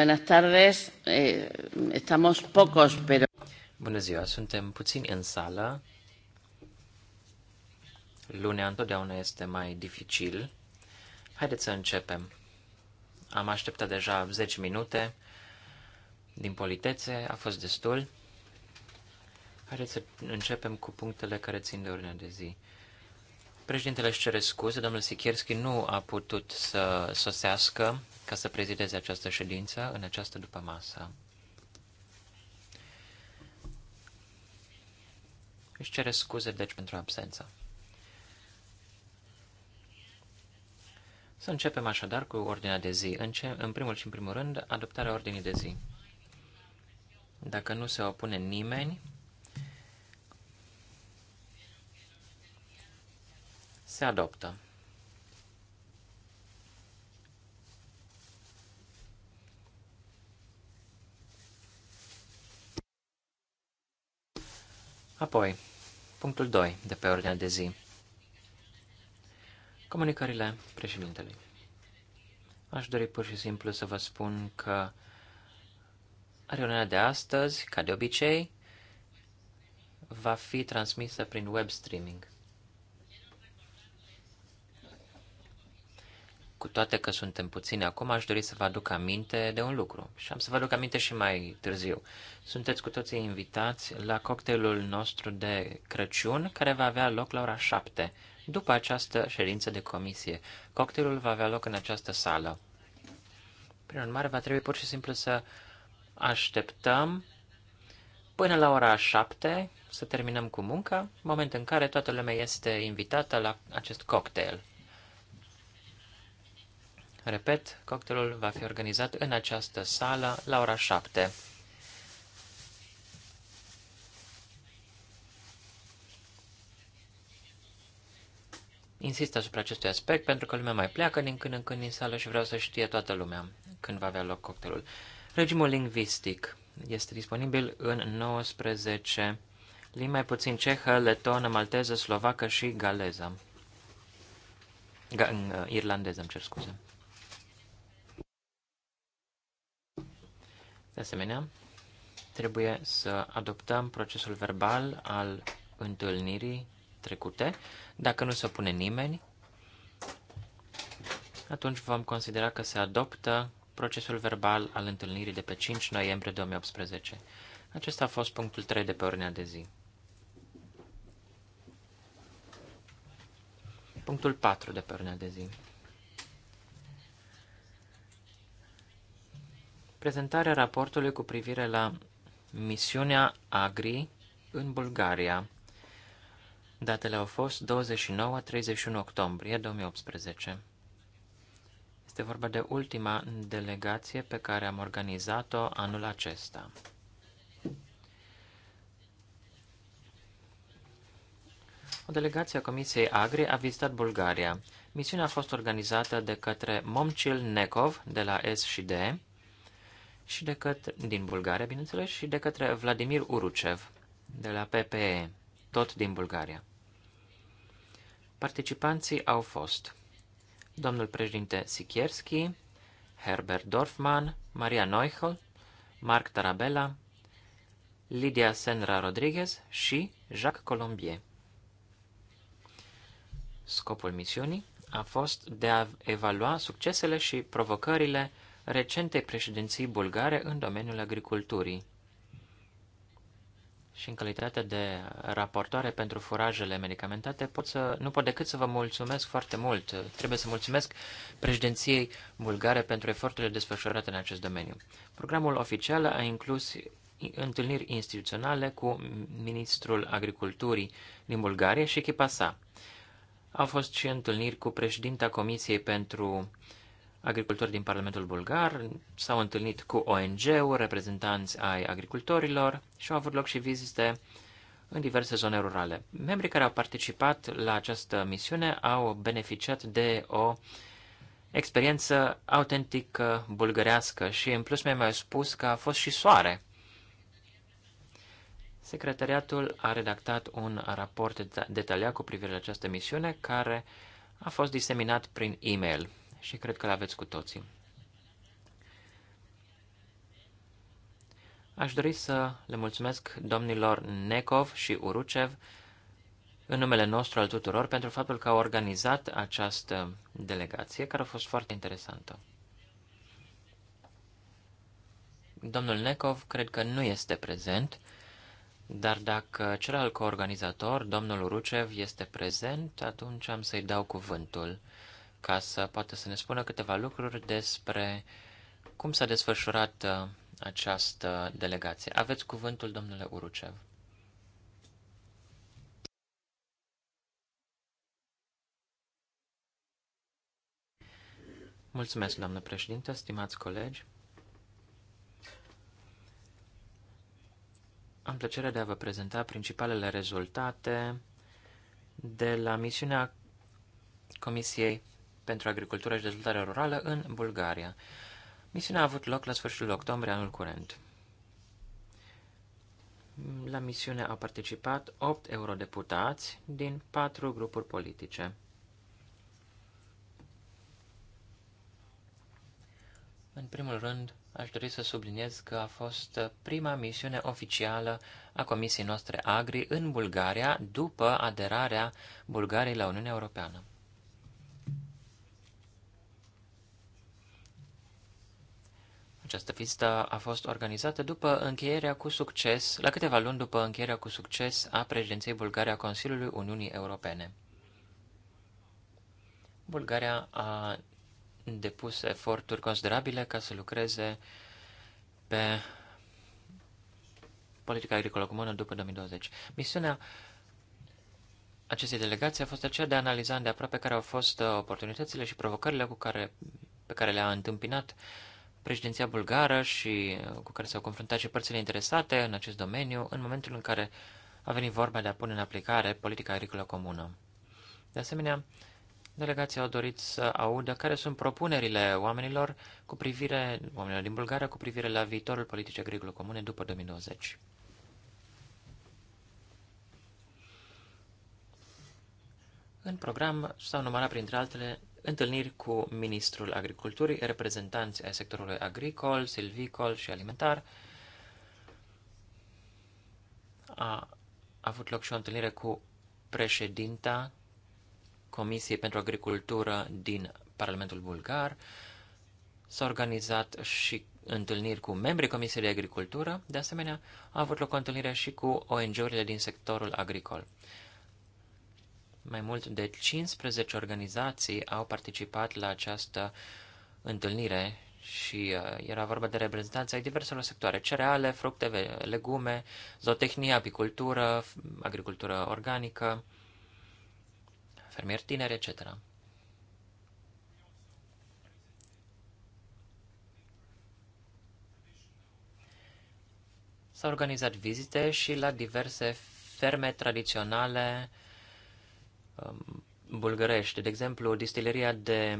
Buenas tardes. Eh, estamos pocos, pero... Bună ziua, suntem puțini în sală. Lunea întotdeauna este mai dificil. Haideți să începem. Am așteptat deja 10 minute. Din politețe a fost destul. Haideți să începem cu punctele care țin de ordinea de zi. Președintele își cere scuze, domnul Sikierski nu a putut să sosească ca să prezideze această ședință în această după masă. Își cere scuze, deci, pentru absența. Să începem așadar cu ordinea de zi. Înce în primul și în primul rând, adoptarea ordinii de zi. Dacă nu se opune nimeni, Se adoptă. Apoi, punctul 2 de pe ordinea de zi. Comunicările președintelui. Aș dori pur și simplu să vă spun că reuniunea de astăzi, ca de obicei, va fi transmisă prin web streaming. Cu toate că suntem puțini acum, aș dori să vă aduc aminte de un lucru și am să vă aduc aminte și mai târziu. Sunteți cu toții invitați la cocktailul nostru de Crăciun, care va avea loc la ora 7, după această ședință de comisie. Cocktailul va avea loc în această sală. Prin urmare, va trebui pur și simplu să așteptăm până la ora 7 să terminăm cu munca, moment în care toată lumea este invitată la acest cocktail. Repet, cocktailul va fi organizat în această sală la ora 7. Insist asupra acestui aspect pentru că lumea mai pleacă din când în când din sală și vreau să știe toată lumea când va avea loc cocktailul. Regimul lingvistic este disponibil în 19 limbi, mai puțin cehă, letonă, malteză, slovacă și galeză. Ga- uh, irlandeză, îmi cer scuze. De asemenea, trebuie să adoptăm procesul verbal al întâlnirii trecute. Dacă nu se opune nimeni, atunci vom considera că se adoptă procesul verbal al întâlnirii de pe 5 noiembrie 2018. Acesta a fost punctul 3 de pe ordinea de zi. Punctul 4 de pe ordinea de zi. prezentarea raportului cu privire la misiunea AGRI în Bulgaria. Datele au fost 29-31 octombrie 2018. Este vorba de ultima delegație pe care am organizat-o anul acesta. O delegație a Comisiei Agri a vizitat Bulgaria. Misiunea a fost organizată de către Momchil Nekov de la S&D, și de către, din Bulgaria, bineînțeles, și de către Vladimir Urucev, de la PPE, tot din Bulgaria. Participanții au fost domnul președinte Sikierski, Herbert Dorfman, Maria Neuchel, Marc Tarabella, Lidia Senra Rodriguez și Jacques Colombier. Scopul misiunii a fost de a evalua succesele și provocările recentei președinții bulgare în domeniul agriculturii. Și în calitate de raportoare pentru furajele medicamentate, pot să, nu pot decât să vă mulțumesc foarte mult. Trebuie să mulțumesc președinției bulgare pentru eforturile desfășurate în acest domeniu. Programul oficial a inclus întâlniri instituționale cu ministrul agriculturii din Bulgaria și echipa sa. Au fost și întâlniri cu președinta Comisiei pentru uh, Agricultori din Parlamentul Bulgar s-au întâlnit cu ONG-uri, reprezentanți ai agricultorilor și au avut loc și vizite în diverse zone rurale. Membrii care au participat la această misiune au beneficiat de o experiență autentică bulgărească și în plus mi-a mai spus că a fost și soare. Secretariatul a redactat un raport detaliat cu privire la această misiune care a fost diseminat prin e-mail și cred că le aveți cu toții. Aș dori să le mulțumesc domnilor Nekov și Urucev în numele nostru al tuturor pentru faptul că au organizat această delegație, care a fost foarte interesantă. Domnul Nekov cred că nu este prezent, dar dacă celălalt coorganizator, domnul Urucev, este prezent, atunci am să-i dau cuvântul ca să poată să ne spună câteva lucruri despre cum s-a desfășurat uh, această delegație. Aveți cuvântul, domnule Urucev. Mulțumesc, doamnă președinte, stimați colegi. Am plăcerea de a vă prezenta principalele rezultate de la misiunea Comisiei pentru Agricultură și Dezvoltare Rurală în Bulgaria. Misiunea a avut loc la sfârșitul octombrie anul curent. La misiune au participat 8 eurodeputați din 4 grupuri politice. În primul rând, aș dori să subliniez că a fost prima misiune oficială a Comisiei noastre Agri în Bulgaria după aderarea Bulgariei la Uniunea Europeană. Această vizită a fost organizată după încheierea cu succes, la câteva luni după încheierea cu succes a președinției bulgare a Consiliului Uniunii Europene. Bulgaria a depus eforturi considerabile ca să lucreze pe politica agricolă comună după 2020. Misiunea acestei delegații a fost aceea de a analiza îndeaproape care au fost oportunitățile și provocările cu care, pe care le-a întâmpinat uh, președinția bulgară și uh, cu care s-au confruntat și părțile interesate în acest domeniu în momentul în care a venit vorba de a pune în aplicare politica agricolă comună. De asemenea, delegații au dorit să audă care sunt propunerile oamenilor cu privire, oamenilor din Bulgaria cu privire la viitorul politicii agricole comune după 2020. În program s-au numărat printre altele întâlniri cu ministrul agriculturii, reprezentanți ai sectorului agricol, silvicol și alimentar. A avut loc și o întâlnire cu președinta Comisiei pentru Agricultură din Parlamentul Bulgar. S-a organizat și întâlniri cu membrii Comisiei de Agricultură. De asemenea, a avut loc o întâlnire și cu ONG-urile din sectorul agricol. Mai mult de 15 organizații au participat la această întâlnire și uh, era vorba de reprezentanți ai diverselor sectoare, cereale, fructe, legume, zootehnie, apicultură, agricultură organică, fermieri tineri, etc. S-au organizat vizite și la diverse ferme tradiționale Um, bulgărești. De exemplu, distileria de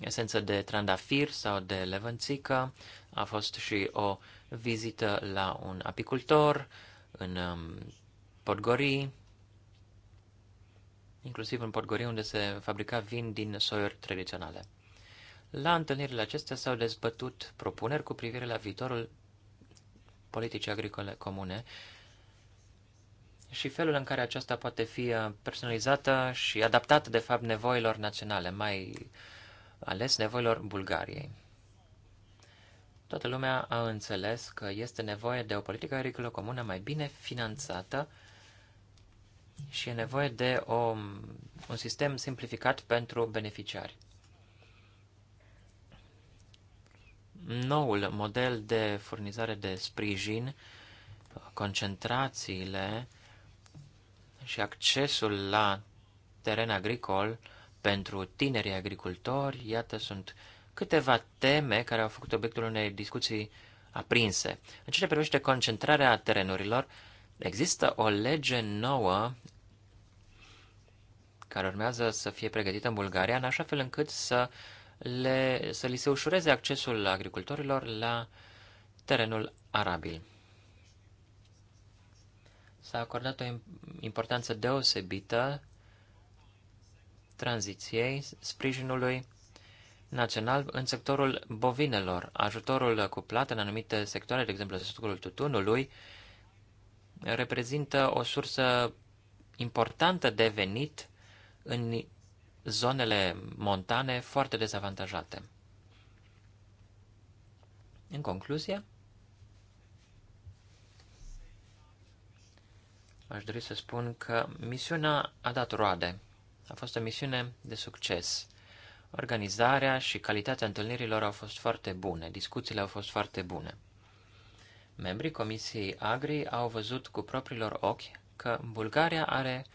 esență de trandafir sau de levanțică a fost și o vizită la un apicultor în um, Podgorii, inclusiv în Podgorii unde se fabrica vin din soiuri tradiționale. La întâlnirile acestea s-au dezbătut propuneri cu privire la viitorul politicii agricole comune și felul în care aceasta poate fi uh, personalizată și adaptată, de fapt, nevoilor naționale, mai ales nevoilor Bulgariei. Toată lumea a înțeles că este nevoie de o politică agricolă comună mai bine finanțată și e nevoie de o, un sistem simplificat pentru beneficiari. Noul model de furnizare de sprijin, concentrațiile și accesul la teren agricol pentru tinerii agricultori, iată, sunt câteva teme care au făcut obiectul unei discuții aprinse. În ceea ce privește concentrarea terenurilor, există o lege nouă care urmează să fie pregătită în Bulgaria, în așa fel încât să, le, să li se ușureze accesul agricultorilor la terenul arabil s-a acordat o importanță deosebită tranziției, sprijinului național în sectorul bovinelor, ajutorul cuplat în anumite sectoare, de exemplu sectorul tutunului, reprezintă o sursă importantă de venit în zonele montane foarte dezavantajate. În concluzie, aș dori să spun că misiunea a dat roade. A fost o misiune de succes. Organizarea și calitatea întâlnirilor au fost foarte bune, discuțiile au fost foarte bune. Membrii Comisiei Agri au văzut cu propriilor ochi că Bulgaria are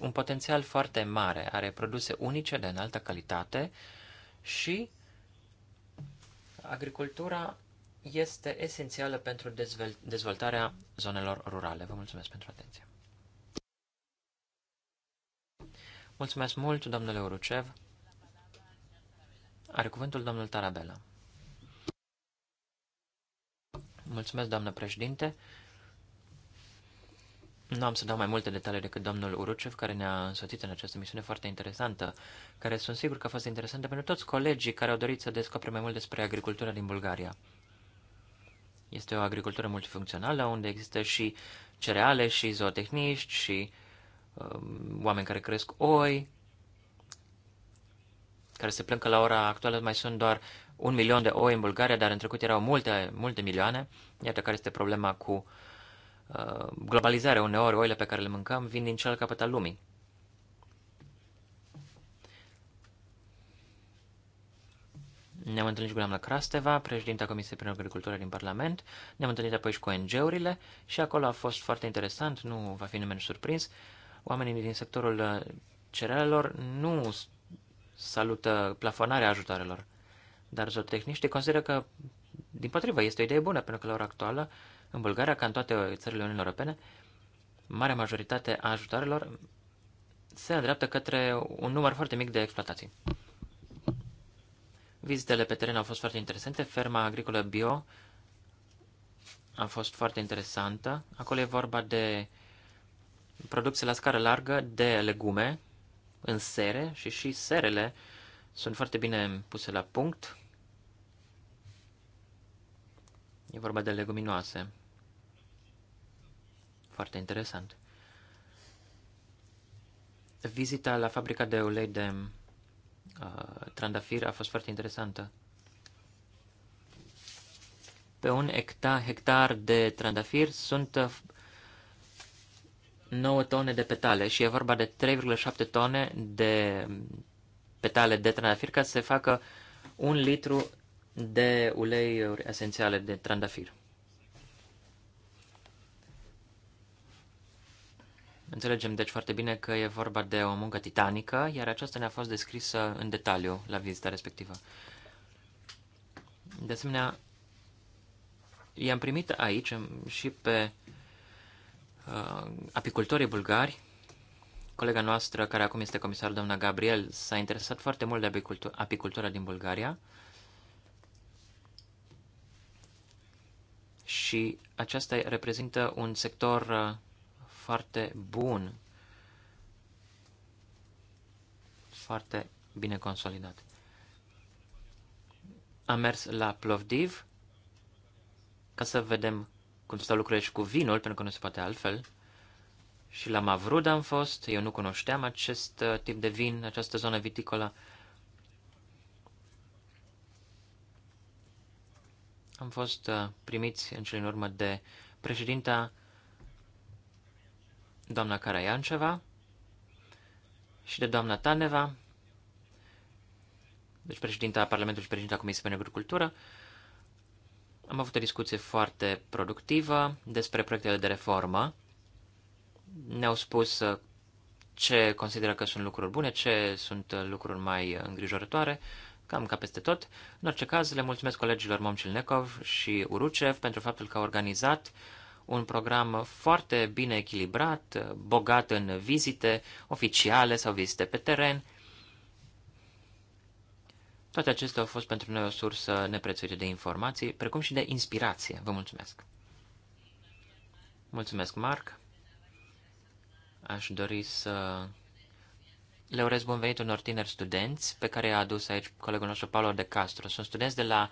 un potențial foarte mare, are produse unice de înaltă calitate și agricultura este esențială pentru dezvoltarea zonelor rurale. Vă mulțumesc pentru atenție. Mulțumesc mult, domnule Urucev. Are cuvântul domnul Tarabella. Mulțumesc, doamnă președinte. Nu am să dau mai multe detalii decât domnul Urucev, care ne-a însoțit în această misiune foarte interesantă, care sunt sigur că a fost interesantă pentru toți colegii care au dorit să descopere mai mult despre agricultura din Bulgaria. Este o agricultură multifuncțională unde există și cereale și zootehniști și uh, oameni care cresc oi, care se plâng că la ora actuală mai sunt doar un milion de oi în Bulgaria, dar în trecut erau multe, multe milioane. Iată care este problema cu uh, globalizarea. Uneori oile pe care le mâncăm vin din cel capăt al lumii. Ne-am întâlnit cu doamna Crasteva, președinta Comisiei pentru Agricultură din Parlament, ne-am întâlnit apoi și cu ONG-urile și acolo a fost foarte interesant, nu va fi nimeni surprins. Oamenii din sectorul uh, cerealelor nu salută plafonarea ajutoarelor, dar zootehniștii consideră că, din potrivă, este o idee bună, pentru că la ora actuală, în Bulgaria, ca în toate țările Uniunii Europene, marea majoritate a ajutoarelor se îndreaptă către un număr foarte mic de exploatații. Vizitele pe teren au fost foarte interesante. Ferma agricolă bio a fost foarte interesantă. Acolo e vorba de producție la scară largă de legume în sere și și serele sunt foarte bine puse la punct. E vorba de leguminoase. Foarte interesant. Vizita la fabrica de ulei de trandafir a fost foarte interesantă. Pe un hectar, hectar de trandafir sunt 9 uh, tone de petale și e vorba de 3,7 tone de petale de trandafir ca să se facă un litru de ulei esențiale de trandafir. Înțelegem deci foarte bine că e vorba de o muncă titanică, iar aceasta ne-a fost descrisă în detaliu la vizita respectivă. De asemenea, i-am primit aici și pe uh, apicultorii bulgari. Colega noastră, care acum este comisar, doamna Gabriel, s-a interesat foarte mult de apicultura, apicultura din Bulgaria. Și aceasta reprezintă un sector uh, foarte bun, foarte bine consolidat. Am mers la Plovdiv ca să vedem cum stau lucrurile și cu vinul, pentru că nu se poate altfel. Și la Mavrud am fost, eu nu cunoșteam acest uh, tip de vin, această zonă viticolă. Am fost uh, primiți în cele în urmă de președinta doamna Caraianceva și de doamna Taneva, deci președinta Parlamentului și președinta Comisiei pentru Agricultură. Am avut o discuție foarte productivă despre proiectele de reformă. Ne-au spus uh, ce consideră că sunt lucruri bune, ce sunt uh, lucruri mai îngrijorătoare, cam ca peste tot. În orice caz, le mulțumesc colegilor Momcilnekov și Urucev pentru faptul că au organizat uh, un program foarte bine echilibrat, bogat în vizite oficiale sau vizite pe teren. Toate acestea au fost pentru noi o sursă neprețuită de informații, precum și de inspirație. Vă mulțumesc! Mulțumesc, Marc! Aș dori să le urez bun venit unor tineri studenți pe care i-a adus aici colegul nostru Paolo de Castro. Sunt studenți de la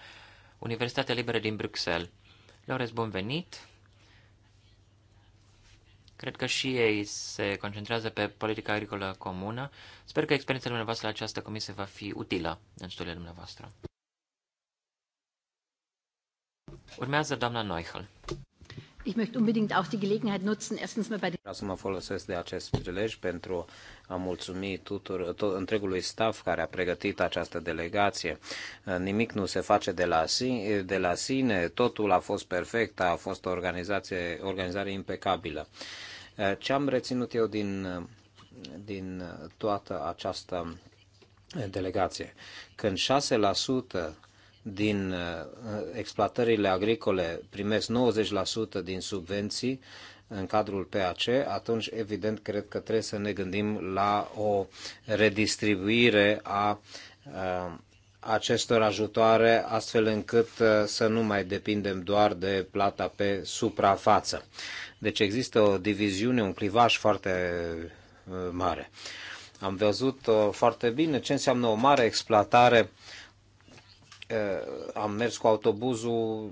Universitatea Liberă din Bruxelles. Le urez bun venit Cred că și ei se concentrează pe politica agricolă comună. Sper că experiența dumneavoastră la această comisie va fi utilă în studiile dumneavoastră. Urmează doamna Neuchel. Ich möchte unbedingt auch die Gelegenheit nutzen, erstens mal bei Vreau să mă folosesc de acest prilej pentru a mulțumi tot, întregului staff care a pregătit această delegație. Nimic nu se face de la, de la sine, totul a fost perfect, a fost o organizație, organizare impecabilă. Ce am reținut eu din, din toată această delegație? Când 6% din uh, exploatările agricole primesc 90% din subvenții în cadrul PAC, atunci evident cred că trebuie să ne gândim la o redistribuire a uh, acestor ajutoare astfel încât uh, să nu mai depindem doar de plata pe suprafață. Deci există o diviziune, un clivaj foarte mare. Am văzut foarte bine ce înseamnă o mare exploatare Eh, am mers cu autobuzul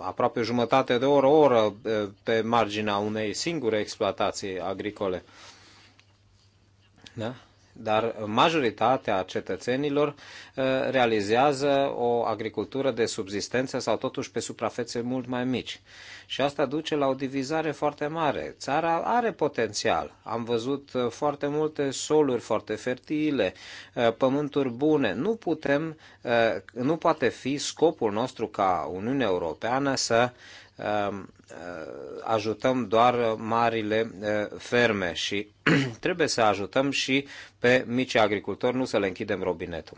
aproape jumătate de oră, o oră eh, pe marginea unei singure exploatații agricole. Da? dar majoritatea cetățenilor uh, realizează o agricultură de subzistență sau totuși pe suprafețe mult mai mici. Și asta duce la o divizare foarte mare. Țara are potențial. Am văzut uh, foarte multe soluri foarte fertile, uh, pământuri bune. Nu putem, nu poate fi scopul nostru ca Uniunea Europeană să Um, uh, ajutăm doar marile uh, ferme și trebuie să ajutăm și pe mici agricultori, nu să le închidem robinetul.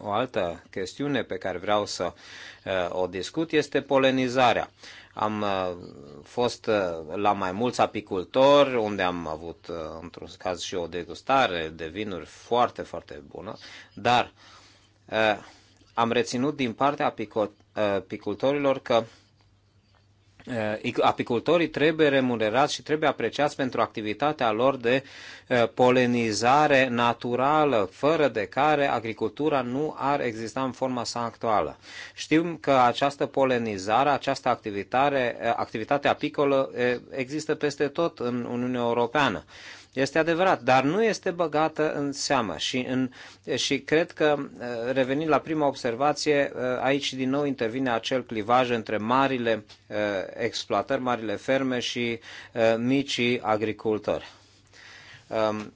O altă chestiune pe care vreau să uh, o discut este polenizarea. Am fost la mai mulți apicultori, unde am avut, într-un caz, și o degustare de vinuri foarte, foarte bună, dar am reținut din partea apicultorilor că Uh, apicultorii trebuie remunerați și trebuie apreciați pentru activitatea lor de uh, polenizare naturală, fără de care agricultura nu ar exista în forma sa actuală. Știm că această polenizare, această uh, activitate, activitate apicolă există peste tot în Uniunea Europeană. Este adevărat, dar nu este băgată în seamă și, în, și cred că, uh, revenind la prima observație, uh, aici din nou intervine acel clivaj între marile uh, exploatări, marile ferme și micii agricultori um,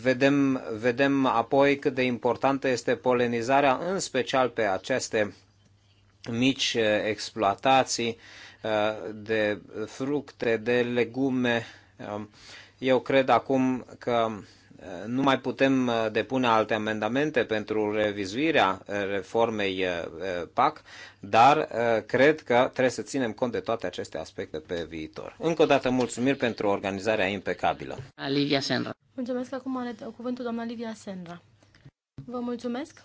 vedem, vedem apoi cât de importantă este polenizarea, în special pe aceste mici exploatații de fructe, de legume Um, eu cred acum că uh, nu mai putem uh, depune alte amendamente pentru revizuirea uh, reformei PAC, dar cred că trebuie să ținem cont de toate aceste aspecte pe viitor. Încă o dată mulțumiri pentru organizarea impecabilă. Livia Senra. Mulțumesc, acum cuvântul doamna Livia Senra. Vă mulțumesc.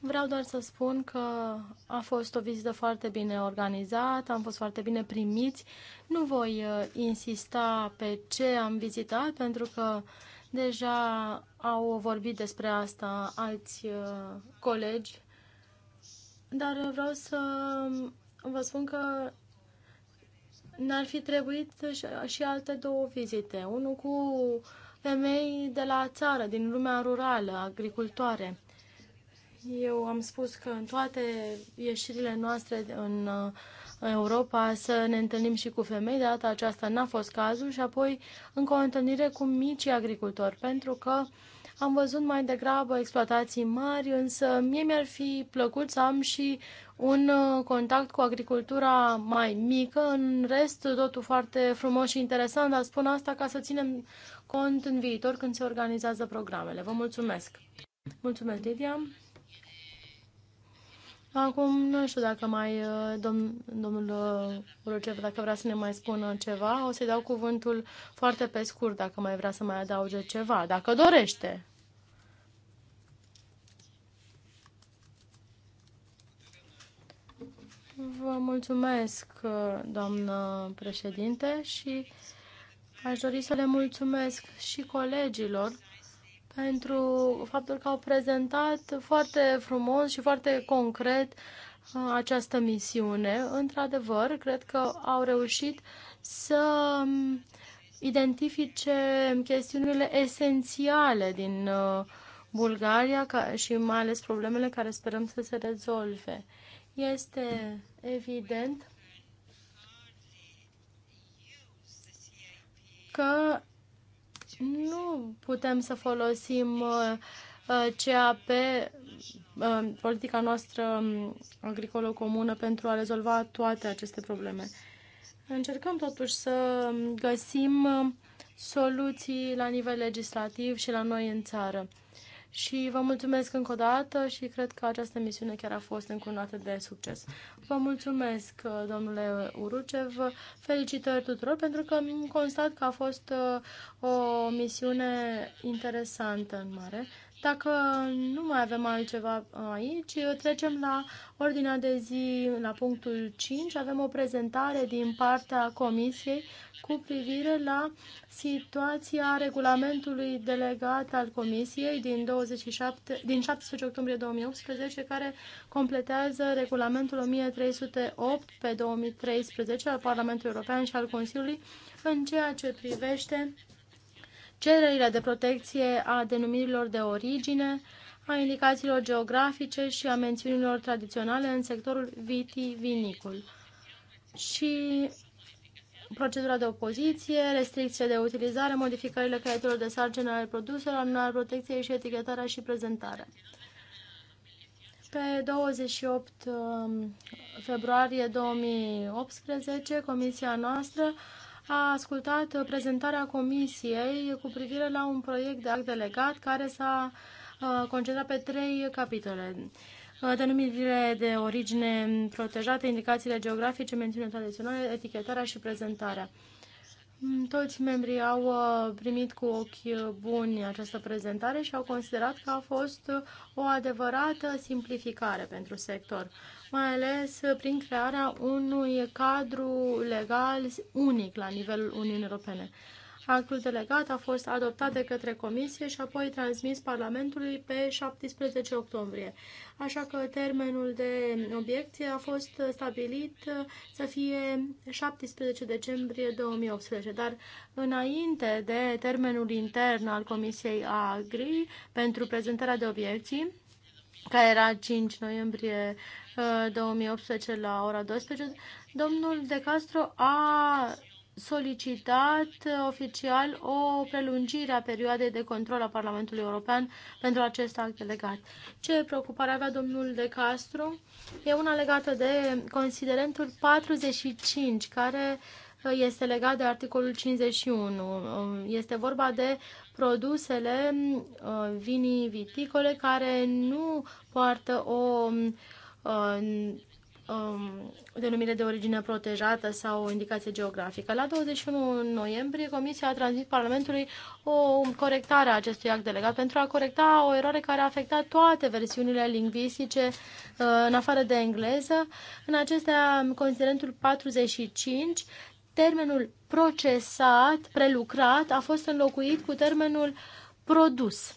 Vreau doar să spun că a fost o vizită foarte bine organizată, am fost foarte bine primiți. Nu voi uh, insista pe ce am vizitat, pentru că deja au vorbit despre asta alți uh, colegi, dar uh, vreau să um, vă spun că n-ar fi trebuit și alte două vizite. Unul cu femei de la țară, din lumea rurală, agricultoare eu am spus că în toate ieșirile noastre în uh, Europa să ne întâlnim și cu femei, de data aceasta n-a fost cazul și apoi încă o întâlnire cu micii agricultori, pentru că am văzut mai degrabă exploatații mari, însă mie mi-ar fi plăcut să am și un uh, contact cu agricultura mai mică. În rest, totul foarte frumos și interesant, dar spun asta ca să ținem cont în viitor când se organizează programele. Vă mulțumesc! Mulțumesc, Lidia! Acum, nu știu dacă mai uh, domn, domnul uh, Rucev, dacă vrea să ne mai spună ceva, o să-i dau cuvântul foarte pe scurt, dacă mai vrea să mai adauge ceva, dacă dorește. Vă mulțumesc, uh, doamnă președinte, și aș dori să le mulțumesc și colegilor pentru faptul că au prezentat foarte frumos și foarte concret uh, această misiune. Într-adevăr, cred că au reușit să um, identifice chestiunile esențiale din uh, Bulgaria și mai ales problemele care sperăm să se rezolve. Este evident că nu putem să folosim uh, uh, CAP, uh, politica noastră um, agricolă comună, pentru a rezolva toate aceste probleme. Încercăm totuși să um, găsim um, soluții la nivel legislativ și la noi în țară și vă mulțumesc încă o dată și cred că această misiune chiar a fost încunată de succes. Vă mulțumesc, uh, domnule Urucev, felicitări tuturor pentru că am constat că a fost uh, o misiune interesantă în mare. Dacă nu mai avem altceva aici, trecem la ordinea de zi, la punctul 5. Avem o prezentare din partea Comisiei cu privire la situația regulamentului delegat al Comisiei din, 27, din 17 octombrie 2018, care completează regulamentul 1308 pe 2013 al Parlamentului European și al Consiliului în ceea ce privește cererile de protecție a denumirilor de origine, a indicațiilor geografice și a mențiunilor tradiționale în sectorul vitivinicul. Și procedura de opoziție, restricție de utilizare, modificările createlor de sarcină ale produselor, anularea protecției și etichetarea și prezentarea. Pe 28 um, februarie 2018, comisia noastră a ascultat prezentarea Comisiei cu privire la un proiect de act delegat care s-a uh, concentrat pe trei capitole. Uh, Denumirile de origine protejată, indicațiile geografice, mențiunea tradițională, etichetarea și prezentarea. Mm, toți membrii au uh, primit cu ochi uh, buni această prezentare și au considerat că a fost uh, o adevărată simplificare pentru sector, mai ales prin crearea unui cadru legal unic la nivelul Uniunii Europene. Actul delegat a fost adoptat de către Comisie și apoi transmis Parlamentului pe 17 octombrie. Așa că termenul de obiecție a fost stabilit să fie 17 decembrie 2018, dar înainte de termenul intern al Comisiei Agri pentru prezentarea de obiecții, care era 5 noiembrie 2018 uh, la ora 12, domnul De Castro a solicitat uh, oficial o prelungire a perioadei de control a Parlamentului European pentru acest act delegat. Ce preocupare avea domnul De Castro? E una legată de considerentul 45, care uh, este legat de articolul 51. Uh, este vorba de produsele vinii viticole care nu poartă o um, denumire de origine protejată sau indicație geografică. La 21 noiembrie, Comisia a transmis Parlamentului o corectare a acestui act delegat pentru a corecta o eroare care a afectat toate versiunile lingvistice uh, în afară de engleză. În acestea, considerentul 45 termenul procesat, prelucrat, a fost înlocuit cu termenul produs.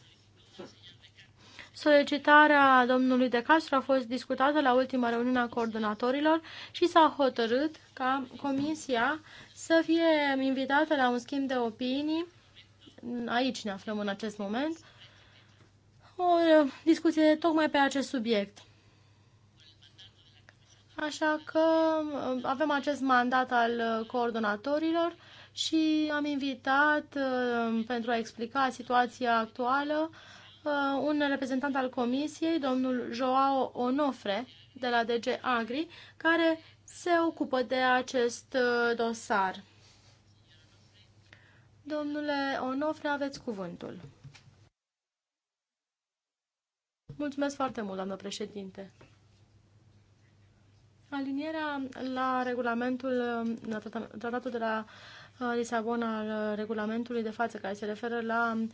Solicitarea domnului De Castro a fost discutată la ultima reuniune a coordonatorilor și s-a hotărât ca comisia să fie invitată la un schimb de opinii. Aici ne aflăm în acest moment. O discuție tocmai pe acest subiect. Așa că uh, avem acest mandat al uh, coordonatorilor și am invitat uh, pentru a explica situația actuală Uh, un reprezentant al comisiei, domnul Joao Onofre, de la DG Agri, care se ocupă de acest uh, dosar. Domnule Onofre, aveți cuvântul. Mulțumesc foarte mult, doamnă președinte. Alinierea la regulamentul, la tratatul de la uh, Lisabona, al regulamentului de față, care se referă la uh,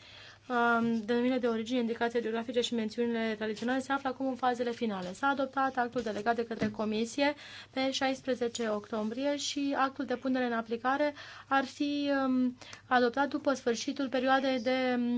Um, denumirile de origine, indicații geografice și mențiunile tradiționale se află acum în fazele finale. S-a adoptat actul delegat de către Comisie pe 16 octombrie și actul de punere în aplicare ar fi um, adoptat după sfârșitul perioadei de um,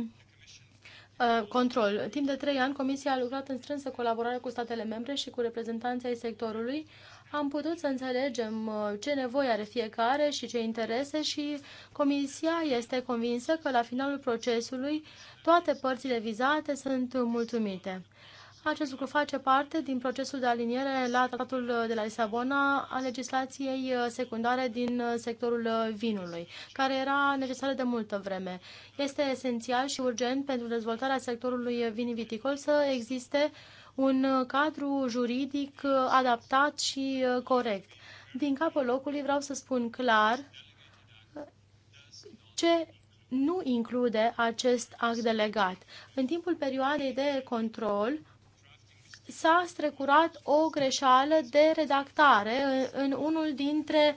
uh, control. Timp de trei ani, Comisia a lucrat în strânsă colaborare cu statele membre și cu reprezentanții ai sectorului am putut să înțelegem uh, ce nevoie are fiecare și ce interese și Comisia este convinsă că la finalul procesului toate părțile vizate sunt mulțumite. Acest lucru face parte din procesul de aliniere la tratatul uh, de la Lisabona a legislației uh, secundare din sectorul vinului, care era necesară de multă vreme. Este esențial și urgent pentru dezvoltarea sectorului viniviticol să existe uh, un uh, cadru juridic uh, adaptat și uh, corect. Din capul locului vreau să spun clar ce nu include acest act delegat. În timpul perioadei de control, s-a strecurat o greșeală de redactare în, unul dintre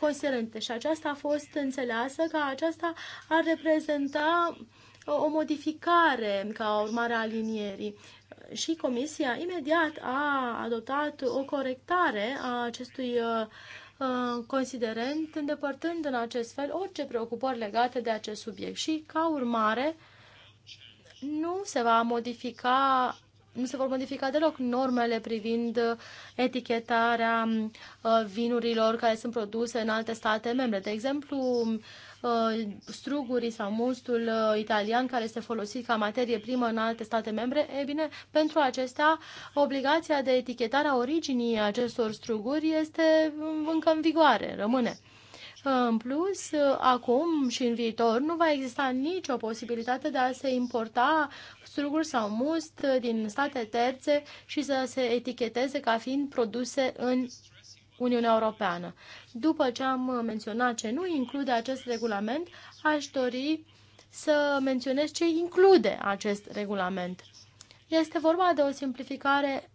considerente și aceasta a fost înțeleasă că aceasta ar reprezenta o modificare ca urmare a alinierii și Comisia imediat a adoptat o corectare a acestui uh, uh, considerent, îndepărtând în acest fel orice preocupări legate de acest subiect și, ca urmare, nu se va modifica nu se vor modifica deloc normele privind etichetarea uh, vinurilor care sunt produse în alte state membre. De exemplu, Uh, strugurii sau mustul uh, italian care este folosit ca materie primă în alte state membre, e bine, pentru acestea obligația de etichetare a originii acestor struguri este um, încă în vigoare, rămâne. În plus, acum și în viitor nu va exista nicio posibilitate de a se importa struguri sau must din state terțe și să se eticheteze ca fiind produse în Uniunea Europeană. După ce am menționat ce nu include acest regulament, aș dori să menționez ce include acest regulament. Este vorba de o simplificare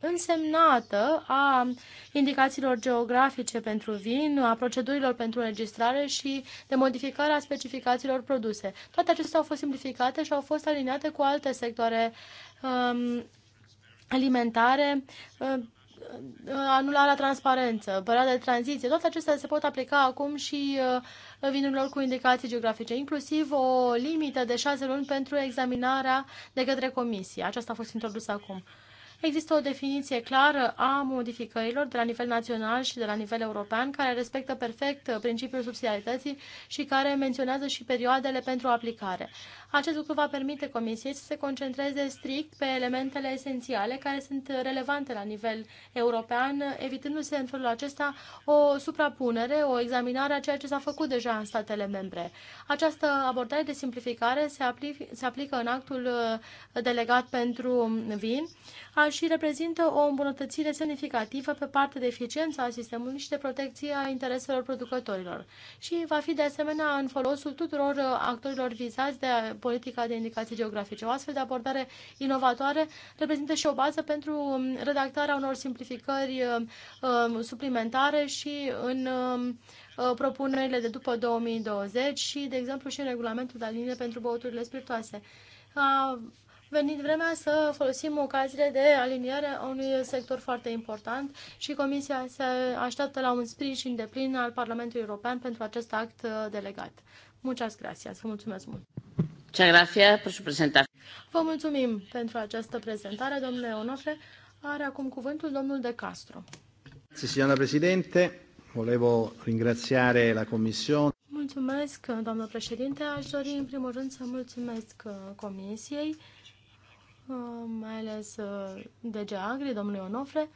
însemnată a indicațiilor geografice pentru vin, a procedurilor pentru înregistrare și de modificarea specificațiilor produse. Toate acestea au fost simplificate și au fost aliniate cu alte sectoare um, alimentare, um, anularea transparență, perioada de tranziție, toate acestea se pot aplica acum și uh, vinurilor cu indicații geografice, inclusiv o limită de șase luni pentru examinarea de către comisie. Aceasta a fost introdusă acum. Există o definiție clară a modificărilor de la nivel național și de la nivel european, care respectă perfect principiul subsidiarității și care menționează și perioadele pentru aplicare. Acest lucru va permite Comisiei să se concentreze strict pe elementele esențiale care sunt relevante la nivel european, evitându-se în felul acesta o suprapunere, o examinare a ceea ce s-a făcut deja în statele membre. Această abordare de simplificare se, se aplică în actul uh, delegat pentru vin. Aș și reprezintă o îmbunătățire semnificativă pe partea de eficiență a sistemului și de protecție a intereselor producătorilor și va fi de asemenea în folosul tuturor uh, actorilor vizați de uh, politica de indicații geografice. O astfel de abordare inovatoare reprezintă și o bază pentru um, redactarea unor simplificări uh, um, suplimentare și în um, propunerile de după 2020 și, de exemplu, și în regulamentul de alinie pentru băuturile spiritoase venit vremea să folosim ocaziile de aliniere a unui sector foarte important și Comisia se așteaptă la un sprijin de plin al Parlamentului European pentru acest act uh, delegat. Muchas gracias. Vă mulțumesc mult. Muchas gracias por su presentación. Vă mulțumim pentru această prezentare, domnule Onofre. Are acum cuvântul domnul De Castro. Signora Presidente, volevo ringraziare la Commissione. Mulțumesc, doamnă președinte. Aș dori, în primul rând, să mulțumesc uh, Comisiei Uh, mai ales uh, DG Agri, domnului Onofre,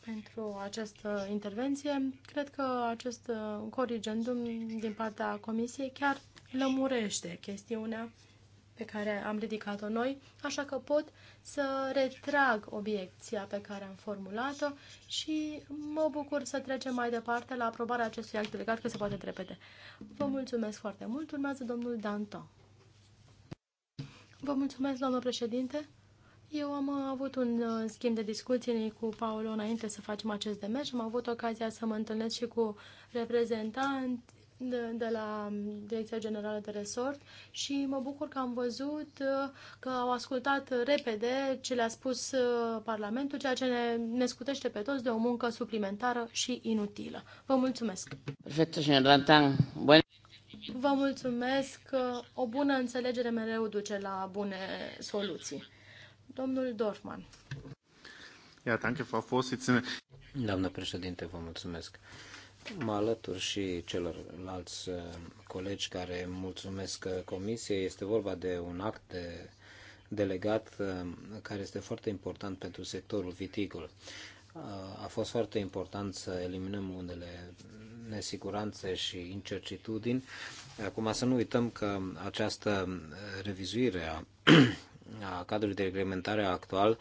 pentru această intervenție. Cred că acest uh, corrigendum din partea Comisiei chiar lămurește chestiunea pe care am ridicat-o noi, așa că pot să retrag obiecția pe care am formulat-o și mă bucur să trecem mai departe la aprobarea acestui act delegat, că se poate trepete. Vă mulțumesc foarte mult. Urmează domnul Danton. Vă mulțumesc, doamnă președinte. Eu am avut un uh, schimb de discuții cu Paolo înainte să facem acest demers am avut ocazia să mă întâlnesc și cu reprezentant de, de la um, Direcția Generală de Resort și mă bucur că am văzut uh, că au ascultat repede ce le-a spus uh, Parlamentul, ceea ce ne, ne scutește pe toți de o muncă suplimentară și inutilă. Vă mulțumesc! Perfect, Vă mulțumesc. O bună înțelegere mereu duce la bune soluții. Domnul Dorfman. Ia, danke, Frau Vorsitzende. Doamnă președinte, vă mulțumesc. Mă alătur și celorlalți uh, colegi care mulțumesc uh, comisiei. Este vorba de un act de delegat uh, care este foarte important pentru sectorul viticol a fost foarte important să eliminăm unele nesiguranțe și incertitudini. Acum să nu uităm că această revizuire a, a cadrului de reglementare actual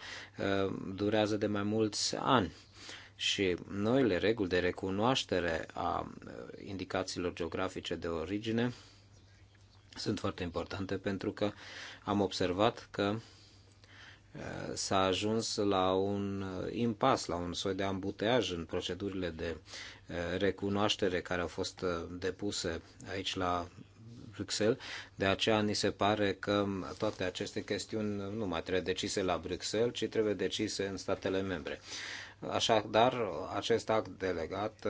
durează de mai mulți ani și noile reguli de recunoaștere a indicațiilor geografice de origine sunt foarte importante pentru că am observat că s-a ajuns la un uh, impas, la un soi de ambuteaj în procedurile de uh, recunoaștere care au fost uh, depuse aici la Bruxelles. De aceea ni se pare că toate aceste chestiuni nu mai trebuie decise la Bruxelles, ci trebuie decise în statele membre. Așadar, acest act delegat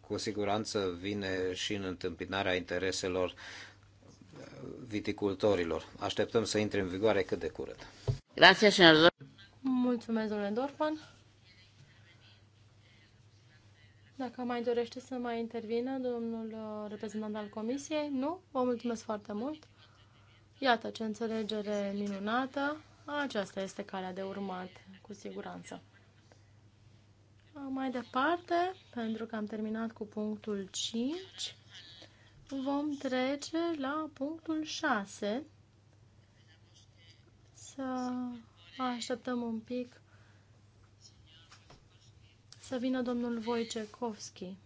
cu siguranță vine și în întâmpinarea intereselor viticultorilor. Așteptăm să intre în vigoare cât de curând. Grazie, Mulțumesc, domnule Dorfman. Dacă mai dorește să mai intervină domnul uh, reprezentant al comisiei, nu? Vă mulțumesc foarte mult. Iată ce înțelegere minunată. Aceasta este calea de urmat, cu siguranță. Mai departe, pentru că am terminat cu punctul 5, vom trece la punctul 6, să așteptăm un pic să vină domnul Wojciechowski,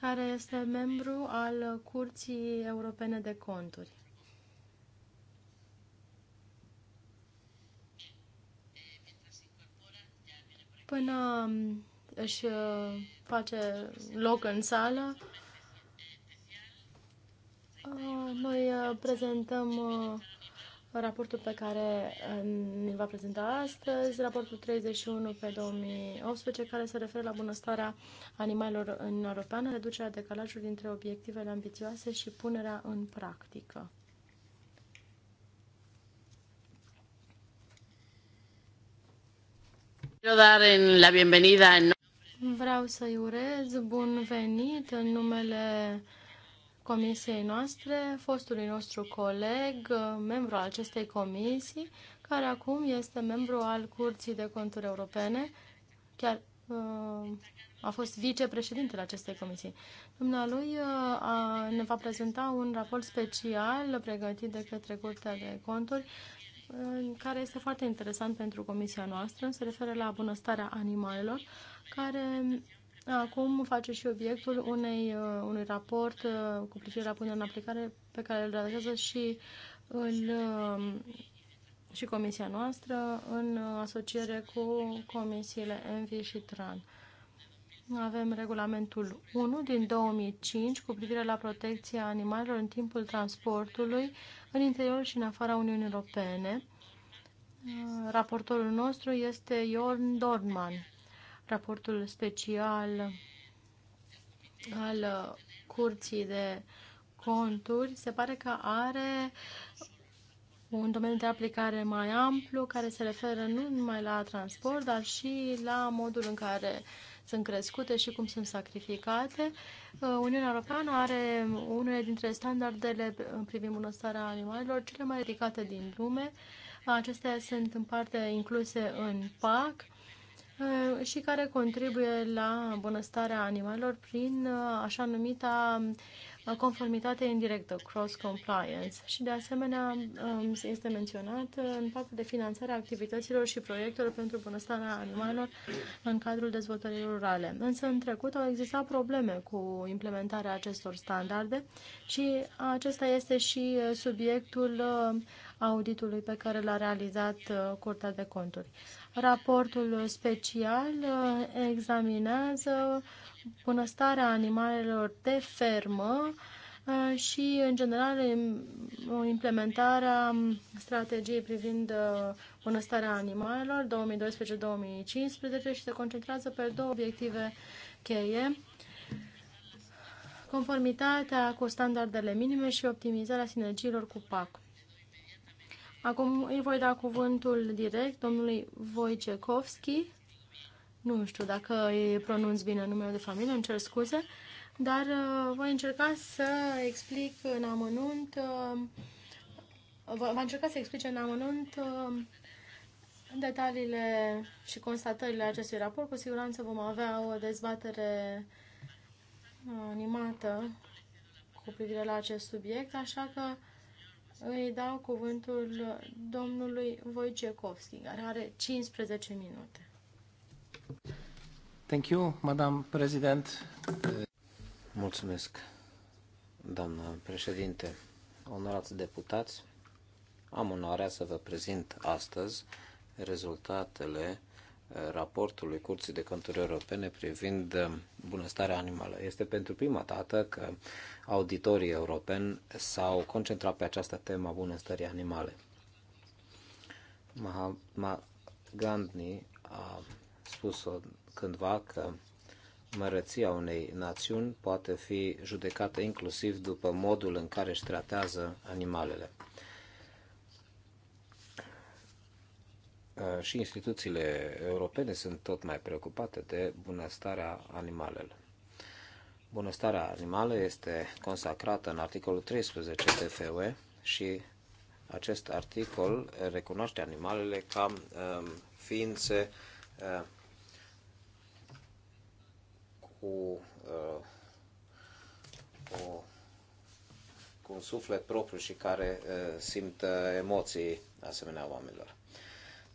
care este membru al Curții Europene de Conturi. Până um, își uh, face loc în sală, uh, noi uh, prezentăm raportul pe care uh, l va prezenta astăzi, raportul 31 pe 2018, care se referă la bunăstarea animalelor în Europeană, reducerea decalajului dintre obiectivele ambițioase și punerea în practică. Vreau să-i urez bun venit în numele comisiei noastre, fostului nostru coleg, membru al acestei comisii, care acum este membru al Curții de Conturi Europene, chiar uh, a fost vicepreședintele acestei comisii. Dumnealui uh, a, ne va prezenta un raport special pregătit de către Curtea de Conturi, uh, care este foarte interesant pentru comisia noastră, se referă la bunăstarea animalelor, care acum face și obiectul unei, uh, unui raport uh, cu privire la punerea în aplicare pe care îl realizează și, îl, uh, și comisia noastră în asociere cu comisiile ENVI și TRAN. Avem regulamentul 1 din 2005 cu privire la protecția animalelor în timpul transportului în interior și în afara Uniunii Europene. Raportorul nostru este Jorn Dorman raportul special al Curții de Conturi, se pare că are un domeniu de aplicare mai amplu care se referă nu numai la transport, dar și la modul în care sunt crescute și cum sunt sacrificate. Uh, Uniunea Europeană are unele dintre standardele privind bunăstarea animalelor cele mai ridicate din lume. Acestea sunt în parte incluse în PAC Uh, și care contribuie la bunăstarea animalelor prin uh, așa numita uh, conformitate indirectă, cross-compliance. Și de asemenea um, este menționat în partea de finanțare a activităților și proiectelor pentru bunăstarea animalelor în cadrul dezvoltării rurale. Însă în trecut au existat probleme cu implementarea acestor standarde și acesta este și subiectul auditului pe care l-a realizat Curtea de Conturi. Raportul special uh, examinează bunăstarea animalelor de fermă uh, și, în general, implementarea strategiei privind uh, bunăstarea animalelor 2012-2015 și se concentrează pe două obiective cheie, conformitatea cu standardele minime și optimizarea sinergiilor cu PAC. Acum îi voi da cuvântul direct domnului Wojciechowski. Nu știu dacă îi pronunț bine numele de familie, îmi cer scuze, dar uh, voi încerca să explic în amănunt, uh, voi încerca să explice în amănunt uh, detaliile și constatările acestui raport. Cu siguranță vom avea o dezbatere animată cu privire la acest subiect, așa că îi dau cuvântul domnului Wojciechowski, care are 15 minute. Thank you, Madam President. Mulțumesc, doamnă președinte. Onorați deputați, am onoarea să vă prezint astăzi rezultatele raportului Curții de Conturi Europene privind uh, bunăstarea animală. Este pentru prima dată că auditorii europeni s-au concentrat pe această temă a bunăstării animale. Mahatma Gandhi a spus-o cândva că mărăția unei națiuni poate fi judecată inclusiv după modul în care își tratează animalele. Uh, și instituțiile europene sunt tot mai preocupate de bunăstarea animalelor. Bunăstarea animală este consacrată în articolul 13 TFUE și acest articol recunoaște animalele ca um, ființe uh, cu uh, o, cu un suflet propriu și care uh, simt uh, emoții asemenea oamenilor.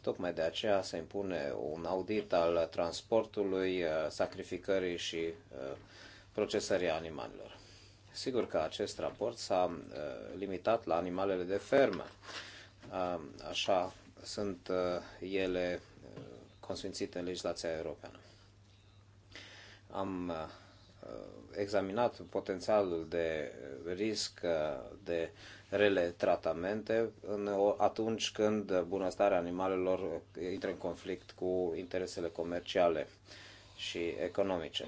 Tocmai de aceea se impune un audit al transportului, uh, sacrificării și uh, procesării animalelor. Sigur că acest raport s-a uh, limitat la animalele de fermă. Așa sunt ele consfințite în legislația europeană. Am examinat potențialul de risc de rele tratamente în, atunci când bunăstarea animalelor intră în conflict cu interesele comerciale și economice.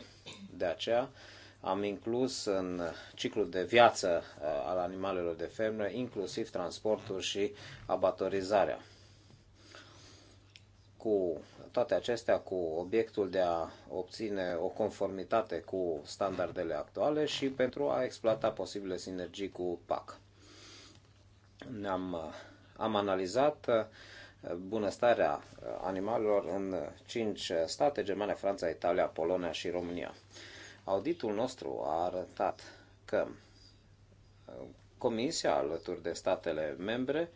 De aceea am inclus în ciclul de viață uh, al animalelor de fermă inclusiv transportul și abatorizarea. Cu toate acestea cu obiectul de a obține o conformitate cu standardele actuale și pentru a exploata posibile sinergii cu PAC. Ne-am, uh, am analizat uh, bunăstarea uh, animalelor în cinci state, Germania, Franța, Italia, Polonia și România. Auditul nostru a arătat că Comisia, alături de statele membre,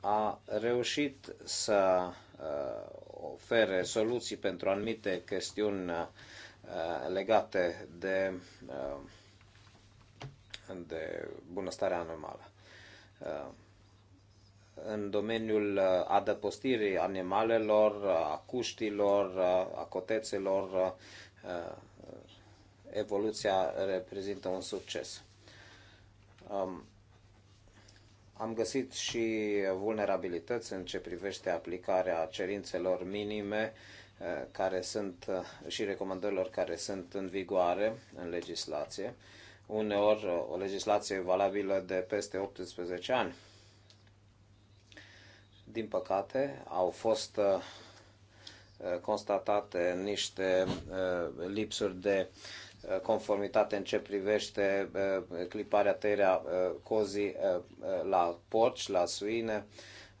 a reușit să Uh, ofere soluții pentru anumite chestiuni uh, legate de, uh, de bunăstarea animală. În domeniul adăpostirii animalelor, a cuștilor, a cotețelor, evoluția reprezintă un succes. Um, am găsit și vulnerabilități în ce privește aplicarea cerințelor minime eh, care sunt eh, și recomandărilor care sunt în vigoare în legislație. Uneori eh, o legislație valabilă de peste 18 ani. Din păcate, au fost constatate niște lipsuri de Uh, conformitate în ce privește uh, cliparea, tăierea uh, cozii la porci, la suine,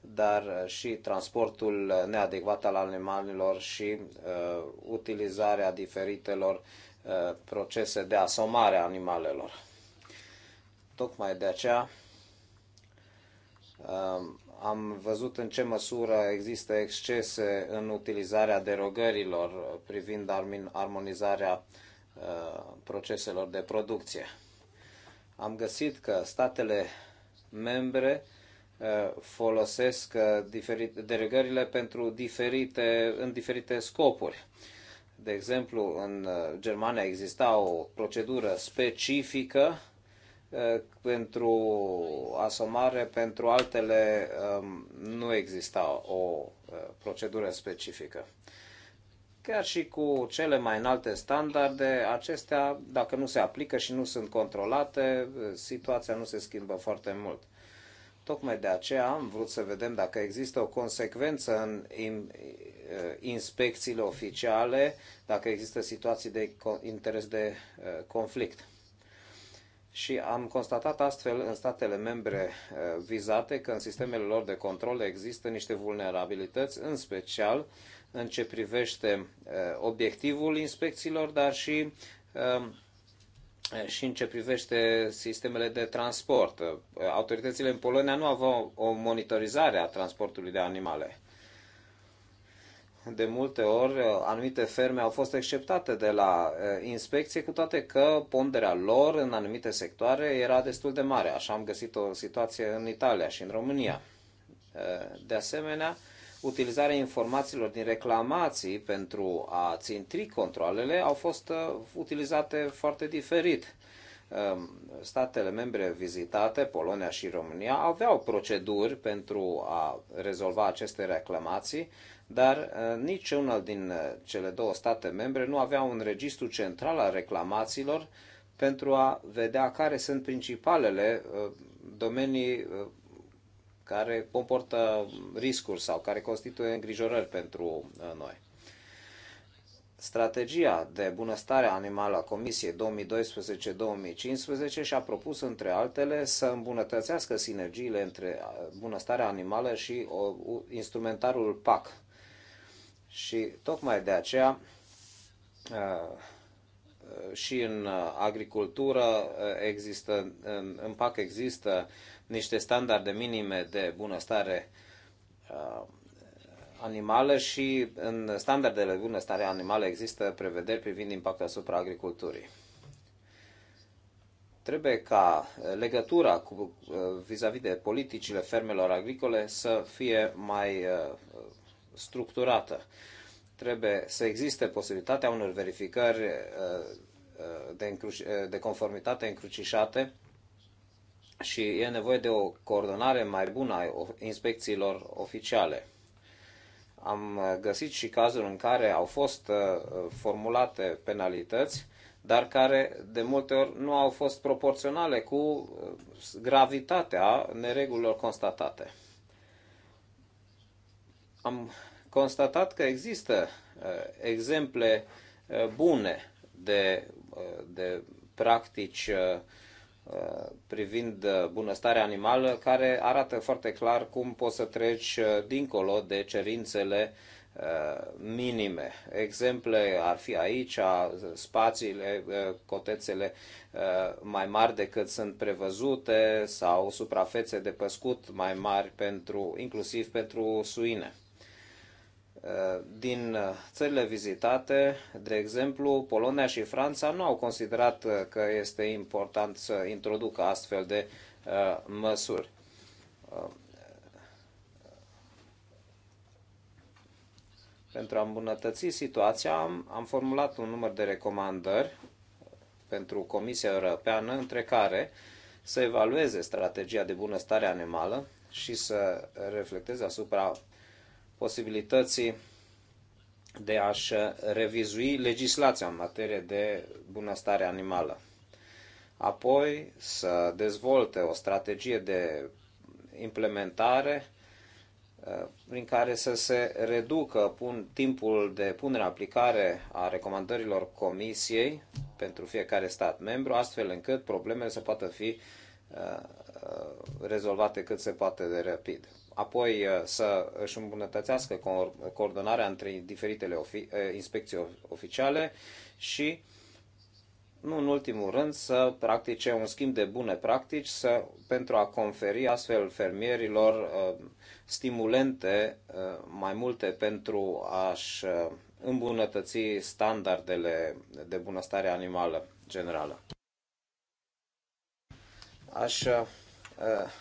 dar și transportul neadecvat al animalelor și utilizarea diferitelor procese de asomare a animalelor. Tocmai de aceea am văzut în ce măsură există excese în utilizarea derogărilor privind armonizarea uh, Uh, proceselor de producție. Am găsit că statele membre uh, folosesc uh, diferite derogările pentru diferite, în diferite scopuri. De exemplu, în Germania exista o procedură specifică pentru asomare, pentru altele um, nu exista o procedură specifică. Chiar și cu cele mai înalte standarde, acestea, dacă nu se aplică și nu sunt controlate, situația nu se schimbă foarte mult. Tocmai de aceea am vrut să vedem dacă există o consecvență în eh, inspecțiile oficiale, dacă există situații de interes de eh, conflict. Și am constatat astfel în statele membre eh, vizate că în sistemele lor de control există niște vulnerabilități, în special în ce privește uh, obiectivul inspecțiilor, dar și, um, uh, și în ce privește sistemele de transport. Uh, autoritățile în Polonia nu aveau o monitorizare a transportului de animale. De multe ori, anumite ferme au fost exceptate de la inspecție, cu toate că ponderea lor în anumite sectoare era destul de mare. Așa am găsit o situație în Italia și în România. De asemenea, utilizarea informațiilor din reclamații pentru a țintri controlele au fost uh, utilizate foarte diferit. Um, statele membre vizitate, Polonia și România, aveau proceduri pentru a rezolva aceste reclamații, dar uh, niciunul din uh, cele două state membre nu avea un registru central al reclamațiilor pentru a vedea care sunt principalele domenii care comportă riscuri sau care constituie îngrijorări pentru uh, noi. Strategia de bunăstare animală a Comisiei 2012-2015 și-a propus, între altele, să îmbunătățească sinergiile între uh, bunăstarea animală și instrumentarul PAC. Și tocmai de aceea, uh, și în agricultură există, în, în PAC există niște standarde minime de bunăstare uh, animală și în standardele de bunăstare animală există prevederi privind impactul asupra agriculturii. Trebuie ca legătura cu, uh, vis-a-vis -vis de politicile fermelor agricole să fie mai uh, structurată. Trebuie să existe posibilitatea unor verificări de, de conformitate încrucișate și e nevoie de o coordonare mai bună a inspecțiilor oficiale. Am uh, găsit și cazuri în care au fost uh, formulate penalități, dar care de multe ori nu au fost proporționale cu uh, gravitatea neregulilor constatate. Am constatat că există exemple bune de, de practici uh, privind uh, bunăstarea animală, care arată foarte clar cum poți să treci uh, dincolo de cerințele uh, minime. Exemple ar fi aici spațiile, cotețele mai mari decât sunt prevăzute sau suprafețe de păscut mai mari pentru, inclusiv pentru suine din țările vizitate, de exemplu, Polonia și Franța nu au considerat că este important să introducă astfel de uh, măsuri. Uh, pentru a îmbunătăți situația, am, formulat un număr de recomandări pentru Comisia Europeană, între care să evalueze strategia de bunăstare animală și să reflecteze asupra posibilității de a-și revizui legislația în materie de bunăstare animală. Apoi să dezvolte o strategie de implementare uh, prin care să se reducă pun, timpul de punere în aplicare a recomandărilor Comisiei pentru fiecare stat membru, astfel încât problemele să poată fi uh, uh, rezolvate cât se poate de rapid apoi uh, să își îmbunătățească coordonarea între diferitele uh, inspecții oficiale și, nu în ultimul rând, să practice un schimb de bune practici să, pentru a conferi astfel fermierilor uh, stimulente mai multe pentru a-și îmbunătăți standardele de bunăstare animală generală. Aș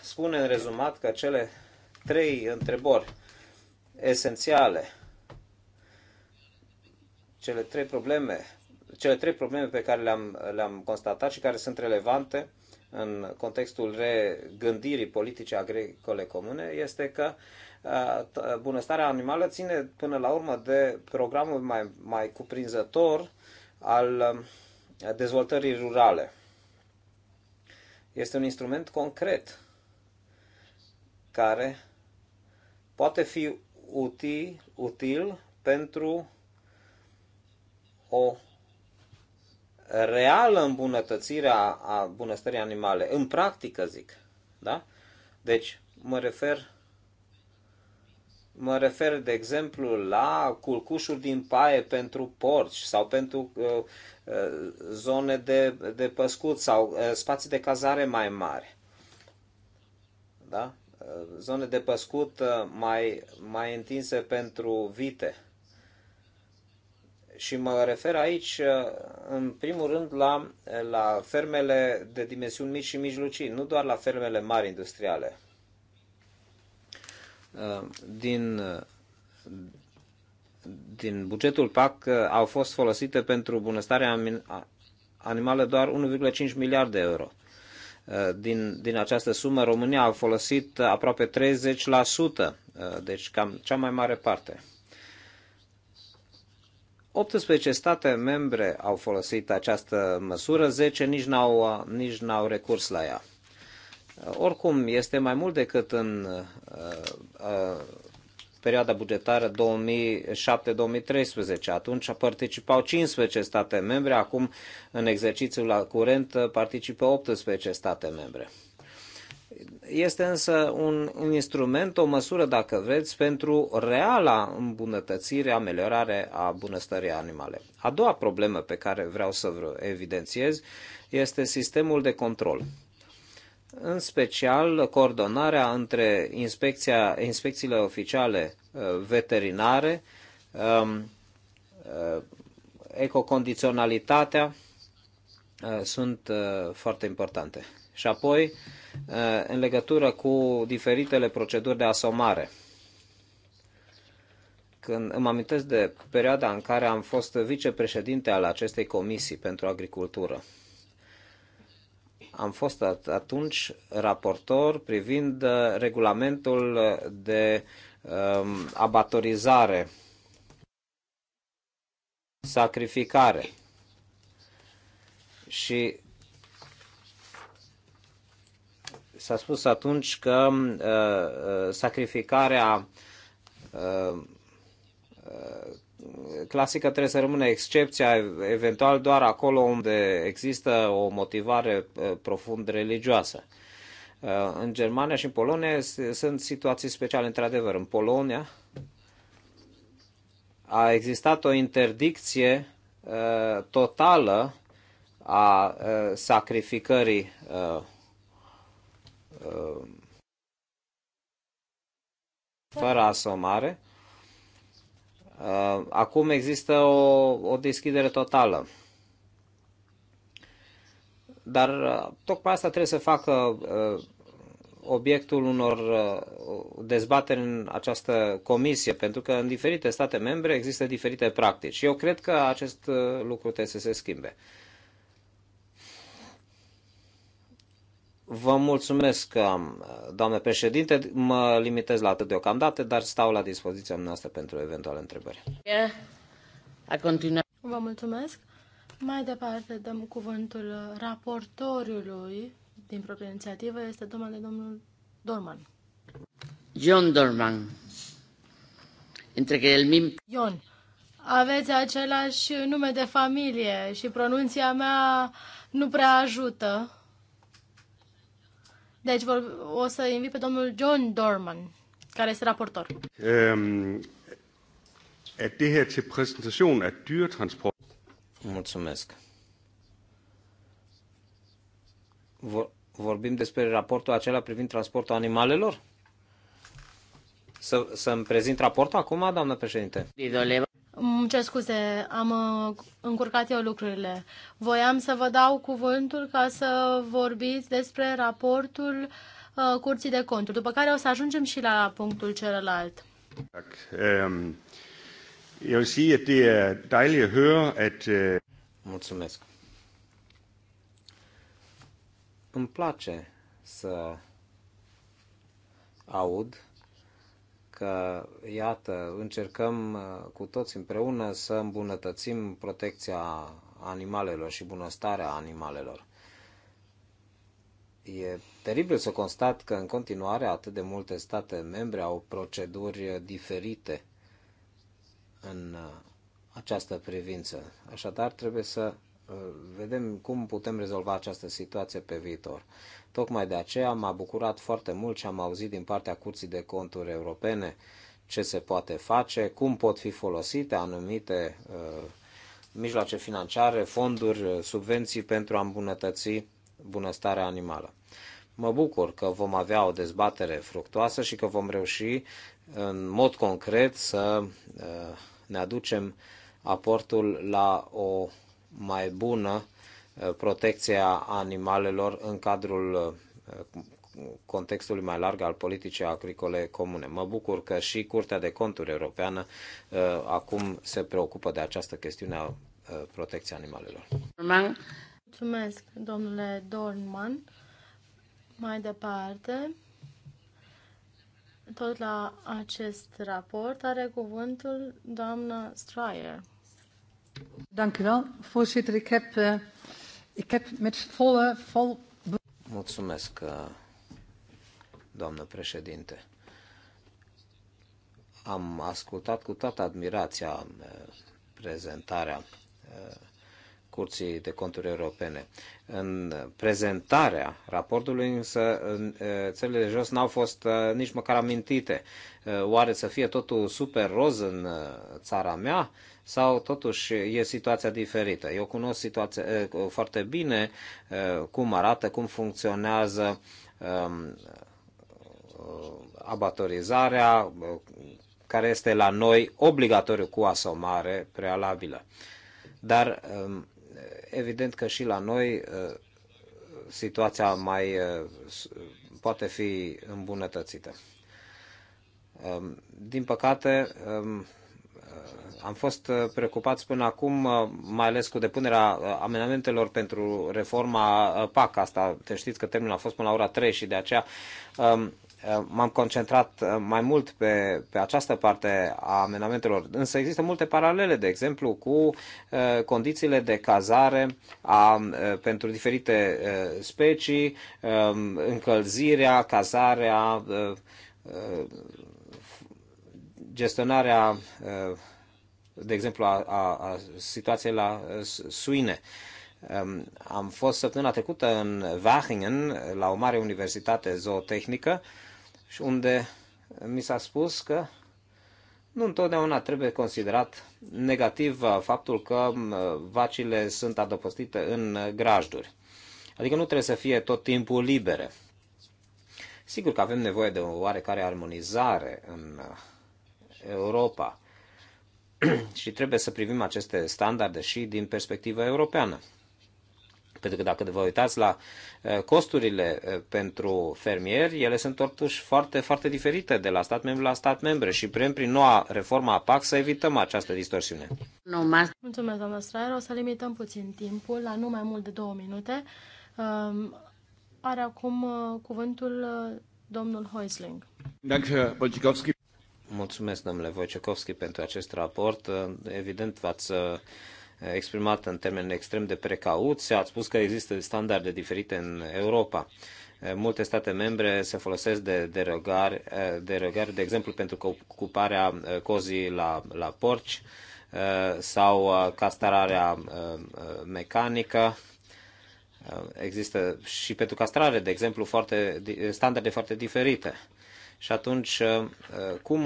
spune în rezumat că cele trei întrebări esențiale. Cele trei probleme, cele trei probleme pe care le-am, le constatat și care sunt relevante în contextul regândirii politice agricole comune este că bunăstarea animală ține până la urmă de programul mai, mai cuprinzător al dezvoltării rurale. Este un instrument concret care poate fi util, util pentru o reală îmbunătățire a, a bunăstării animale, în practică zic, da? Deci mă refer mă refer de exemplu la culcușuri din paie pentru porci sau pentru uh, uh zone de, de păscut sau uh, spații de cazare mai mari. Da? zone de păscut uh, mai, mai întinse pentru vite. Și mă refer aici, uh, în primul rând, la, la fermele de dimensiuni mici și mijlocii, nu doar la fermele mari industriale. Uh, din, din bugetul PAC au fost folosite pentru bunăstarea animală doar 1,5 miliarde de euro din, din această sumă, România a folosit aproape 30%, uh, deci cam cea mai mare parte. 18 state membre au folosit această măsură, 10 nici n-au, nici n-au recurs la ea. Oricum, este mai mult decât în uh, uh, perioada bugetară 2007-2013. Atunci participau 15 state membre, acum în exercițiul curent participă 18 state membre. Este însă un, un instrument, o măsură, dacă vreți, pentru reala îmbunătățire, ameliorare a bunăstării animale. A doua problemă pe care vreau să vă evidențiez este sistemul de control în special coordonarea între inspecția, inspecțiile oficiale uh, veterinare, um, uh, ecocondiționalitatea uh, sunt foarte importante. Și apoi, în legătură cu diferitele proceduri de asomare. Când îmi amintesc de perioada în care am fost vicepreședinte al acestei comisii pentru agricultură am fost atunci raportor privind uh, regulamentul de um, abatorizare, sacrificare. Și s-a spus atunci că uh, uh sacrificarea uh, uh clasică trebuie să rămână excepția, eventual doar acolo unde există o motivare uh, profund religioasă. Uh, în Germania și în Polonia sunt situații speciale, într-adevăr. În Polonia a existat o interdicție uh, totală a sacrificării fără asomare Uh, acum există o, o deschidere totală. Dar uh, tocmai asta trebuie să facă uh, obiectul unor dezbateri în această comisie, pentru că în diferite state membre există diferite practici. Eu cred că acest lucru trebuie să se schimbe. Vă mulțumesc, doamnă președinte. Mă limitez la atât deocamdată, dar stau la dispoziția noastră pentru eventuale întrebări. A Vă mulțumesc. Mai departe dăm cuvântul raportorului din propria inițiativă. Este domnul de domnul Dorman. John Dorman. Între că el mim... John. Aveți același nume de familie și pronunția mea nu prea ajută. Deci vor, o să invit pe domnul John Dorman, care este raportor. Um, at det her til præsentation af dyretransport. Mulțumesc. Vor, vorbim despre raportul acela privind transportul animalelor? Să, să-mi prezint raportul acum, doamnă președinte? Îmi cer scuze, am uh, încurcat eu lucrurile. Voiam să vă dau cuvântul ca să vorbiți despre raportul uh, Curții de Conturi, după care o să ajungem și la punctul celălalt. Eu ehm, zic er øh, Mulțumesc. Îmi place să aud că, iată, încercăm uh, cu toți împreună să îmbunătățim protecția animalelor și bunăstarea animalelor. E teribil să constat că în continuare atât de multe state membre au proceduri diferite în uh, această privință. Așadar, trebuie să Uh, vedem cum putem rezolva această situație pe viitor. Tocmai de aceea m-a bucurat foarte mult ce am auzit din partea Curții de Conturi Europene ce se poate face, cum pot fi folosite anumite uh, mijloace financiare, fonduri, uh, subvenții pentru a îmbunătăți bunăstarea animală. Mă bucur că vom avea o dezbatere fructoasă și că vom reuși în mod concret să uh, ne aducem aportul la o mai bună uh, protecția animalelor în cadrul uh, contextului mai larg al politicii agricole comune. Mă bucur că și Curtea de Conturi Europeană uh, acum se preocupă de această chestiune a protecției animalelor. Mulțumesc, domnule Dornman. Mai departe, tot la acest raport are cuvântul doamna Stryer voorzitter. Ik heb, uh, ik heb met volle, vol... Mulțumesc, eh, doamnă președinte. Am ascultat cu toată admirația eh, prezentarea Curții de Conturi Europene. În prezentarea raportului, însă, țările de jos n-au fost nici măcar amintite. Oare să fie totul super roz în țara mea? sau totuși e situația diferită. Eu cunosc situația, eh, foarte bine eh, cum arată, cum funcționează ehm, eh, abatorizarea, care este la noi obligatoriu cu asomare prealabilă. Dar ehm, evident că și la noi situația mai poate fi îmbunătățită. Ehm, din păcate, am fost uh, preocupați până acum, uh, mai ales cu depunerea uh, amendamentelor pentru reforma PAC. Asta, te știți că termenul a fost până la ora 3 și de aceea um, m-am concentrat mai mult pe, pe această parte a amendamentelor. Însă există multe paralele, de exemplu, cu condițiile de cazare a, pentru diferite specii, um, încălzirea, cazarea gestionarea, eh, de exemplu, a, a, a situației la eh, suine. Ehm, am fost săptămâna trecută în Wachingen, la o mare universitate zootehnică, și unde mi s-a spus că nu întotdeauna trebuie considerat negativ eh, faptul că mm, vacile sunt adăpostite în grajduri. Adică nu trebuie să fie tot timpul libere. Sigur că avem nevoie de o oarecare armonizare în Europa. și trebuie să privim aceste standarde și din perspectiva europeană. Pentru că dacă vă uitați la eh, costurile eh, pentru fermieri, ele sunt totuși foarte, foarte diferite de la stat membru la stat membru și prin prin noua reformă a PAC să evităm această distorsiune. Nu mai... Mulțumesc, doamna Straer. O să limităm puțin timpul la nu mai mult de două minute. Um, are acum uh, cuvântul uh, domnul Heusling. Mulțumesc. Mulțumesc, domnule Wojciechowski, pentru acest raport. Evident, v-ați uh, exprimat în termeni extrem de precauți. Ați spus că există standarde diferite în Europa. Uh, multe state membre se folosesc de derogări, uh, derogări de exemplu, pentru ocuparea cozii la, la porci sau castrarea mecanică. Există și pentru castrare, de exemplu, foarte, standarde foarte diferite și atunci, uh, cum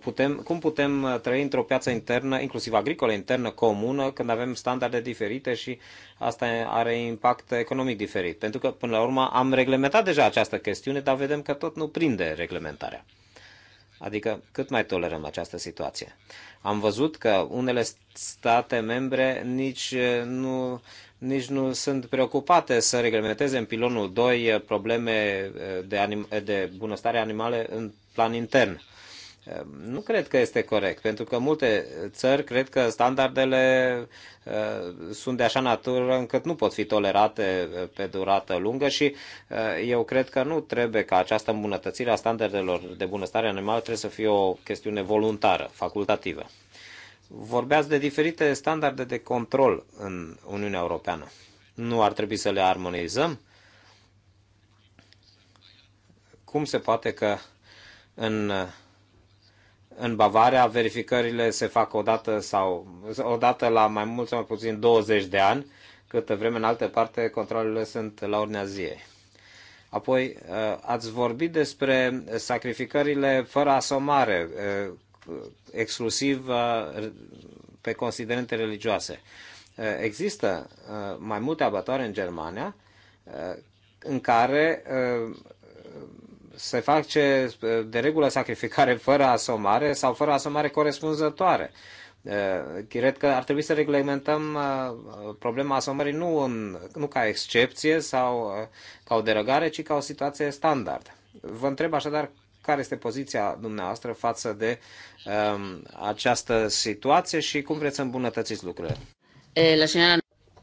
putem, cum putem uh, trăi într-o piață internă, inclusiv agricolă internă, comună, când avem standarde diferite și asta are impact economic diferit? Pentru că, până la urmă, am reglementat deja această chestiune, dar vedem că tot nu prinde reglementarea. Adică cât mai tolerăm această situație. Am văzut că unele state membre nici eh, nu, nici nu sunt preocupate să reglementeze în pilonul 2 eh, probleme eh, de, anim- de bunăstare animale în plan intern. Nu cred că este corect, pentru că multe țări cred că standardele uh, sunt de așa natură încât nu pot fi tolerate uh, pe durată lungă și uh, eu cred că nu trebuie ca această îmbunătățire a standardelor de bunăstare animală trebuie să fie o chestiune voluntară, facultativă. Vorbeați de diferite standarde de control în Uniunea Europeană. Nu ar trebui să le armonizăm? Cum se poate că în în Bavaria verificările se fac odată sau odată la mai mult sau mai puțin 20 de ani, câtă vreme în alte parte controlele sunt la ordinea ziei. Apoi eh, ați vorbit despre sacrificările fără asomare, eh, exclusiv eh, pe considerente religioase. Există mai multe abatoare în Germania în care se face de regulă sacrificare fără asomare sau fără asomare corespunzătoare. Cred că ar trebui să reglementăm problema asomării nu, în, nu ca excepție sau ca o derogare, ci ca o situație standard. Vă întreb așadar care este poziția dumneavoastră față de um, această situație și cum vreți să îmbunătățiți lucrurile. La señora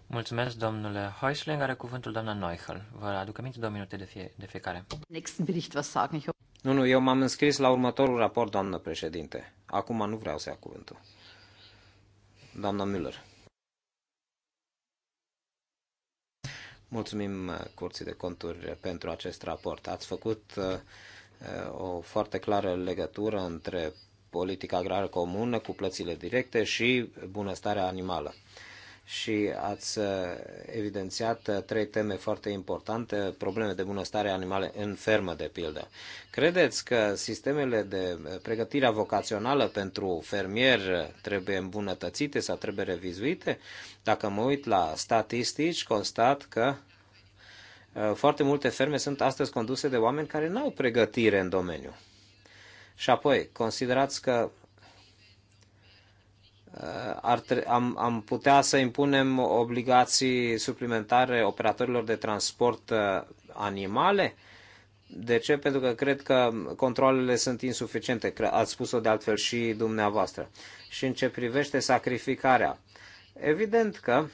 Mulțumesc, domnule Heusling. Are cuvântul doamna Neuchel. Vă aduc aminte două minute de, fie, de fiecare. Nu, nu, eu m-am înscris la următorul raport, doamnă președinte. Acum nu vreau să ia cuvântul. Doamna Müller. Mulțumim uh, Curții de Conturi pentru acest raport. Ați făcut uh, uh, o foarte clară legătură între politica agrară comună cu plățile directe și bunăstarea animală și ați uh, evidențiat uh, trei teme foarte importante, probleme de bunăstare animale în fermă, de pildă. Credeți că sistemele de uh, pregătire vocațională pentru fermier trebuie îmbunătățite sau trebuie revizuite? Dacă mă uit la statistici, constat că foarte multe ferme sunt astăzi conduse de oameni care nu au pregătire în domeniu. Și apoi, considerați că ar, am, am putea să impunem obligații suplimentare operatorilor de transport uh, animale? De ce? Pentru că cred că controlele sunt insuficiente, ați spus-o de altfel și dumneavoastră. Și în ce privește sacrificarea, evident că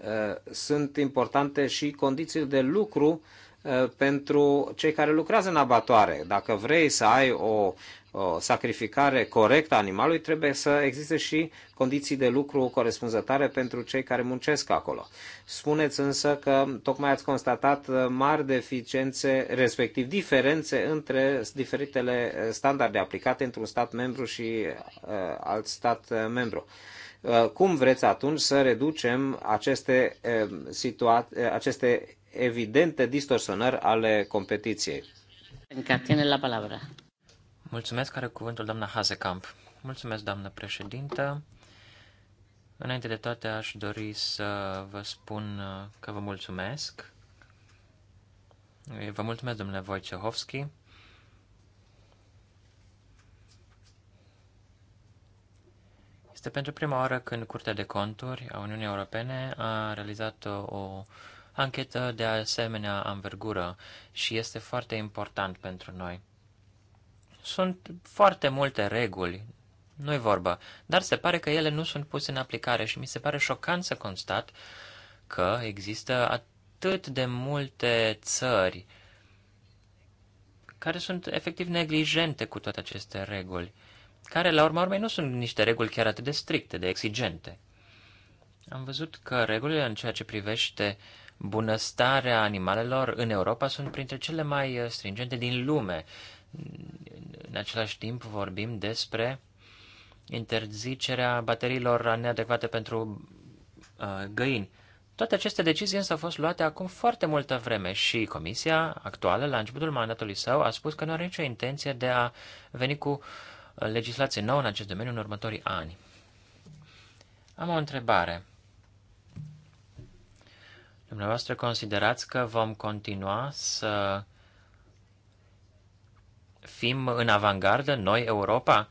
uh, sunt importante și condițiile de lucru uh, pentru cei care lucrează în abatoare. Dacă vrei să ai o o sacrificare corectă a animalului, trebuie să existe și condiții de lucru corespunzătoare pentru cei care muncesc acolo. Spuneți însă că tocmai ați constatat mari deficiențe, respectiv diferențe între diferitele standarde aplicate într-un stat membru și uh, alt stat membru. Uh, cum vreți atunci să reducem aceste, uh, situa- uh, aceste evidente distorsionări ale competiției? Încă tine la palabra. Mulțumesc, are cuvântul doamna Hazekamp. Mulțumesc, doamnă președintă. Înainte de toate, aș dori să vă spun uh, că vă mulțumesc. Vă mulțumesc, domnule Wojciechowski. Este pentru prima oară când Curtea de Conturi a Uniunii Europene a realizat o anchetă de asemenea amvergură și este foarte important pentru noi. Sunt foarte multe reguli, nu-i vorba, dar se pare că ele nu sunt puse în aplicare și mi se pare șocant să constat că există atât de multe țări care sunt efectiv neglijente cu toate aceste reguli, care la urma urmei nu sunt niște reguli chiar atât de stricte, de exigente. Am văzut că regulile în ceea ce privește bunăstarea animalelor în Europa sunt printre cele mai stringente din lume. În același timp vorbim despre interzicerea bateriilor neadecvate pentru uh, găini. Toate aceste decizii însă au fost luate acum foarte multă vreme și comisia actuală, la începutul mandatului său, a spus că nu are nicio intenție de a veni cu uh, legislație nouă în acest domeniu în următorii ani. Am o întrebare. Dumneavoastră considerați că vom continua să fim în avangardă, noi, Europa?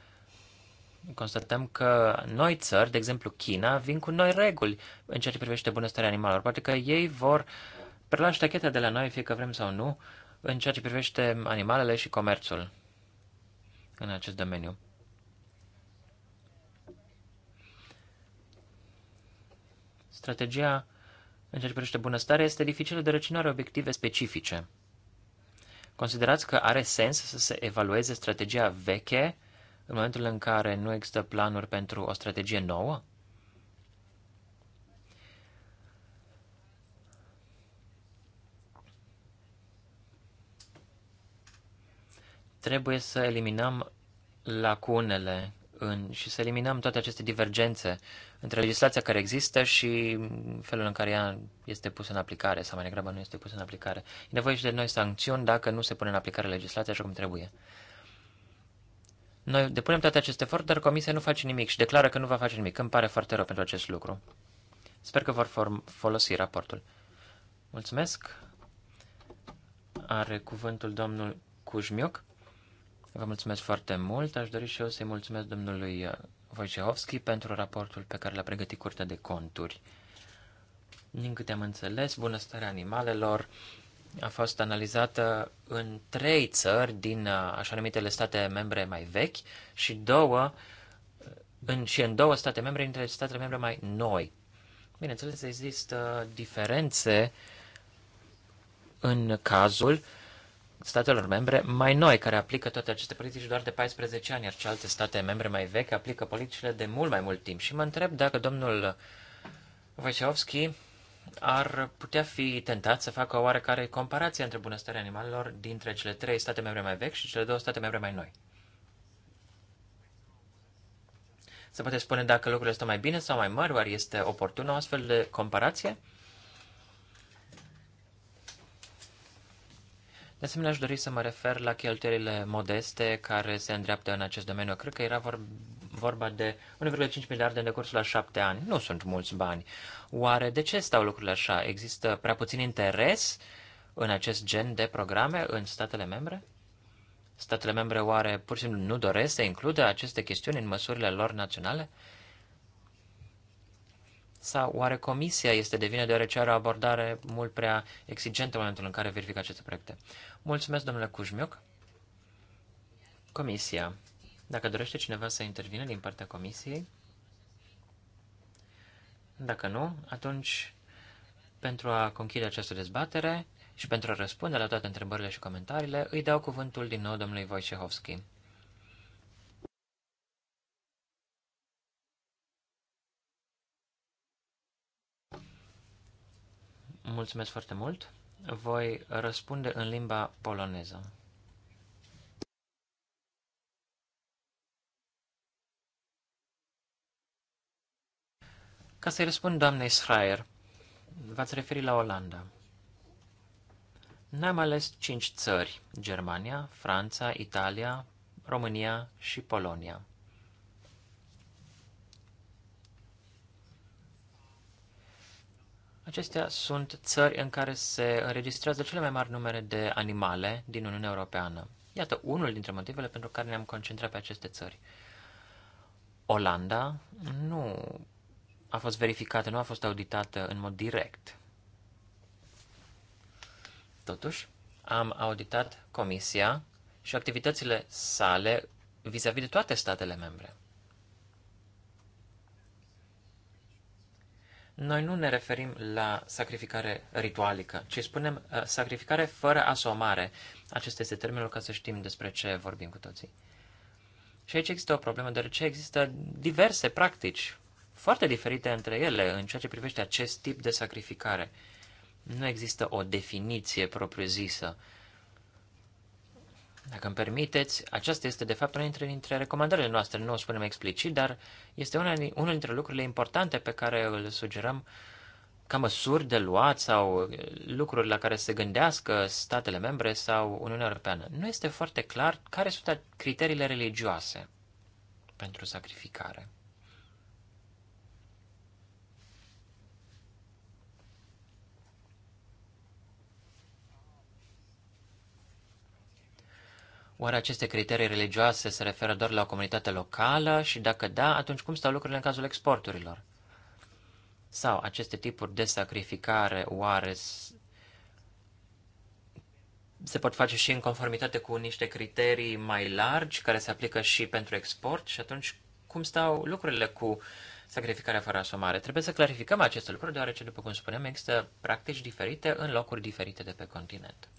Constatăm că noi țări, de exemplu China, vin cu noi reguli în ceea ce privește bunăstarea animalelor. Poate că ei vor prela ștacheta de la noi, fie că vrem sau nu, în ceea ce privește animalele și comerțul în acest domeniu. Strategia în ceea ce privește bunăstarea este dificilă, deoarece nu are obiective specifice. Considerați că are sens să se evalueze strategia veche în momentul în care nu există planuri pentru o strategie nouă? Trebuie să eliminăm lacunele în, și să eliminăm toate aceste divergențe între legislația care există și felul în care ea este pusă în aplicare, sau mai degrabă nu este pusă în aplicare. E nevoie și de noi sancțiuni dacă nu se pune în aplicare legislația așa cum trebuie. Noi depunem toate aceste eforturi, dar Comisia nu face nimic și declară că nu va face nimic. Îmi pare foarte rău pentru acest lucru. Sper că vor folosi raportul. Mulțumesc. Are cuvântul domnul Cujmioc. Vă mulțumesc foarte mult. Aș dori și eu să-i mulțumesc domnului Wojciechowski pentru raportul pe care l-a pregătit Curtea de Conturi. Din câte am înțeles, bunăstarea animalelor a fost analizată în trei țări din uh, așa numitele state membre mai vechi și două în, și în două state membre dintre statele membre mai noi. Bineînțeles, există diferențe în cazul uh, statelor membre mai noi care aplică toate aceste politici doar de 14 ani, iar celelalte state membre mai vechi aplică politicile de mult mai mult timp. Și mă întreb dacă domnul Wojciechowski ar putea fi tentat să facă o oarecare comparație între bunăstarea animalelor dintre cele trei state membre mai vechi și cele două state membre mai noi. Se poate spune dacă lucrurile stau mai bine sau mai mari, oare este oportună o astfel de comparație? De asemenea, aș dori să mă refer la cheltuielile modeste care se îndreaptă în acest domeniu. Cred că era vorba de 1,5 miliarde în decursul a șapte ani. Nu sunt mulți bani. Oare de ce stau lucrurile așa? Există prea puțin interes în acest gen de programe în statele membre? Statele membre oare pur și simplu nu doresc să includă aceste chestiuni în măsurile lor naționale? Sau oare comisia este de vină deoarece are o abordare mult prea exigentă în momentul în care verifică aceste proiecte? Mulțumesc, domnule Cujmiuc. Comisia. Dacă dorește cineva să intervină din partea comisiei? Dacă nu, atunci, pentru a conchide această dezbatere și pentru a răspunde la toate întrebările și comentariile, îi dau cuvântul din nou domnului Wojciechowski. Mulțumesc foarte mult. Voi răspunde în limba poloneză. Ca să-i răspund doamnei Schreier, v-ați referit la Olanda. n am ales cinci țări, Germania, Franța, Italia, România și Polonia. Acestea sunt țări în care se înregistrează cele mai mari numere de animale din Uniunea Europeană. Iată unul dintre motivele pentru care ne-am concentrat pe aceste țări. Olanda nu a fost verificată, nu a fost auditată în mod direct. Totuși, am auditat Comisia și activitățile sale vis-a-vis -vis de toate statele membre. Noi nu ne referim la sacrificare ritualică, ci spunem uh, sacrificare fără asomare. Acesta este termenul ca să știm despre ce vorbim cu toții. Și aici există o problemă, deoarece există diverse practici foarte diferite între ele în ceea ce privește acest tip de sacrificare. Nu există o definiție propriu-zisă uh, dacă îmi permiteți, aceasta este de fapt una dintre, dintre recomandările noastre, nu o spunem explicit, dar este una, unul dintre lucrurile importante pe care îl sugerăm ca măsuri de luat sau lucruri la care se gândească statele membre sau Uniunea Europeană. Nu este foarte clar care sunt criteriile religioase pentru sacrificare. Oare aceste criterii religioase se referă doar la o comunitate locală și dacă da, atunci cum stau lucrurile în cazul exporturilor? Sau aceste tipuri de sacrificare oare se pot face și în conformitate cu niște criterii mai largi care se aplică și pentru export și atunci cum stau lucrurile cu sacrificarea fără asomare? Trebuie să clarificăm aceste lucruri deoarece, după cum spuneam, există practici diferite în locuri diferite de pe continent.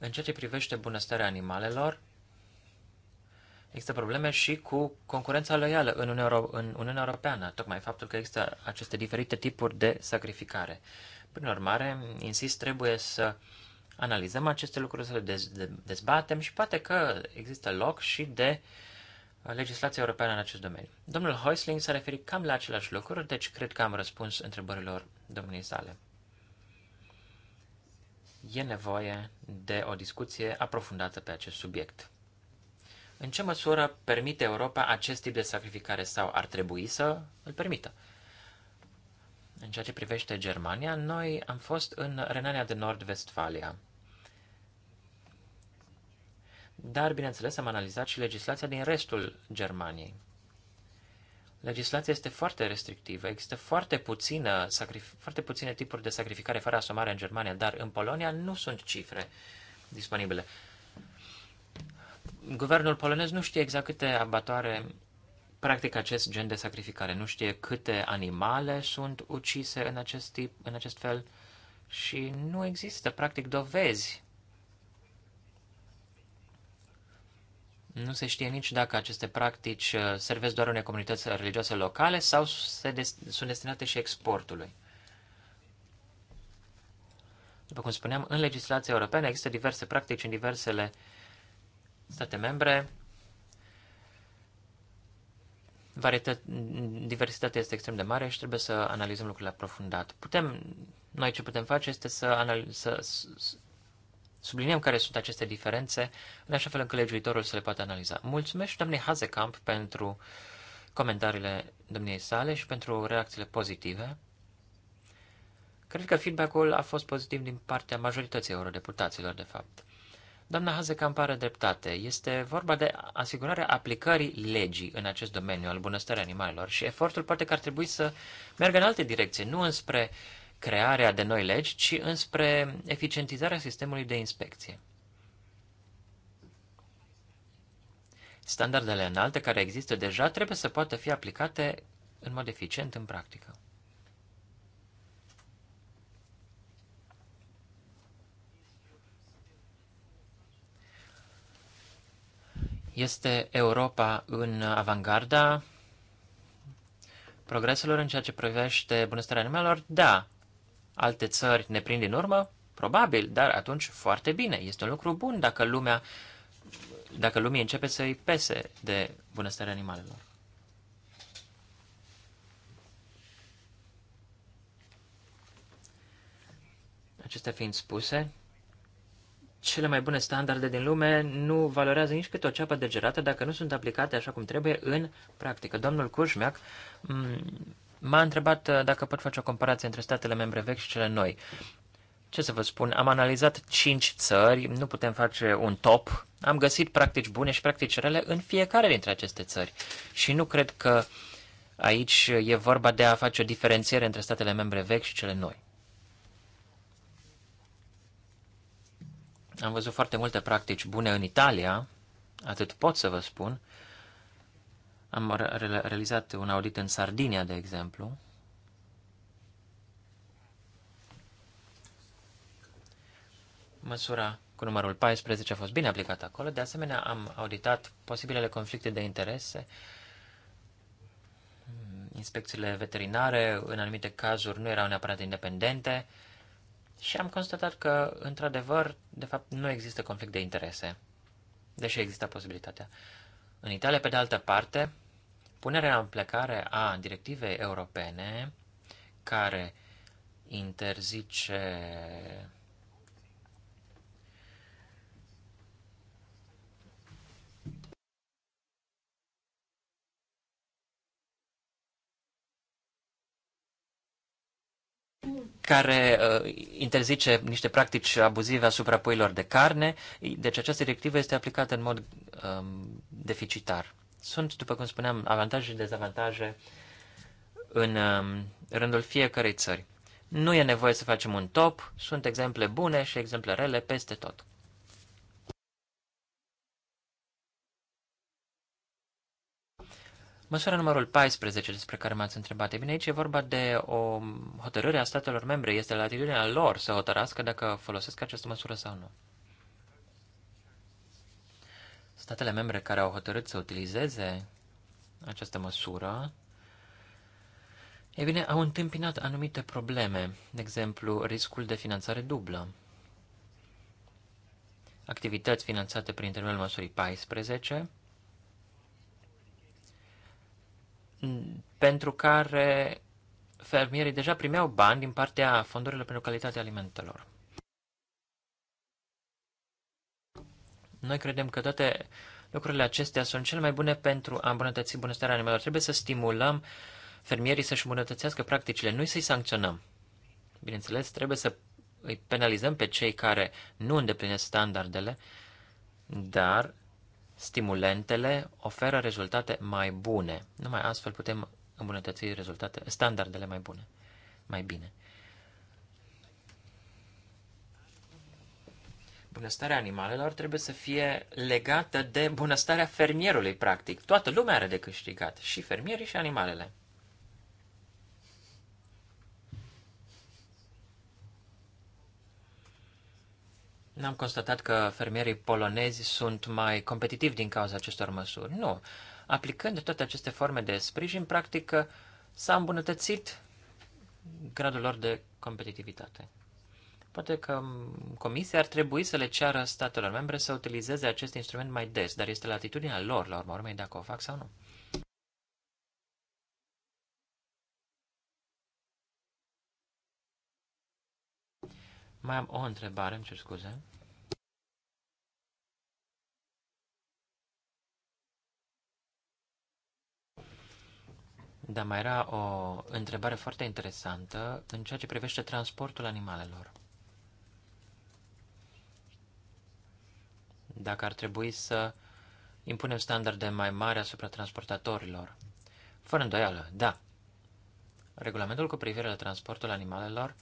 În ceea ce privește bunăstarea animalelor, există probleme și cu concurența loială în Uniunea, Euro- în Uniunea Europeană, tocmai faptul că există aceste diferite tipuri de sacrificare. Prin urmare, insist, trebuie să analizăm aceste lucruri, să le dezbatem și poate că există loc și de uh, legislația europeană în acest domeniu. Domnul Heusling s-a referit cam la aceleași lucruri, deci cred că am răspuns întrebărilor domniei sale e nevoie de o discuție aprofundată pe acest subiect. În ce măsură permite Europa acest tip de sacrificare sau ar trebui să îl permită? În ceea ce privește Germania, noi am fost în Renania de Nord-Vestfalia. Dar, bineînțeles, am analizat și legislația din restul Germaniei legislația este foarte restrictivă. Există foarte, puțină, foarte puține tipuri de sacrificare fără asomare în Germania, dar în Polonia nu sunt cifre disponibile. Guvernul polonez nu știe exact câte abatoare practică acest gen de sacrificare. Nu știe câte animale sunt ucise în acest, tip, în acest fel și nu există, practic, dovezi Nu se știe nici dacă aceste practici uh, servesc doar unei comunități religioase locale sau se des- sunt destinate și exportului. După cum spuneam, în legislația europeană există diverse practici în diversele state membre. Varietă- diversitatea este extrem de mare și trebuie să analizăm lucrurile aprofundat. Putem, noi ce putem face este să, anal- să, să Subliniem care sunt aceste diferențe, în așa fel încât legiuitorul să le poată analiza. Mulțumesc doamnei Hazekamp pentru comentariile domniei sale și pentru reacțiile pozitive. Cred că feedback-ul a fost pozitiv din partea majorității eurodeputaților, de fapt. Doamna Hazekamp are dreptate. Este vorba de asigurarea aplicării legii în acest domeniu al bunăstării animalelor și efortul poate că ar trebui să meargă în alte direcții, nu înspre uh, crearea de noi legi, ci înspre eficientizarea sistemului de inspecție. Standardele înalte care există deja trebuie să poată fi aplicate în mod eficient în practică. Este Europa în avangarda progreselor în ceea ce privește bunăstarea animalelor? Da, alte țări ne prind în urmă? Probabil, dar atunci foarte bine. Este un lucru bun dacă lumea dacă lumea începe să-i pese de bunăstarea animalelor. Acestea fiind spuse, cele mai bune standarde din lume nu valorează nici câte o ceapă de gerată dacă nu sunt aplicate așa cum trebuie în practică. Domnul Cușmeac M-a întrebat uh, dacă pot face o comparație între statele membre vechi și cele noi. Ce să vă spun, am analizat 5 țări, nu putem face un top, am găsit practici bune și practici rele în fiecare dintre aceste țări. Și nu cred că aici e vorba de a face o diferențiere între statele membre vechi și cele noi. Am văzut foarte multe practici bune în Italia, atât pot să vă spun, am realizat un audit în Sardinia, de exemplu, Măsura cu numărul 14 a fost bine aplicată acolo. De asemenea, am auditat posibilele conflicte de interese, inspecțiile veterinare, în anumite cazuri, nu erau neapărat independente și am constatat că, într-adevăr, de fapt, nu există conflict de interese, deși exista posibilitatea. În Italia, pe de altă parte, punerea în plecare a directivei europene care interzice care uh, interzice niște practici abuzive asupra puilor de carne, deci această directivă este aplicată în mod um, deficitar. Sunt, după cum spuneam, avantaje și dezavantaje în um, rândul fiecărei țări. Nu e nevoie să facem un top, sunt exemple bune și exemple rele peste tot. Măsura numărul 14 despre care m-ați întrebat, e bine, aici e vorba de o hotărâre a statelor membre. Este la atitudinea lor să hotărască dacă folosesc această măsură sau nu. Statele membre care au hotărât să utilizeze această măsură, e bine, au întâmpinat anumite probleme, de exemplu, riscul de finanțare dublă. Activități finanțate prin intermediul măsurii 14, pentru care fermierii deja primeau bani din partea fondurilor pentru calitatea alimentelor. Noi credem că toate lucrurile acestea sunt cele mai bune pentru a îmbunătăți bunăstarea animalelor. Trebuie să stimulăm fermierii să-și îmbunătățească practicile, nu să-i sancționăm. Bineînțeles, trebuie să îi penalizăm pe cei care nu îndeplinesc standardele, dar stimulentele oferă rezultate mai bune. Numai astfel putem îmbunătăți rezultate, standardele mai bune, mai bine. Bunăstarea animalelor trebuie să fie legată de bunăstarea fermierului, practic. Toată lumea are de câștigat, și fermierii și animalele. N-am constatat că fermierii polonezi sunt mai competitivi din cauza acestor măsuri. Nu. Aplicând toate aceste forme de sprijin, practic, s-a îmbunătățit gradul lor de competitivitate. Poate că Comisia ar trebui să le ceară statelor membre să utilizeze acest instrument mai des, dar este la atitudinea lor, la urmă urmei, dacă o fac sau nu. Mai am o întrebare, îmi cer scuze. Dar mai era o întrebare foarte interesantă în ceea ce privește transportul animalelor. Dacă ar trebui să impunem standarde mai mari asupra transportatorilor. Fără îndoială, da. Regulamentul cu privire la transportul animalelor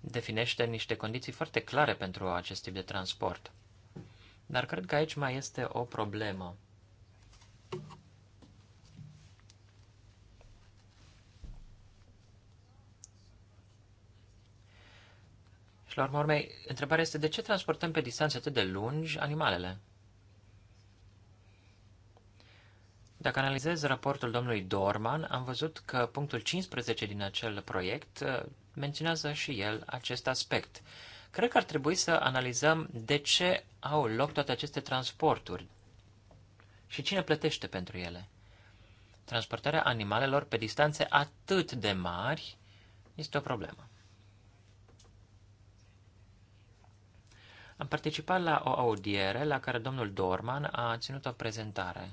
definește niște condiții foarte clare pentru acest tip de transport. Dar cred că aici mai este o problemă. Și la urmă urmei, întrebarea este de ce transportăm pe distanțe atât de lungi animalele? Dacă analizez raportul domnului Dorman, am văzut că punctul 15 din acel proiect menționează și el acest aspect. Cred că ar trebui să analizăm de ce au loc toate aceste transporturi și cine plătește pentru ele. Transportarea animalelor pe distanțe atât de mari este o problemă. Am participat la o audiere la care domnul Dorman a ținut o prezentare.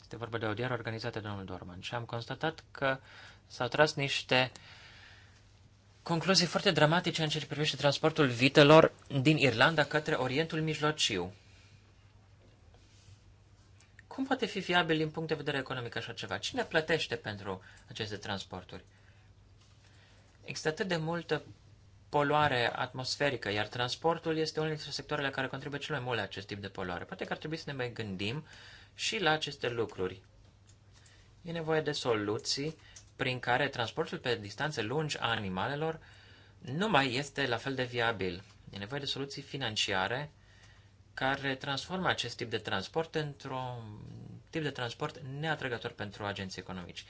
Este vorba de audiere organizată de domnul Dorman și am constatat că S-au tras niște concluzii foarte dramatice în ceea ce privește transportul vitelor din Irlanda către Orientul Mijlociu. Cum poate fi viabil din punct de vedere economic așa ceva? Cine plătește pentru aceste transporturi? Există atât de multă poluare atmosferică, iar transportul este unul dintre sectoarele care contribuie cel mai mult la acest tip de poluare. Poate că ar trebui să ne mai gândim și la aceste lucruri. E nevoie de soluții prin care transportul pe distanțe lungi a animalelor nu mai este la fel de viabil. E nevoie de soluții financiare care transformă acest tip de transport într-un tip de transport neatrăgător pentru agenții economici.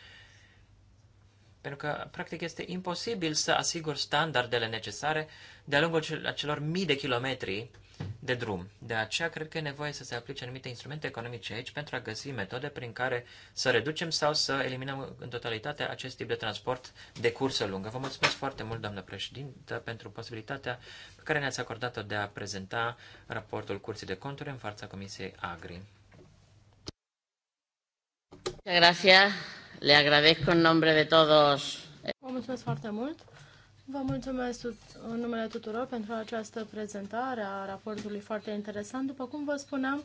Pentru că, practic, este imposibil să asiguri standardele necesare de-a lungul acelor mii de kilometri de drum. De aceea, cred că e nevoie să se aplice anumite instrumente economice aici pentru a găsi metode prin care să reducem sau să eliminăm în totalitate acest tip de transport de cursă lungă. Vă mulțumesc foarte mult, doamnă președintă, pentru posibilitatea pe care ne-ați acordat-o de a prezenta raportul Curții de Conturi în fața Comisiei Agri. Gracias. Le agradezco en nombre de todos. Vă mulțumesc foarte mult. Vă mulțumesc în numele tuturor pentru această prezentare a raportului foarte interesant. După cum vă spuneam,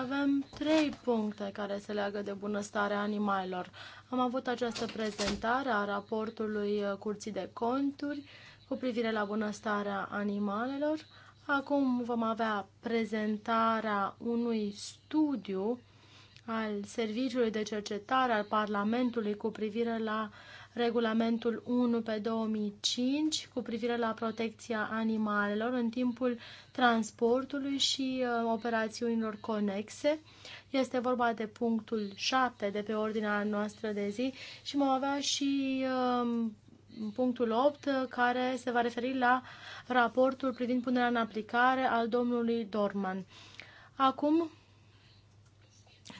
avem trei puncte care se leagă de bunăstarea animalelor. Am avut această prezentare a raportului uh, Curții de Conturi cu privire la bunăstarea animalelor. Acum vom avea prezentarea unui studiu al Serviciului de Cercetare al Parlamentului cu privire la uh, regulamentul 1 pe 2005 cu privire la protecția animalelor în timpul transportului și uh, operațiunilor conexe. Este vorba de punctul 7 de pe ordinea noastră de zi și mă avea și um, punctul 8 uh, care se va referi la raportul privind punerea în aplicare al domnului Dorman. Acum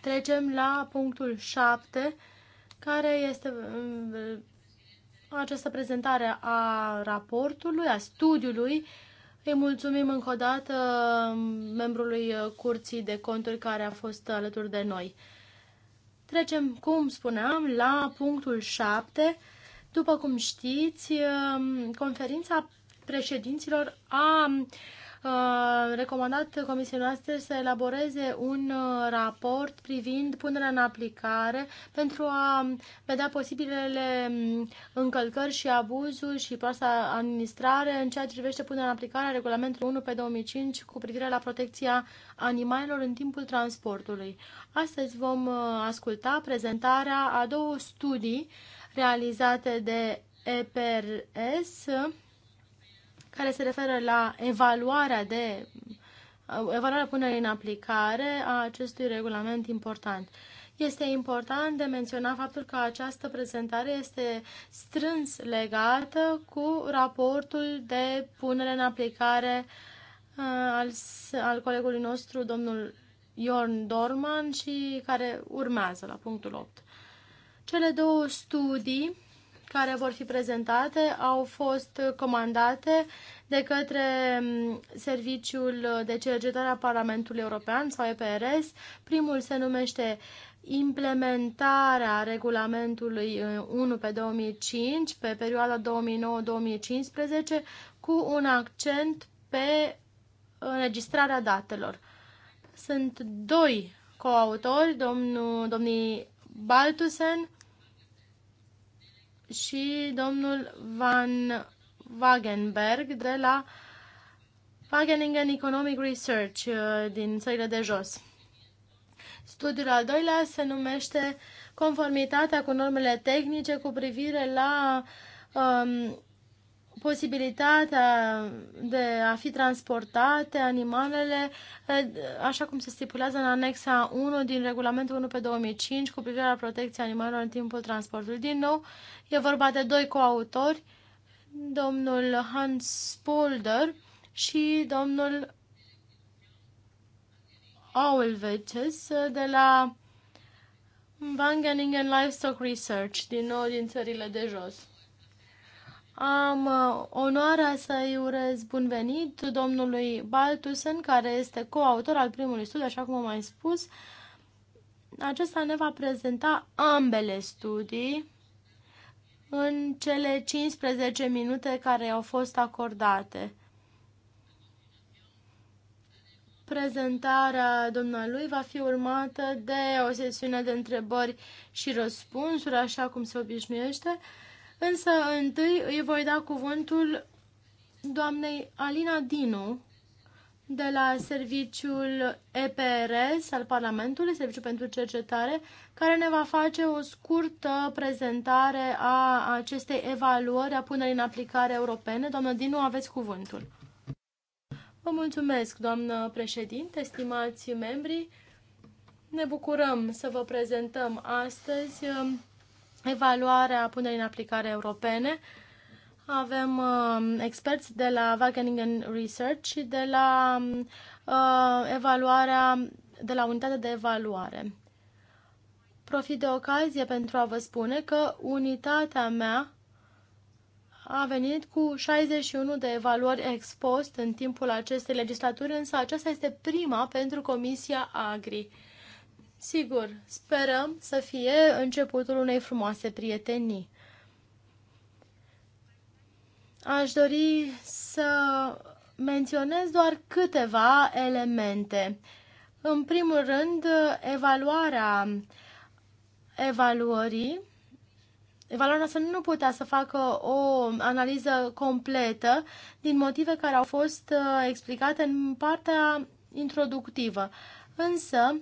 trecem la punctul 7 care este mm, această prezentare a raportului, a studiului. Îi mulțumim încă o dată mm, membrului Curții de Conturi care a fost alături de noi. Trecem, cum spuneam, la punctul 7. După cum știți, mm, conferința președinților a recomandat Comisiei noastre să elaboreze un uh, raport privind punerea în aplicare pentru a vedea posibilele mm, încălcări și abuzuri și proasta administrare în ceea ce privește punerea în aplicare a regulamentului 1 pe 2005 cu privire la protecția animalelor în timpul transportului. Astăzi vom uh, asculta prezentarea a două studii realizate de EPRS care se referă la evaluarea de evaluarea punerii în aplicare a acestui regulament important. Este important de menționat faptul că această prezentare este strâns legată cu raportul de punere în aplicare uh, al, al colegului nostru, domnul Jorn Dorman, și care urmează la punctul 8. Cele două studii care vor fi prezentate au fost comandate de către mm, Serviciul de Cercetare a Parlamentului European sau EPRS. Primul se numește implementarea regulamentului 1 uh, pe 2005 pe perioada 2009-2015 cu un accent pe înregistrarea datelor. Sunt doi coautori, domnul, domnii Baltusen și domnul Van Wagenberg de la Wageningen Economic Research uh, din țările de jos. Studiul al doilea se numește Conformitatea cu normele tehnice cu privire la um, posibilitatea de a fi transportate animalele, eh, așa cum se stipulează în anexa 1 din regulamentul 1 pe 2005 cu privire la protecția animalelor în timpul transportului. Din nou, e vorba de doi coautori, domnul Hans Polder și domnul Aulveces eh, de la Wageningen Livestock Research, din nou din țările de jos. Am uh, onoarea să-i urez bun venit domnului Baltusen, care este coautor al primului studiu, așa cum am mai spus. Acesta ne va prezenta ambele studii în cele 15 minute care au fost acordate. Prezentarea domnului va fi urmată de o sesiune de întrebări și răspunsuri, așa cum se obișnuiește. Însă întâi îi voi da cuvântul doamnei Alina Dinu de la serviciul EPRS al Parlamentului, Serviciul pentru Cercetare, care ne va face o scurtă prezentare a acestei evaluări a punerii în aplicare europene. Doamnă Dinu, aveți cuvântul. Vă mulțumesc, doamnă președinte, stimați membri. Ne bucurăm să vă prezentăm astăzi um, evaluarea punerii în aplicare europene. Avem uh, experți de la Wageningen Research și de la uh, evaluarea, de la unitatea de evaluare. Profit de ocazie pentru a vă spune că unitatea mea a venit cu 61 de evaluări expost în timpul acestei legislaturi, însă aceasta este prima pentru Comisia Agri. Sigur, sperăm să fie începutul unei frumoase prietenii. Aș dori să menționez doar câteva elemente. În primul rând, evaluarea evaluării. Evaluarea să nu putea să facă o analiză completă din motive care au fost uh, explicate în partea introductivă. Însă,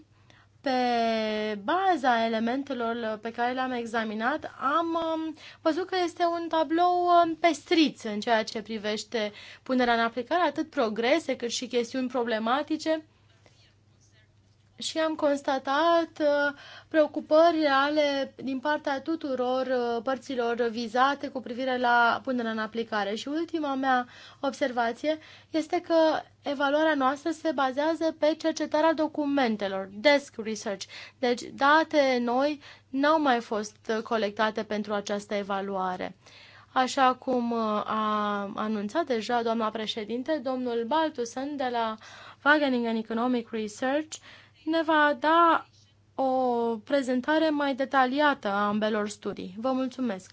pe baza elementelor pe care le-am examinat, am um, văzut că este un tablou um, pestriț în ceea ce privește punerea în aplicare, atât progrese cât și chestiuni problematice și am constatat uh, preocupări ale din partea tuturor uh, părților vizate cu privire la punerea în aplicare. Și ultima mea observație este că evaluarea noastră se bazează pe cercetarea documentelor, desk research. Deci date noi n-au mai fost uh, colectate pentru această evaluare. Așa cum a anunțat deja doamna președinte, domnul Baltusen de la Wageningen Economic Research ne va da o prezentare mai detaliată a ambelor studii. Vă mulțumesc!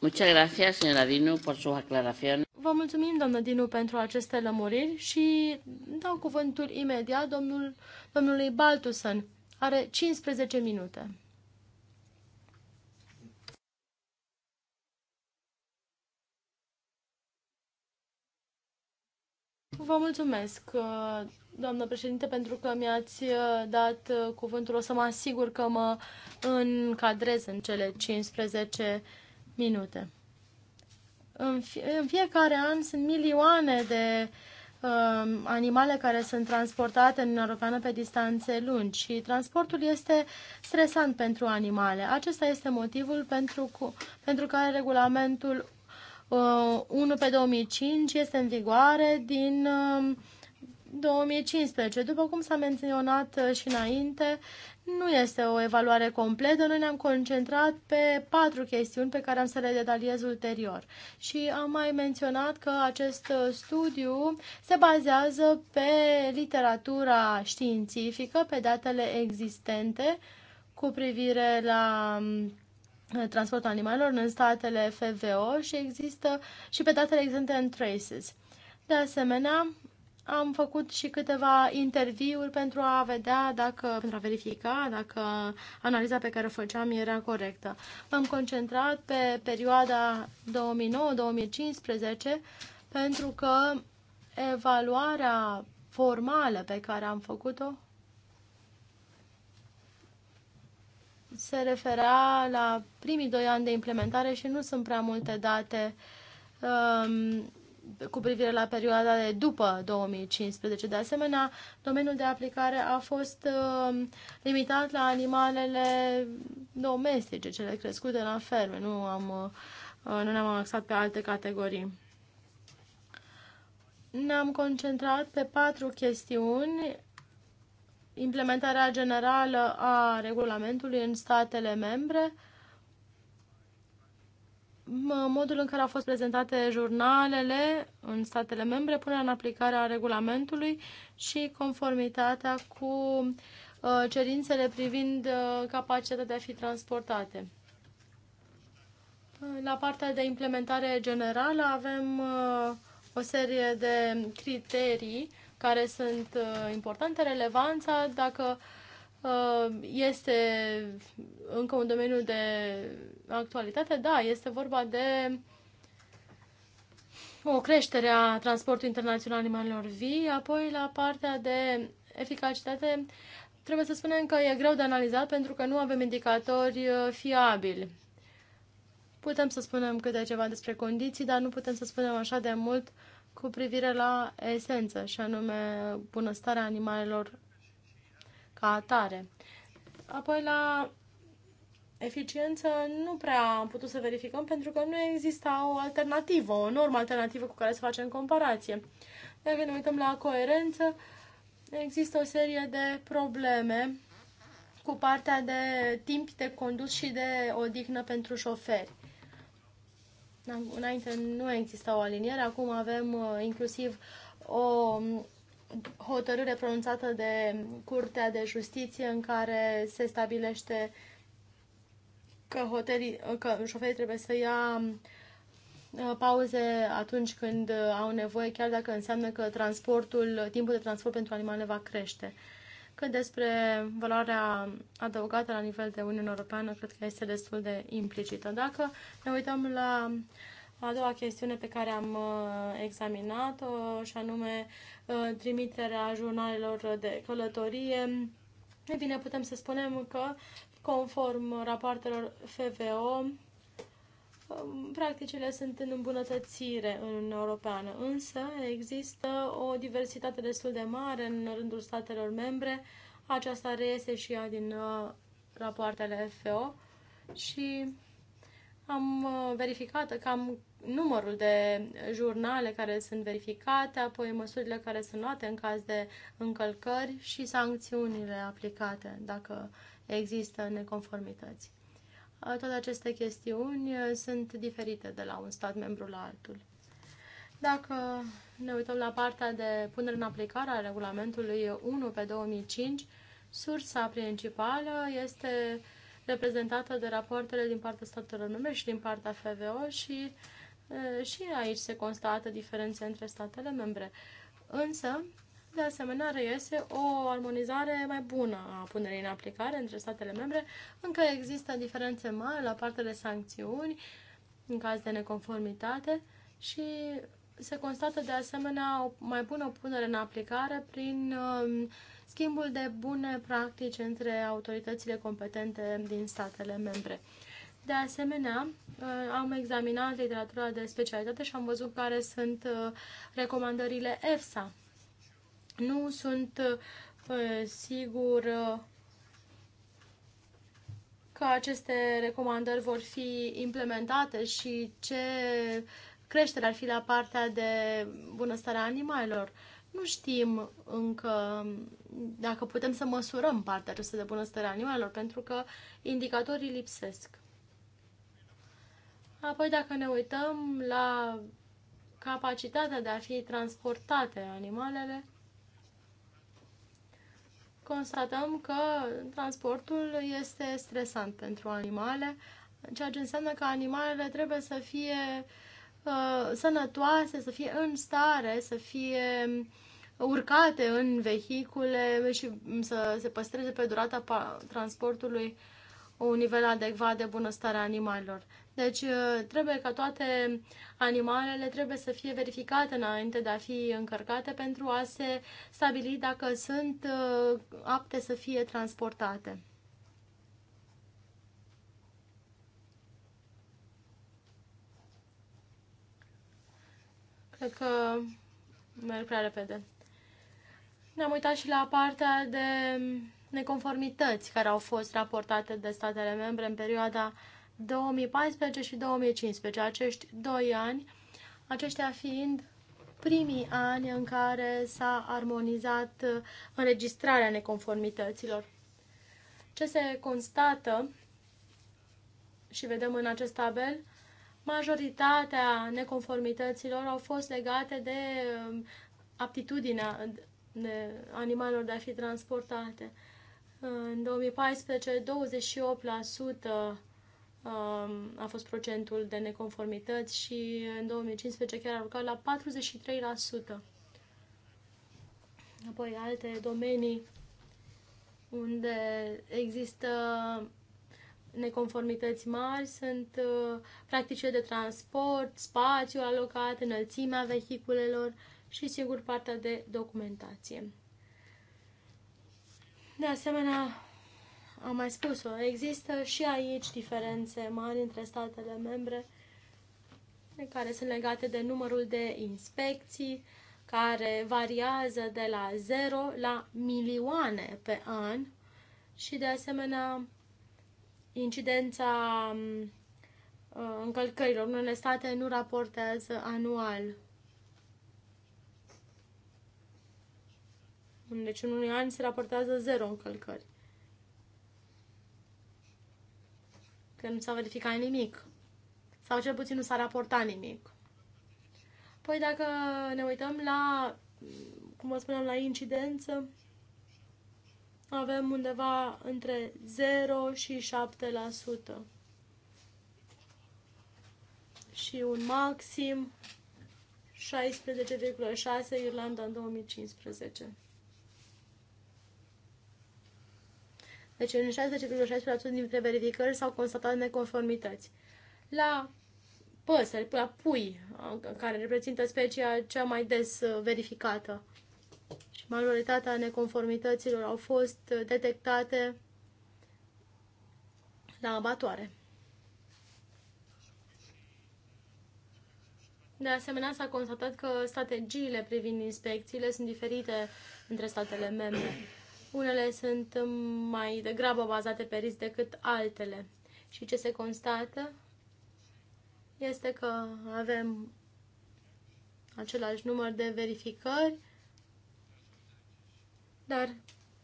Muchas gracias, señora Dinu, por sus aclaraciones. Vă mulțumim, doamnă Dinu, pentru aceste lămuriri și dau cuvântul imediat domnul, domnului Baltusen. Are 15 minute. Vă mulțumesc, uh, doamnă președinte, pentru că mi-ați uh, dat uh, cuvântul. O să mă asigur că mă încadrez în cele 15 minute. În, fie, în fiecare an sunt milioane de uh, animale care sunt transportate în Europeană pe distanțe lungi și transportul este stresant pentru animale. Acesta este motivul pentru, cu, pentru care regulamentul uh, 1 pe 2005 este în vigoare din uh, 2015. După cum s-a menționat uh, și înainte, nu este o evaluare completă, noi ne-am concentrat pe patru chestiuni pe care am să le detaliez ulterior. Și am mai menționat că acest uh, studiu se bazează pe literatura științifică, pe datele existente cu privire la um, transportul animalelor în statele FVO și există și pe datele existente în Traces. De asemenea, am făcut și câteva interviuri pentru a vedea dacă, pentru a verifica dacă analiza pe care o făceam era corectă. M-am concentrat pe perioada 2009-2015 pentru că evaluarea formală pe care am făcut-o se refera la primii doi ani de implementare și nu sunt prea multe date um, cu privire la perioada de după 2015. De asemenea, domeniul de aplicare a fost uh, limitat la animalele domestice, cele crescute la ferme. Nu, am, uh, nu ne-am axat pe alte categorii. Ne-am concentrat pe patru chestiuni. Implementarea generală a regulamentului în statele membre, uh, modul în care au fost prezentate jurnalele în statele membre, punerea în aplicare a regulamentului și conformitatea cu uh, cerințele privind uh, capacitatea de a fi transportate. Uh, la partea de implementare generală avem o serie de criterii care sunt importante, relevanța, dacă uh, Uh, este încă un domeniu de actualitate. Da, este vorba de o creștere a transportului internațional animalelor vii, apoi la partea de eficacitate trebuie să spunem că e greu de analizat pentru că nu avem indicatori uh, fiabili. Putem să spunem câte ceva despre condiții, dar nu putem să spunem așa de mult cu privire la esență, și anume bunăstarea animalelor ca atare. Apoi la eficiență nu prea am putut să verificăm pentru că nu exista o alternativă, o normă alternativă cu care să facem comparație. Dacă ne uităm la coerență, există o serie de probleme cu partea de timp de condus și de odihnă pentru șoferi. Înainte nu exista o aliniere, acum avem uh, inclusiv o hotărâre pronunțată de Curtea de Justiție în care se stabilește că, hotelii, că șoferii trebuie să ia uh, pauze atunci când au nevoie, chiar dacă înseamnă că transportul, timpul de transport pentru animale va crește. Cât despre valoarea adăugată la nivel de Uniunea Europeană, cred că este destul de implicită. Dacă ne uităm la uh, a doua chestiune pe care am uh, examinat-o, și anume uh, trimiterea jurnalelor de călătorie, e bine, putem să spunem că, conform rapoartelor FVO, um, practicile sunt în îmbunătățire în Uniunea Europeană, însă există o diversitate destul de mare în rândul statelor membre. Aceasta reiese și ea din uh, rapoartele FVO și am verificat cam numărul de jurnale care sunt verificate, apoi măsurile care sunt luate în caz de încălcări și sancțiunile aplicate dacă există neconformități. Toate aceste chestiuni sunt diferite de la un stat membru la altul. Dacă ne uităm la partea de punere în aplicare a regulamentului 1 pe 2005, sursa principală este reprezentată de rapoartele din partea statelor membre și din partea FVO și și aici se constată diferențe între statele membre. Însă, de asemenea, reiese o armonizare mai bună a punerii în aplicare între statele membre. Încă există diferențe mari la partea de sancțiuni în caz de neconformitate și se constată de asemenea o mai bună punere în aplicare prin um, schimbul de bune practici între autoritățile competente din statele membre. De asemenea, uh, am examinat literatura de specialitate și am văzut care sunt uh, recomandările EFSA. Nu sunt uh, sigur că aceste recomandări vor fi implementate și ce creștere ar fi la partea de bunăstare a animalelor. Nu știm încă dacă putem să măsurăm partea aceasta de bunăstare a animalelor, pentru că indicatorii lipsesc. Apoi, dacă ne uităm la capacitatea de a fi transportate animalele, constatăm că transportul este stresant pentru animale, ceea ce înseamnă că animalele trebuie să fie uh, sănătoase, să fie în stare, să fie uh, urcate în vehicule și să se păstreze pe durata transportului un nivel adecvat de bunăstare a animalelor. Deci uh, trebuie ca toate animalele trebuie să fie verificate înainte de a fi încărcate pentru a se stabili dacă sunt uh, apte să fie transportate. Cred că merg prea repede. Ne-am uitat și la partea de neconformități care au fost raportate de statele membre în perioada 2014 și 2015, acești doi ani, aceștia fiind primii ani în care s-a armonizat înregistrarea neconformităților. Ce se constată și vedem în acest tabel, majoritatea neconformităților au fost legate de um, aptitudinea de animalelor de a fi transportate. În 2014, 28% Um, a fost procentul de neconformități și în 2015 chiar a urcat la 43%. Apoi alte domenii unde există neconformități mari sunt uh, practicile de transport, spațiu alocat, înălțimea vehiculelor și, sigur, partea de documentație. De asemenea, am mai spus-o, există și aici diferențe mari între statele membre care sunt legate de numărul de inspecții, care variază de la 0 la milioane pe an și de asemenea incidența mm, uh, încălcărilor. Unele state nu raportează anual. Deci în unui an se raportează zero încălcări. că nu s-a verificat nimic. Sau cel puțin nu s-a raportat nimic. Păi dacă ne uităm la, cum vă spuneam, la incidență, avem undeva între 0 și 7%. Și un maxim 16,6 Irlanda în 2015. Deci în 16,6% dintre verificări s-au constatat neconformități. La păsări, la pui, care reprezintă specia cea mai des uh, verificată. Și majoritatea neconformităților au fost uh, detectate la abatoare. De asemenea, s-a constatat că strategiile privind inspecțiile sunt diferite între statele membre. Unele sunt mai degrabă bazate pe risc decât altele. Și ce se constată este că avem același număr de verificări, dar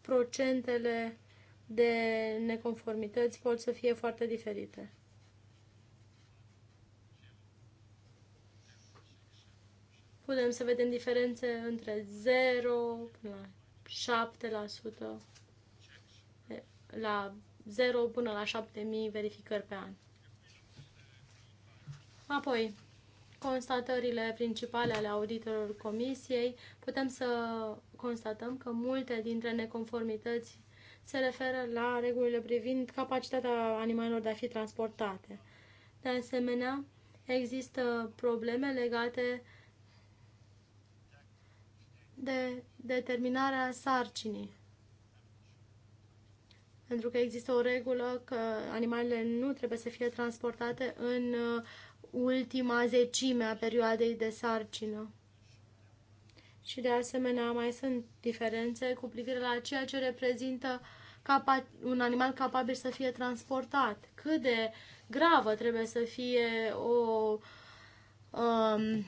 procentele de neconformități pot să fie foarte diferite. Putem să vedem diferențe între 0 până la 7% la 0 până la 7000 verificări pe an. Apoi, constatările principale ale auditorilor comisiei, putem să constatăm că multe dintre neconformități se referă la regulile privind capacitatea animalelor de a fi transportate. De asemenea, există probleme legate de determinarea sarcinii. Pentru că există o regulă că animalele nu trebuie să fie transportate în uh, ultima zecime a perioadei de sarcină. Și de asemenea mai sunt diferențe cu privire la ceea ce reprezintă un animal capabil să fie transportat. Cât de gravă trebuie să fie o um,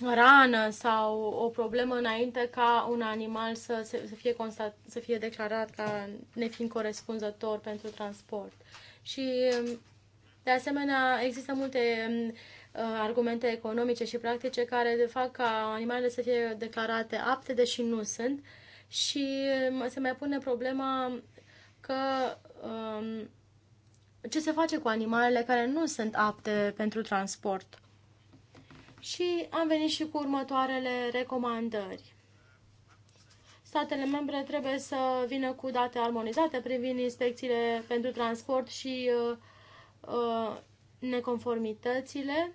rană sau o problemă înainte ca un animal să, se, să, fie, constat, să fie declarat ca nefiind corespunzător pentru transport. Și, um, de asemenea, există multe um, uh, argumente economice și practice care fac ca animalele să fie declarate apte, deși nu sunt. Și um, se mai pune problema că um, ce se face cu animalele care nu sunt apte pentru transport. Și am venit și cu următoarele recomandări. Statele membre trebuie să vină cu date armonizate privind inspecțiile pentru transport și uh, uh, neconformitățile.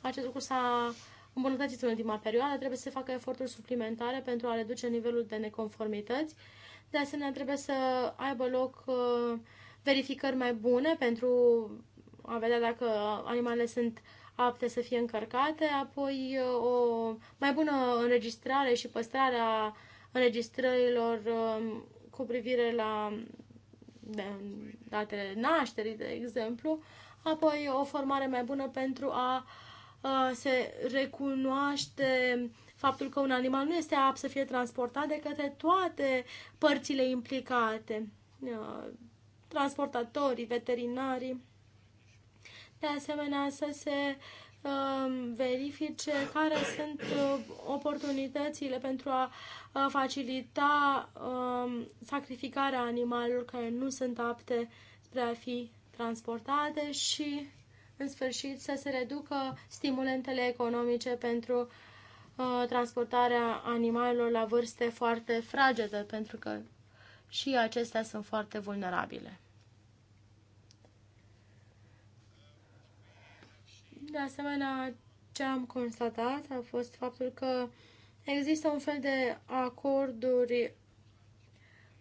Acest lucru s-a îmbunătățit în ultima perioadă, trebuie să se facă eforturi suplimentare pentru a reduce nivelul de neconformități. De asemenea, trebuie să aibă loc uh, verificări mai bune pentru a vedea dacă animalele sunt apte să fie încărcate, apoi uh, o mai bună înregistrare și păstrarea înregistrărilor um, cu privire la datele nașterii, de exemplu, apoi o formare mai bună pentru a uh, se recunoaște faptul că un animal nu este apt să fie transportat de către toate părțile implicate, uh, transportatorii, veterinarii de asemenea să se um, verifice care sunt uh, oportunitățile pentru a uh, facilita um, sacrificarea animalelor care nu sunt apte spre a fi transportate și, în sfârșit, să se reducă stimulentele economice pentru uh, transportarea animalelor la vârste foarte fragede, pentru că și acestea sunt foarte vulnerabile. De asemenea, ce am constatat a fost faptul că există un fel de acorduri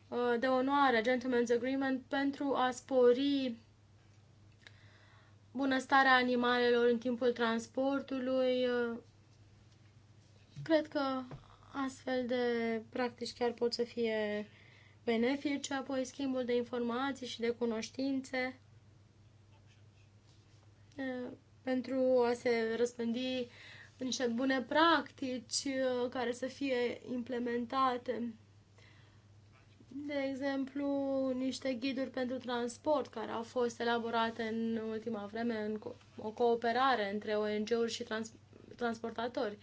uh, de onoare, gentleman's agreement, pentru a spori bunăstarea animalelor în timpul transportului. Uh, cred că astfel de practici chiar pot să fie benefice, apoi schimbul de informații și de cunoștințe uh, pentru a se răspândi niște bune practici uh, care să fie implementate. De exemplu, niște ghiduri pentru transport care au fost elaborate în ultima vreme în o cooperare între ONG-uri și trans- transportatori.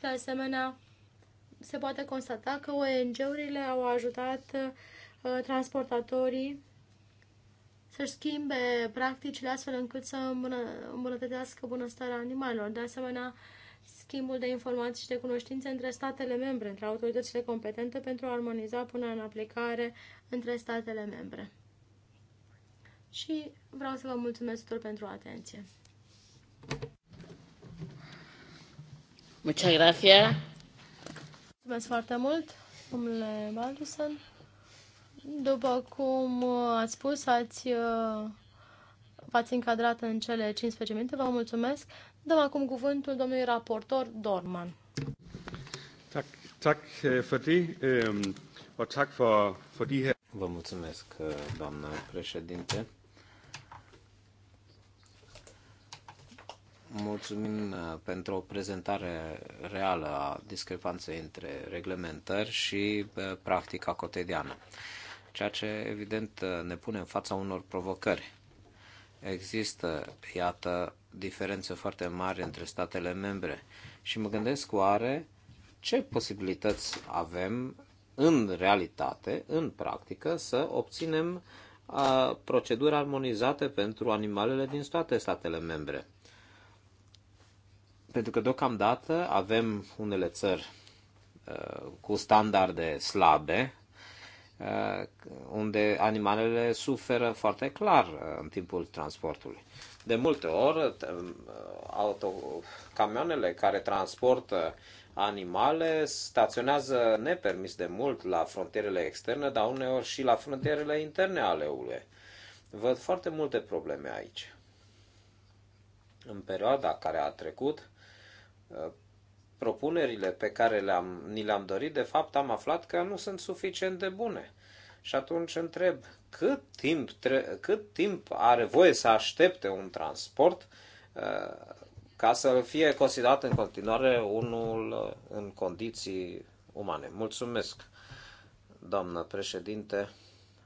De asemenea, se poate constata că ONG-urile au ajutat uh, transportatorii să-și schimbe practicile astfel încât să îmbună, îmbunătățească bunăstarea animalelor. De asemenea, schimbul de informații și de cunoștințe între statele membre, între autoritățile competente pentru a armoniza până în aplicare între statele membre. Și vreau să vă mulțumesc tuturor pentru atenție. Muchas gracias. Mulțumesc foarte mult, domnule Baldusen. După cum uh, ați spus, ați, uh, v-ați încadrat în cele 15 minute. Vă mulțumesc. Dăm acum cuvântul domnului raportor Dorman. Eh, ehm, Vă mulțumesc, eh, doamnă președinte. Mulțumim eh, pentru o prezentare reală a discrepanței între reglementări și practica cotidiană ceea ce evident ne pune în fața unor provocări. Există, iată, diferențe foarte mari între statele membre și mă gândesc oare ce posibilități avem în realitate, în practică, să obținem a, proceduri armonizate pentru animalele din toate statele membre. Pentru că deocamdată avem unele țări a, cu standarde slabe Uh, unde animalele suferă foarte clar uh, în timpul transportului. De multe ori, uh, auto, camioanele care transportă animale staționează nepermis de mult la frontierele externe, dar uneori și la frontierele interne ale UE. Văd foarte multe probleme aici. În perioada care a trecut, propunerile pe care le-am, ni le-am dorit, de fapt am aflat că nu sunt suficient de bune. Și atunci întreb, cât timp, tre- cât timp are voie să aștepte un transport uh, ca să fie considerat în continuare unul uh, în condiții umane? Mulțumesc, doamnă președinte,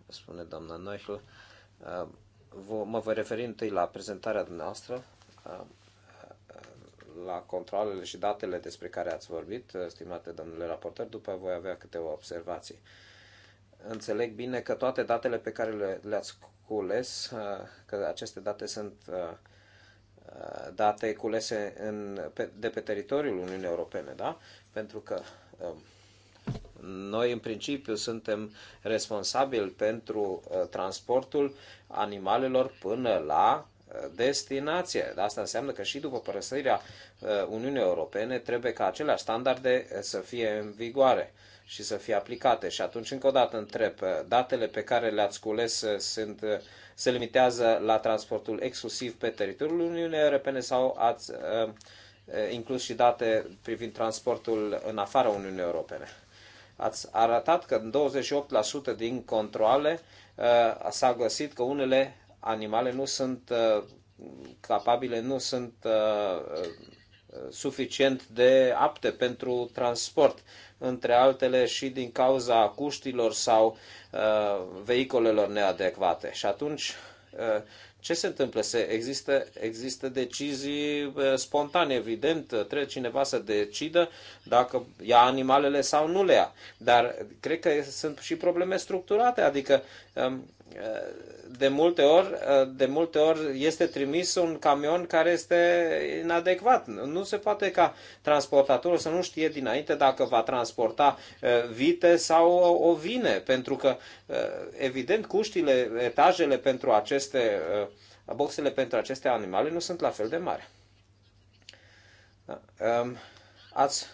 spune doamna Neuchel. Uh, mă voi referi întâi la prezentarea dumneavoastră. Uh, la controlele și datele despre care ați vorbit, eh, stimate domnule raportor, după voi avea câteva observații. Înțeleg bine că toate datele pe care le, le-ați cules, eh, că aceste date sunt eh, date culese în, de pe teritoriul Uniunii Europene, da? Pentru că noi, în principiu, suntem responsabili pentru transportul animalelor până la destinație. Asta înseamnă că și după părăsirea uh, Uniunii Europene trebuie ca aceleași standarde uh, să fie în vigoare și să fie aplicate. Și atunci, încă o dată, întreb, uh, datele pe care le-ați cules sunt, se limitează la transportul exclusiv pe teritoriul Uniunii Europene sau ați uh, inclus și date privind transportul în afara Uniunii Europene? Ați arătat că în 28% din controle uh, s-a găsit că unele animale nu sunt uh, capabile, nu sunt uh, uh, suficient de apte pentru transport, între altele și din cauza cuștilor sau vehicolelor neadecvate. Și atunci ce se întâmplă? Se există, există decizii eh, spontane, evident, trebuie cineva să decidă dacă ia animalele sau nu le ia. Dar cred că sunt și probleme structurate, adică ehm, eh, de multe ori, eh, de multe ori este trimis un camion care este inadecvat. Nu se poate ca transportatorul să nu știe dinainte dacă va transporta vite sau ovine, pentru că evident cuștile, etajele pentru aceste boxele pentru aceste animale nu sunt la fel de mari. Da. Ehm, ați,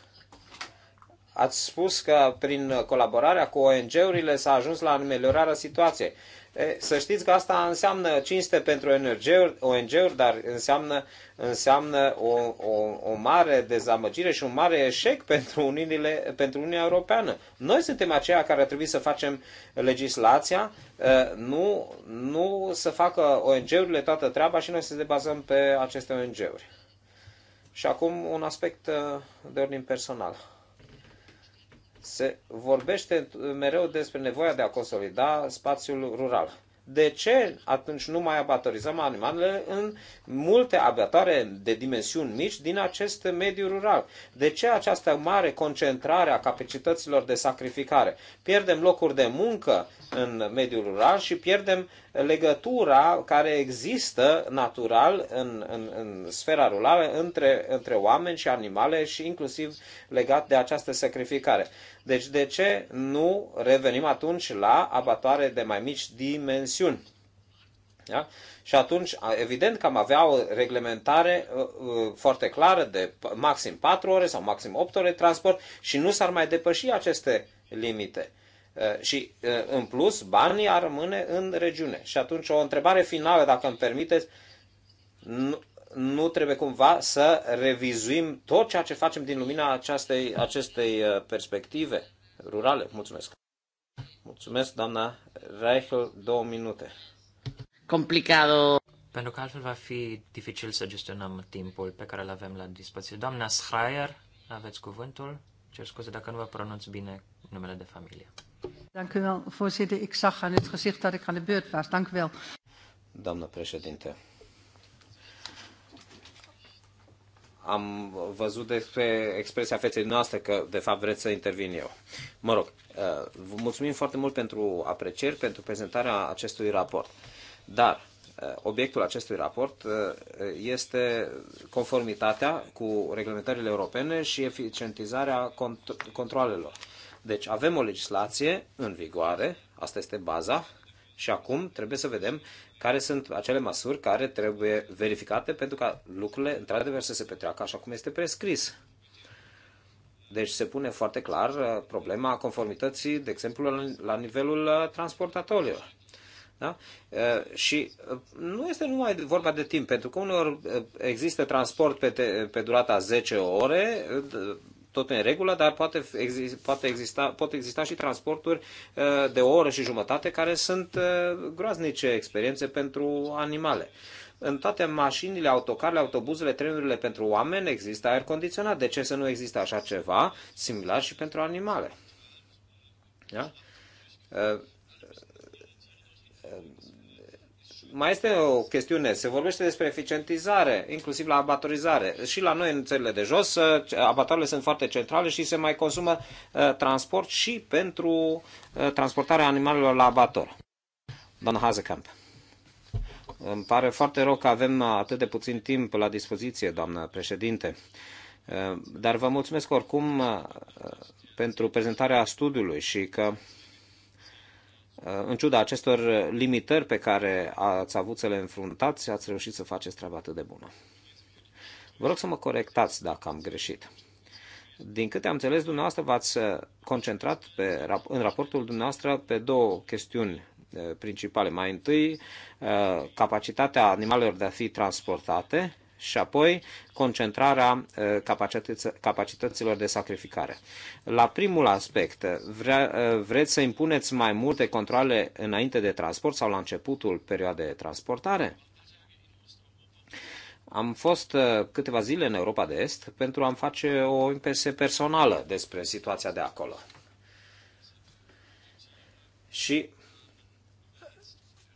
ați spus că prin colaborarea cu ONG-urile s-a ajuns la ameliorarea situației. Să știți că asta înseamnă cinste pentru ONG-uri, dar înseamnă, înseamnă o, o, o mare dezamăgire și un mare eșec pentru, Uniunile, pentru Uniunea Europeană. Noi suntem aceia care trebuie să facem legislația, nu, nu să facă ONG-urile toată treaba și noi să ne bazăm pe aceste ONG-uri. Și acum un aspect de ordin personal. Se vorbește mereu despre nevoia de a consolida spațiul rural de ce atunci nu mai abatorizăm animalele în multe abatoare de dimensiuni mici din acest mediu rural? De ce această mare concentrare a capacităților de sacrificare? Pierdem locuri de muncă în mediul rural și pierdem legătura care există natural în, în, în sfera rurală între, între oameni și animale și inclusiv legat de această sacrificare. Deci de ce nu revenim atunci la abatoare de mai mici dimensiuni? Da? Și atunci, evident că am avea o reglementare uh, uh foarte clară de maxim 4 ore sau maxim 8 ore de transport și nu s-ar mai depăși aceste limite. Uh, și, uh, în plus, banii ar rămâne în regiune. Și atunci, o întrebare finală, dacă îmi permiteți, nu trebuie cumva să revizuim tot ceea ce facem din lumina acestei, acestei uh, perspective rurale. Mulțumesc! Mulțumesc, doamna Reichel, două minute. Complicado. Pentru că altfel va fi dificil să gestionăm timpul pe care îl avem la dispoziție. Doamna Schreier, aveți cuvântul. Cer scuze dacă nu vă pronunț bine numele de familie. Dank u wel, voorzitter. Ik zag aan het gezicht dat ik aan de beurt was. Dank u wel. Doamnă președinte, am văzut despre expresia feței noastre că, de fapt, vreți să intervin eu. Mă rog, vă uh, mulțumim foarte mult pentru aprecieri, pentru prezentarea acestui raport. Dar uh, obiectul acestui raport uh, este conformitatea cu reglementările europene și eficientizarea contro- controlelor. Deci avem o legislație în vigoare, asta este baza, și acum trebuie să vedem care sunt acele măsuri care trebuie verificate pentru ca lucrurile într-adevăr să se petreacă așa cum este prescris. Deci se pune foarte clar uh, problema conformității, de exemplu, la nivelul uh, transportatorilor. Da? Uh, și nu este numai vorba de timp, pentru că uneori există transport pe, te, pe durata 10 ore, tot în regulă, dar poate, poate exista, pot exista și transporturi uh, de o oră și jumătate care sunt uh, groaznice experiențe pentru animale. În toate mașinile, autocarele, autobuzele, trenurile pentru oameni există aer condiționat. De ce să nu există așa ceva similar și pentru animale? Da? Uh, mai este o chestiune, se vorbește despre eficientizare, inclusiv la abatorizare. Și la noi, în țările de jos, ă, abatoarele sunt foarte centrale și se mai consumă ă, transport și pentru ă, transportarea animalelor la abator. Doamna Hazekamp. Îmi pare foarte rău că avem atât de puțin timp la dispoziție, doamnă președinte. Dar vă mulțumesc oricum pentru prezentarea studiului și că Uh, în ciuda acestor limitări pe care ați avut să le înfruntați, ați reușit să faceți treaba atât de bună. Vă rog să mă corectați dacă am greșit. Din câte am înțeles, dumneavoastră v-ați concentrat pe, în raportul dumneavoastră pe două chestiuni uh, principale. Mai întâi, uh, capacitatea animalelor de a fi transportate și apoi concentrarea capacităților de sacrificare. La primul aspect, vre, vreți să impuneți mai multe controle înainte de transport sau la începutul perioadei de transportare? Am fost câteva zile în Europa de Est pentru a-mi face o impresie personală despre situația de acolo. Și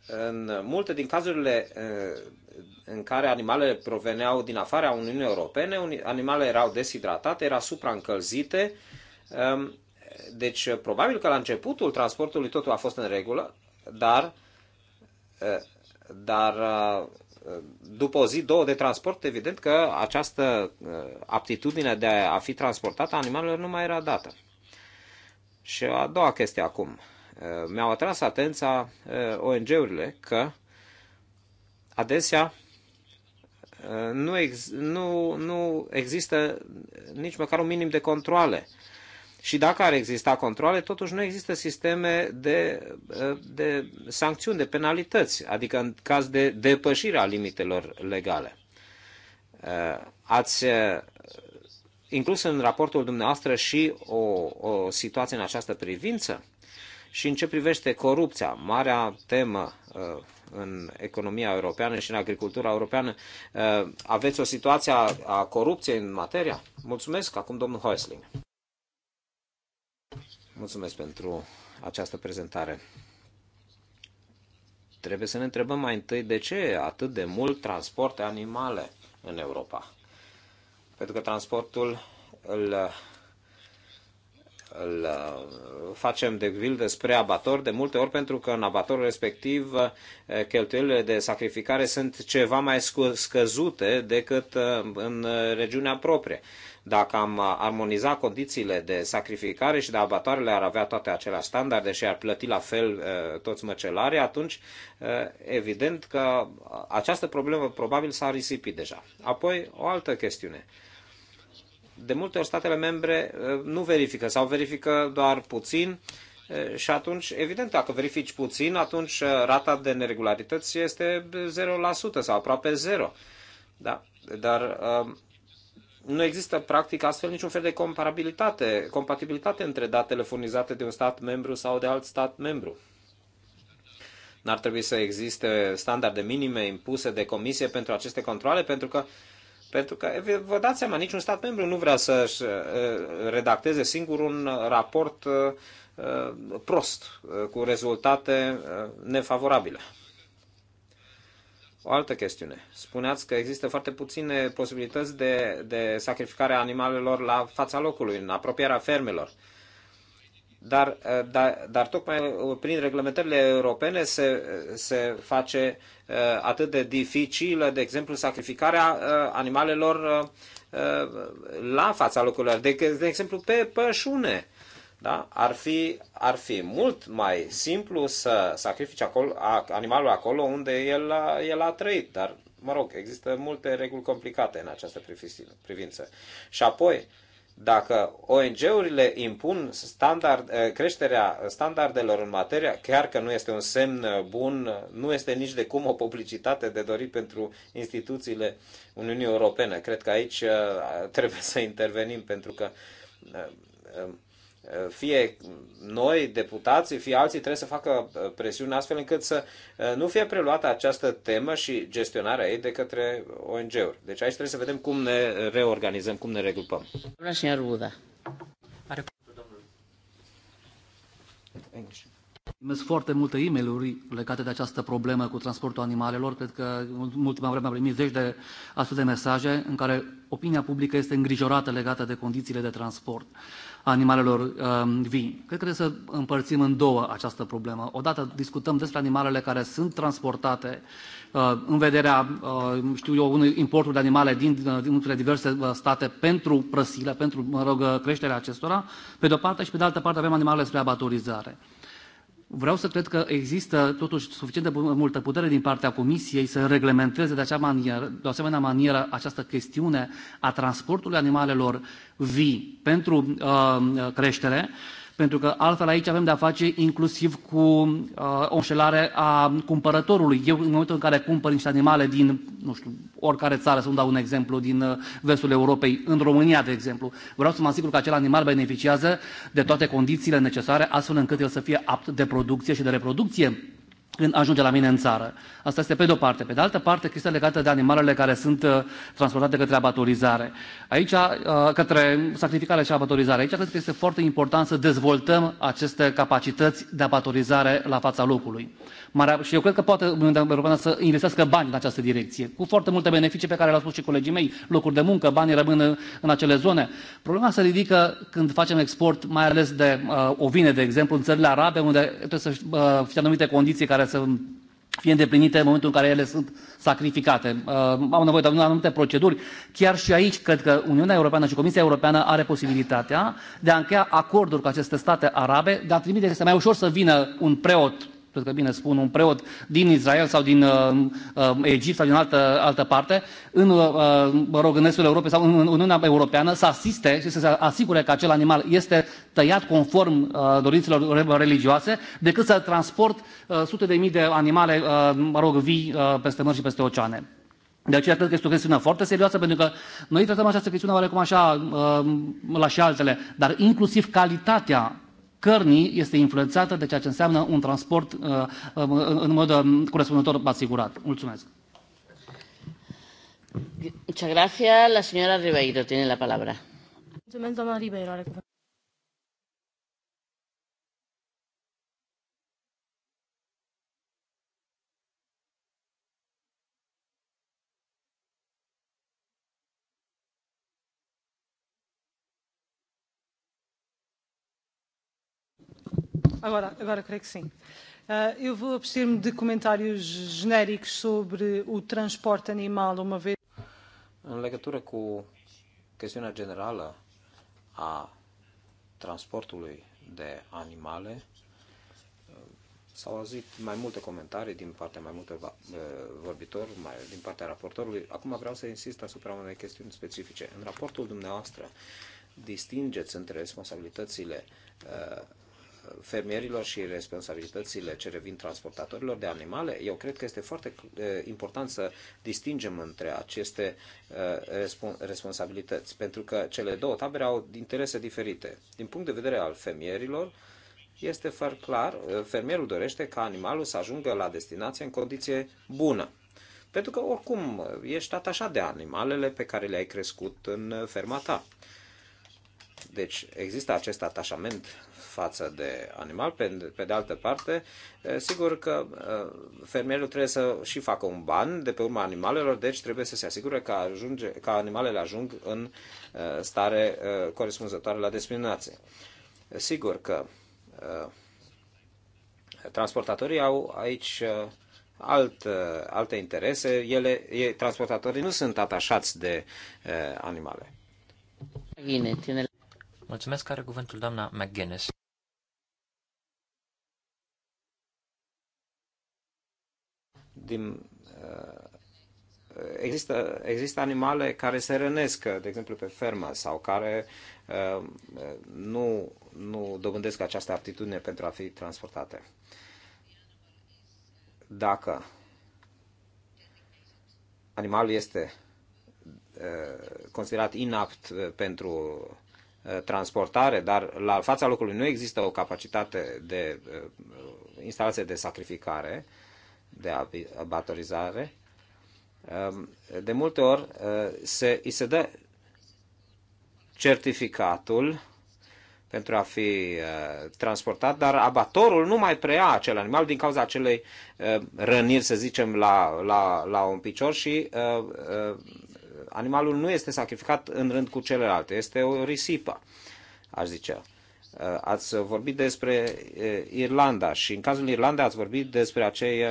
în multe din cazurile în care animalele proveneau din afara Uniunii Europene, animalele erau deshidratate, erau supraîncălzite, ehm, deci probabil că la începutul transportului totul a fost în regulă, dar, dar după o zi, două de transport, evident că această aptitudine de a fi transportată a animalelor nu mai era dată. Și a doua chestie acum. Mi-au atras atenția ONG-urile că adesea nu, ex, nu, nu există nici măcar un minim de controle. Și dacă ar exista controle, totuși nu există sisteme de, de sancțiuni, de penalități, adică în caz de depășire a limitelor legale. Ați inclus în raportul dumneavoastră și o, o situație în această privință? Și în ce privește corupția, marea temă în economia europeană și în agricultura europeană. Uh, aveți o situație a corupției în materia? Mulțumesc. Acum domnul Häusling. Mulțumesc pentru această prezentare. Trebuie să ne întrebăm mai întâi de ce atât de mult transporte animale în Europa. Pentru că transportul îl îl uh, facem de gildă spre abator de multe ori pentru că în abatorul respectiv uh, cheltuielile de sacrificare sunt ceva mai scăzute decât uh, în regiunea proprie. Dacă am armoniza condițiile de sacrificare și de abatoarele ar avea toate aceleași standarde și ar plăti la fel toți măcelarii, atunci evident că această problemă probabil s-a risipit deja. Apoi o altă chestiune de multe ori statele membre eh, nu verifică sau verifică doar puțin eh, și atunci, evident, dacă verifici puțin, atunci eh, rata de neregularități este 0% sau aproape 0. Da? Dar nu există practic astfel niciun fel de comparabilitate, compatibilitate între datele furnizate de un stat membru sau de alt stat membru. N-ar trebui să existe standarde minime impuse de comisie pentru aceste controle, pentru că uh, pentru că vă dați seama, niciun stat membru nu vrea să-și uh, redacteze singur un raport uh, uh, prost, cu rezultate nefavorabile. O altă chestiune. Spuneați că există foarte puține posibilități de, de sacrificare a animalelor la fața locului, în apropierea fermelor. Uh, dar, eh, dar, dar tocmai eh, prin reglementările europene se, eh, se face atât de dificilă, de exemplu, sacrificarea animalelor la fața locurilor, de, de exemplu pe pășune. Da? Ar, fi, ar fi mult mai simplu să sacrifici acolo, animalul acolo unde el, el a trăit, dar, mă rog, există multe reguli complicate în această privință. Și apoi, uh, dacă ONG-urile impun standard, eh, creșterea standardelor în materie, chiar că nu este un semn eh, bun, nu este nici de cum o publicitate de dorit pentru instituțiile Uniunii Europene. Cred că aici eh, trebuie să intervenim pentru că fie noi, deputații, fie alții, trebuie să facă uh, presiune astfel încât să uh, nu fie preluată această temă și gestionarea ei de către ONG-uri. Deci aici trebuie să vedem cum ne reorganizăm, cum ne regrupăm. Doamna Ruda. Are Primesc foarte multe e mail legate de această problemă cu transportul animalelor. Cred că în ultima vreme am primit zeci de astfel de mesaje în care opinia publică este îngrijorată legată de condițiile de transport animalelor um, vii. Cred că trebuie să împărțim în două această problemă. Odată discutăm despre animalele care sunt transportate uh, în vederea, uh, știu eu, unui importul de animale din, uh, din diverse state pentru prăsile, pentru, mă rog, creșterea acestora, pe de-o parte și pe de altă parte avem animalele spre abatorizare vreau să cred că există totuși suficient de multă putere din partea Comisiei să reglementeze de, acea manieră, de asemenea manieră această chestiune a transportului animalelor vii pentru uh, creștere, uh, pentru că altfel aici avem de-a face inclusiv cu uh, o înșelare a cumpărătorului. Eu, în momentul în care cumpăr niște animale din, nu știu, oricare țară, să-mi dau un exemplu, din uh, vestul Europei, în România, de exemplu, vreau să mă asigur că acel animal beneficiază de toate condițiile necesare, astfel încât el să fie apt de producție și de reproducție când ajunge la mine în țară. Asta este pe de-o parte. Pe de altă parte, chestia legată de animalele care sunt uh, transportate către abatorizare. Aici, uh, către sacrificare și abatorizare, aici cred că este foarte important să dezvoltăm aceste capacități de abatorizare la fața locului. și eu cred că poate Uniunea Europeană să investească bani în această direcție, cu foarte multe beneficii pe care le-au spus și colegii mei, locuri de muncă, banii rămân în, uh, în acele zone. Problema se ridică când facem export, mai ales de uh, ovine, de exemplu, în țările arabe, unde trebuie să uh, fie anumite condiții care care să fie îndeplinite în momentul în care ele sunt sacrificate. Uh, au nevoie de anumite proceduri. Chiar și aici, cred că Uniunea Europeană și Comisia Europeană are posibilitatea de a încheia acorduri cu aceste state arabe, de a trimite, este mai ușor să vină un preot cred că bine spun, un preot din Israel sau din uh, uh, Egipt sau din altă, altă parte, în, uh, mă rog, în estul Europei sau în Uniunea Europeană, să asiste și să se asigure că acel animal este tăiat conform dorințelor religioase, decât să transport sute de mii de animale, mă rog, vii peste mări și peste oceane. De aceea cred că este o chestiune foarte serioasă, pentru că noi tratăm această chestiune oarecum așa la și altele, dar inclusiv calitatea cărnii este influențată de ceea ce înseamnă un transport uh, uh, în mod um, corespunzător asigurat. Mulțumesc! Muchas gracias. La señora Ribeiro tiene la palabra. Mulțumesc, doamna Ribeiro. Agora, agora creio que sim. Uh, eu vou abster-me de comentários genéricos sobre o transporte animal, uma vez. În com cu chestiunea generală a transportului de animale, eh, s-au auzit mai multe comentarii din partea mai multor eh, vorbitori, mai, din partea raportorului. Acum vreau să insist asupra unei chestiuni specifice. În raportul dumneavoastră distingeți între responsabilitățile uh, fermierilor și responsabilitățile ce revin transportatorilor de animale, eu cred că este foarte eh, important să distingem între aceste eh, responsabilități, pentru că cele două tabere au interese diferite. Din punct de vedere al fermierilor, este foarte clar, eh, fermierul dorește ca animalul să ajungă la destinație în condiție bună. Pentru că oricum ești atașat de animalele pe care le-ai crescut în ferma ta. Deci există acest atașament față de animal. Pe, pe de altă parte, sigur că fermierul trebuie să și facă un ban de pe urma animalelor, deci trebuie să se asigure că, ajunge, că animalele ajung în stare corespunzătoare la destinație. Sigur că transportatorii au aici alt, alte interese. Ele, ei, transportatorii nu sunt atașați de uh, animale. Mulțumesc, are cuvântul doamna McGuinness. din, uh, există, există animale care se rănesc, de exemplu, pe fermă sau care uh, nu, nu dobândesc această aptitudine pentru a fi transportate. Dacă animalul este uh, considerat inapt pentru transportare, dar la fața locului nu există o capacitate de instalație de sacrificare, de abatorizare, ehm, de multe ori eh, se, îi se dă certificatul pentru a fi eh, transportat, dar abatorul nu mai preia acel animal din cauza acelei eh, răniri, să zicem, la, la, la un picior și animalul nu este sacrificat în rând cu celelalte. Este o risipă, aș zice. Uh, ați vorbit despre uh, Irlanda și în cazul Irlandei ați vorbit despre acei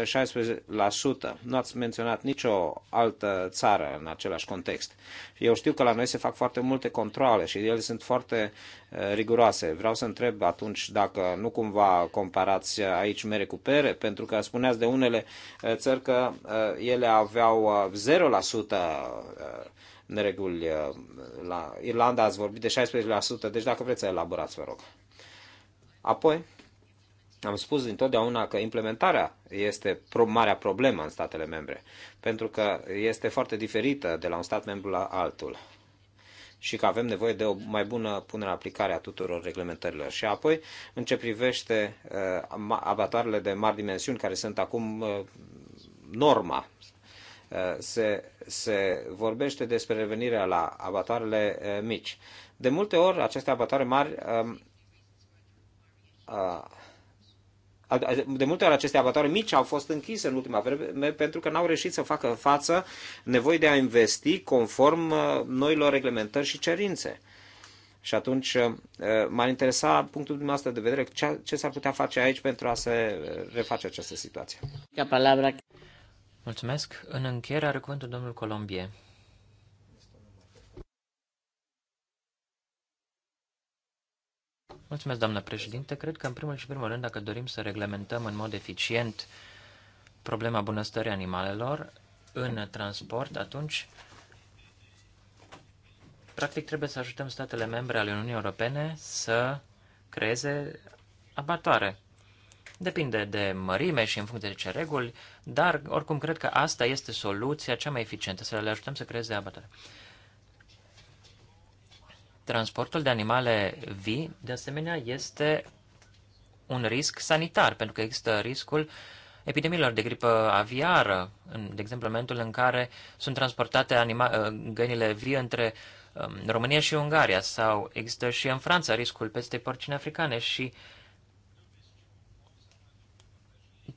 16%. Nu ați menționat nicio altă țară în același context. Eu știu că la noi se fac foarte multe controle și ele sunt foarte uh, riguroase. Vreau să întreb atunci dacă nu cumva comparați aici mere cu pere, pentru că spuneați de unele țări că ele aveau 0% nereguli uh, la Irlanda, ați vorbit de 16%, deci dacă vreți să elaborați, vă rog. Apoi, am spus întotdeauna că implementarea este pro- marea problemă în statele membre, pentru că este foarte diferită de la un stat membru la altul și că avem nevoie de o mai bună punere în aplicare a tuturor reglementărilor. Și apoi, în ce privește uh, abatoarele de mari dimensiuni, care sunt acum uh, norma, se, se vorbește despre revenirea la abatoarele eh, mici. De multe ori, aceste abatoare mari. Ehm, de multe ori aceste abatoare mici au fost închise în ultima vreme pentru că n-au reușit să facă față nevoii de a investi conform eh, noilor reglementări și cerințe. Și atunci eh, m-ar interesa punctul dumneavoastră de vedere ce, ce s-ar putea face aici pentru a se reface această situație. Ca palabra. Mulțumesc. În încheiere are cuvântul domnul Colombie. Mulțumesc, doamnă președinte. Cred că, în primul și primul rând, dacă dorim să reglementăm în mod eficient problema bunăstării animalelor în transport, atunci, practic, trebuie să ajutăm statele membre ale Uniunii Europene să creeze abatoare. Depinde de mărime și în funcție de ce reguli, dar oricum cred că asta este soluția cea mai eficientă, să le ajutăm să creeze abatare. Transportul de animale vii, de asemenea, este un risc sanitar, pentru că există riscul epidemiilor de gripă aviară, de exemplu, în momentul în care sunt transportate anima- uh, găinile vii între um, România și Ungaria, sau există și în Franța riscul peste porcine africane și uh,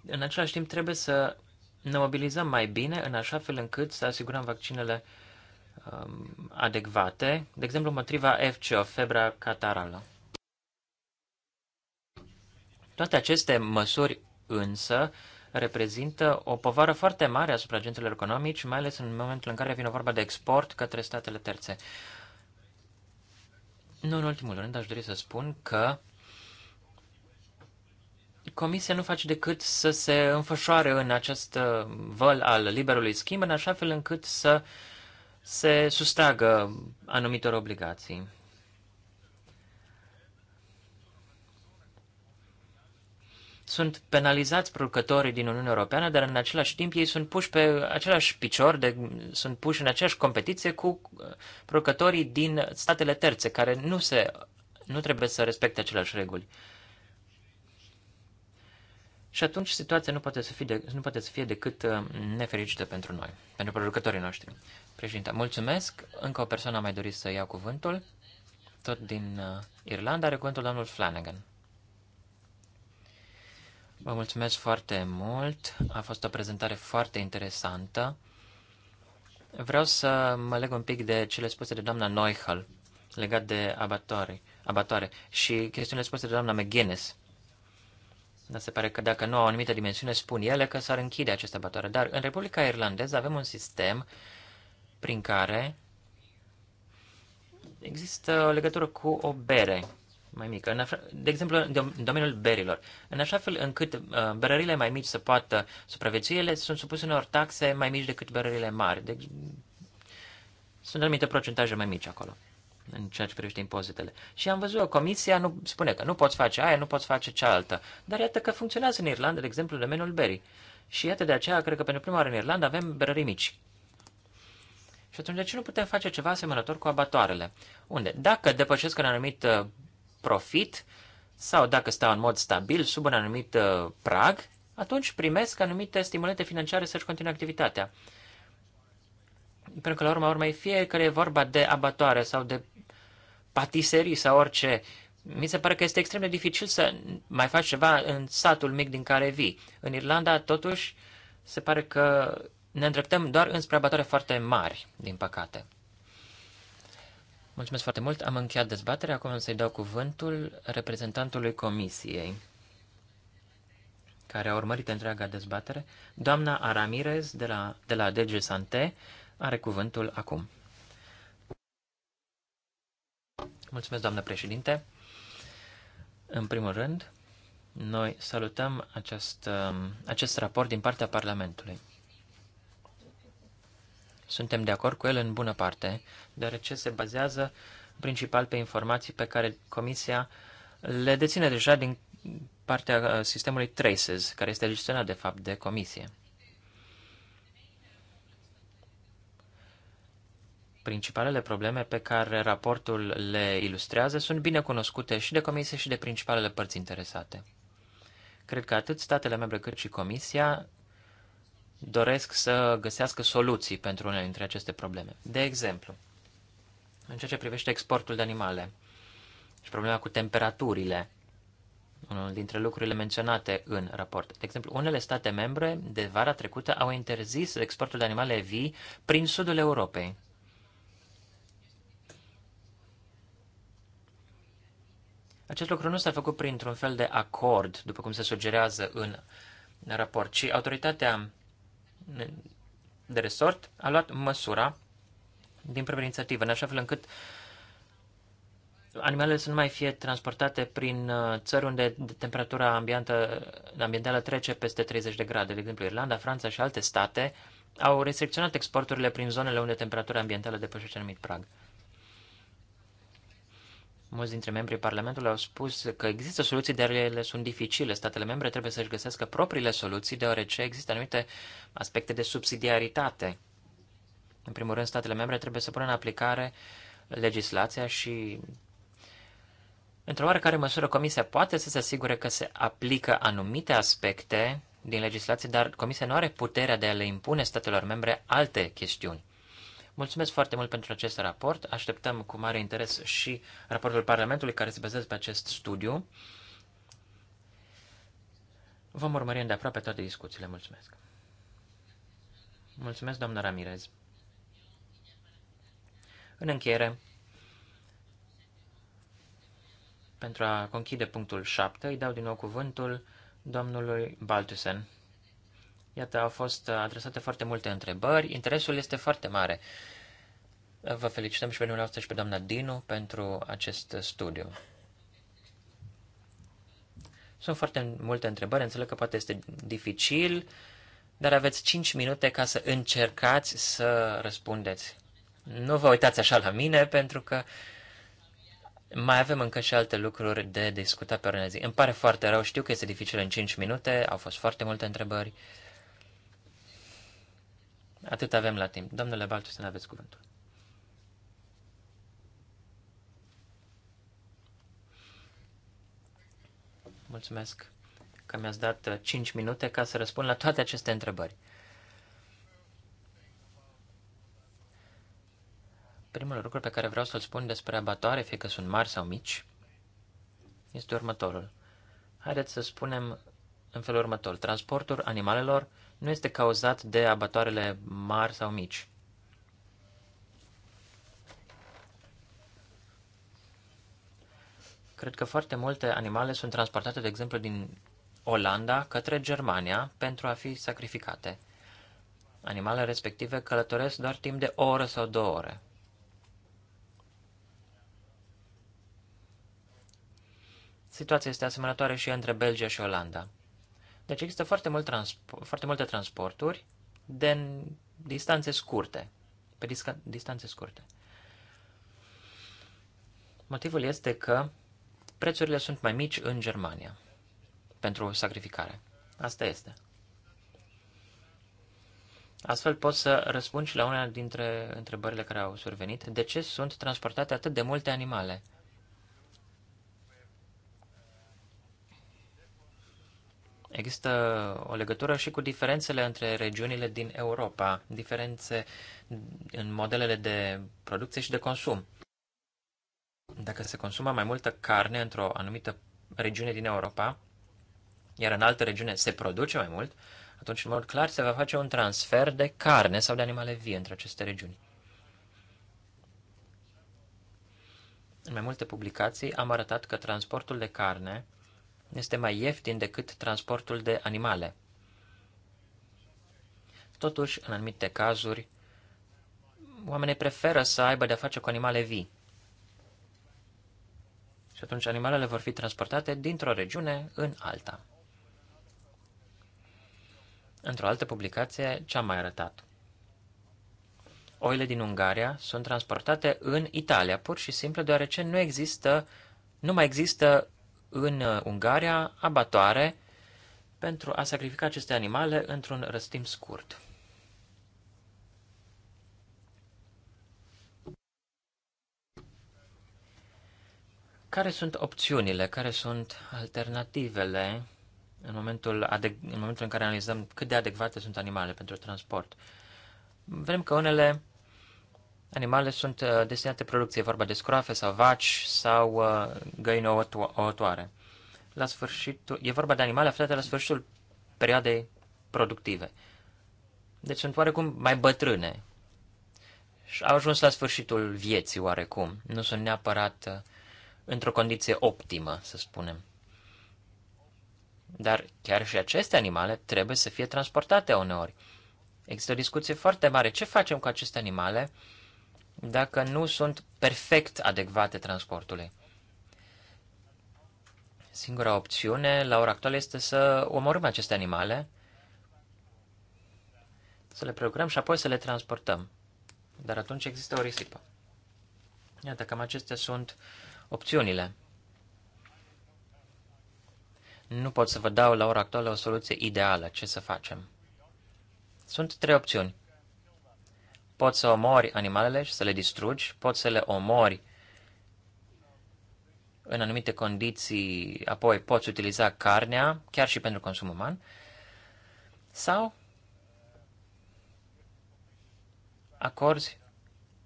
în același timp trebuie să ne mobilizăm mai bine în așa fel încât să asigurăm vaccinele um, adecvate, de exemplu împotriva FCO, febra catarală. Toate aceste măsuri însă reprezintă o povară foarte mare asupra agenților economici, mai ales în momentul în care vine vorba de export către statele terțe. Nu în ultimul rând aș dori să spun că Comisia nu face decât să se înfășoare în acest uh, văl al liberului schimb, în așa fel încât să se sustragă anumitor obligații. Sunt penalizați producătorii din Uniunea Europeană, dar în același timp ei sunt puși pe același picior, de, sunt puși în aceeași competiție cu uh, producătorii din statele terțe, care nu, se, nu trebuie să respecte aceleași reguli. Uh, și atunci situația nu poate să fie, de, nu poate să fie decât uh, nefericită pentru noi, pentru producătorii noștri. Președinte, mulțumesc. Încă o persoană a mai dorit să ia cuvântul. Tot din uh, Irlanda are cuvântul domnul Flanagan. Vă mulțumesc foarte mult. A fost o prezentare foarte interesantă. Vreau să mă leg un pic de cele spuse de doamna Neuchel legat de abatoare, abatoare și chestiunile spuse de doamna McGuinness dar se pare că dacă nu au o anumită dimensiune, spun ele că s-ar închide această abatoare. Dar în Republica Irlandeză avem un sistem prin care există o legătură cu o bere mai mică. În de exemplu, în domeniul berilor. În așa fel încât uh, berările mai mici să poată supraviețui, ele sunt supuse unor taxe mai mici decât berările mari. Deci, sunt anumite procentaje mai mici acolo în ceea ce privește impozitele. Și am văzut, comisia nu spune că nu poți face aia, nu poți face cealaltă. Dar iată că funcționează în Irlanda, de exemplu, domeniul berii. Și iată de aceea, cred că pentru prima oară în Irlanda avem berării mici. Și atunci, de ce nu putem face ceva asemănător cu abatoarele? Unde? Dacă depășesc un anumit uh, profit sau dacă stau în mod stabil sub un anumit uh, prag, atunci primesc anumite stimulente financiare să-și continue activitatea. Pentru că, la urma urmei, fie că e vorba de abatoare sau de patiserii sau orice. Mi se pare că este extrem de dificil să mai faci ceva în satul mic din care vii. În Irlanda, totuși, se pare că ne îndreptăm doar înspre abatoare foarte mari, din păcate. Mulțumesc foarte mult. Am încheiat dezbaterea. Acum o să-i dau cuvântul reprezentantului comisiei care a urmărit întreaga dezbatere. Doamna Aramirez de la, de la DG Sante are cuvântul acum. Mulțumesc, doamnă președinte. În primul rând, noi salutăm acest, um, acest raport din partea Parlamentului. Suntem de acord cu el în bună parte, deoarece se bazează principal pe informații pe care Comisia le deține deja din partea uh, sistemului Traces, care este gestionat de fapt de Comisie. Principalele probleme pe care raportul le ilustrează sunt bine cunoscute și de comisie și de principalele părți interesate. Cred că atât statele membre cât și comisia doresc să găsească soluții pentru unele dintre aceste probleme. De exemplu, în ceea ce privește exportul de animale și problema cu temperaturile, unul dintre lucrurile menționate în raport. De exemplu, unele state membre de vara trecută au interzis exportul de animale vii prin sudul Europei. Acest lucru nu s-a făcut printr-un fel de acord, după cum se sugerează în raport, ci autoritatea de resort a luat măsura din propria inițiativă, în așa fel încât animalele să nu mai fie transportate prin uh, țări unde temperatura ambientă, ambientală trece peste 30 de grade. De exemplu, Irlanda, Franța și alte state au restricționat exporturile prin zonele unde temperatura ambientală depășește anumit prag. Mulți dintre membrii Parlamentului au spus că există soluții, dar ele sunt dificile. Statele membre trebuie să-și găsească propriile soluții, deoarece există anumite aspecte de subsidiaritate. În primul rând, statele membre trebuie să pună în aplicare legislația și, într-o oarecare măsură, Comisia poate să se asigure că se aplică anumite aspecte din legislație, dar Comisia nu are puterea de a le impune statelor membre alte chestiuni. Mulțumesc foarte mult pentru acest raport. Așteptăm cu mare interes și raportul Parlamentului care se bazează pe acest studiu. Vom urmări îndeaproape toate discuțiile. Mulțumesc. Mulțumesc, domnul Ramirez. În încheiere, pentru a conchide punctul 7, îi dau din nou cuvântul domnului Baltusen. Iată, au fost adresate foarte multe întrebări. Interesul este foarte mare. Vă felicităm și pe dumneavoastră și pe doamna Dinu pentru acest studiu. Sunt foarte multe întrebări, înțeleg că poate este dificil, dar aveți 5 minute ca să încercați să răspundeți. Nu vă uitați așa la mine, pentru că mai avem încă și alte lucruri de discutat pe ordinea zi. Îmi pare foarte rău, știu că este dificil în 5 minute, au fost foarte multe întrebări. Atât avem la timp. Domnule Balciu, să ne aveți cuvântul. Mulțumesc că mi-ați dat 5 uh, minute ca să răspund la toate aceste întrebări. Primul lucru pe care vreau să-l spun despre abatoare, fie că sunt mari sau mici, este următorul. Haideți să spunem în felul următor. Transportul animalelor nu este cauzat de abatoarele mari sau mici. Cred că foarte multe animale sunt transportate, de exemplu, din Olanda către Germania pentru a fi sacrificate. Animalele respective călătoresc doar timp de o oră sau două ore. Situația este asemănătoare și între Belgia și Olanda. Deci există foarte, mult transpo- foarte multe transporturi de distanțe scurte, pe distanțe scurte. Motivul este că prețurile sunt mai mici în Germania pentru sacrificare. Asta este. Astfel pot să răspund și la una dintre întrebările care au survenit. De ce sunt transportate atât de multe animale? Există o legătură și cu diferențele între regiunile din Europa, diferențe în modelele de producție și de consum. Dacă se consumă mai multă carne într-o anumită regiune din Europa, iar în altă regiune se produce mai mult, atunci, în mod clar, se va face un transfer de carne sau de animale vie între aceste regiuni. În mai multe publicații am arătat că transportul de carne este mai ieftin decât transportul de animale. Totuși, în anumite cazuri, oamenii preferă să aibă de-a face cu animale vii. Și atunci animalele vor fi transportate dintr-o regiune în alta. Într-o altă publicație, ce am mai arătat? Oile din Ungaria sunt transportate în Italia, pur și simplu deoarece nu există, nu mai există în uh, Ungaria abatoare pentru a sacrifica aceste animale într-un răstim scurt. Care sunt opțiunile, care sunt alternativele în momentul, în momentul în care analizăm cât de adecvate sunt animalele pentru transport? Vrem că unele animale sunt uh, destinate producției, vorba de scroafe sau vaci sau uh, găini ouătoare. La sfârșitul, e vorba de animale aflate la sfârșitul perioadei productive. Deci sunt oarecum mai bătrâne. Și au ajuns la sfârșitul vieții oarecum. Nu sunt neapărat uh, într-o condiție optimă, să spunem. Dar chiar și aceste animale trebuie să fie transportate uneori. Există o discuție foarte mare. Ce facem cu aceste animale? Uh, dacă nu sunt perfect adecvate transportului. Singura opțiune la ora actuală este să omorâm aceste animale, să le prelucrăm și apoi să le transportăm. Dar atunci există o risipă. Iată, cam acestea sunt opțiunile. Nu pot să vă dau la ora actuală o soluție ideală. Ce să facem? Sunt trei opțiuni. Poți să omori animalele și să le distrugi, poți să le omori în anumite condiții, apoi poți utiliza carnea, chiar și pentru consum uman, sau acorzi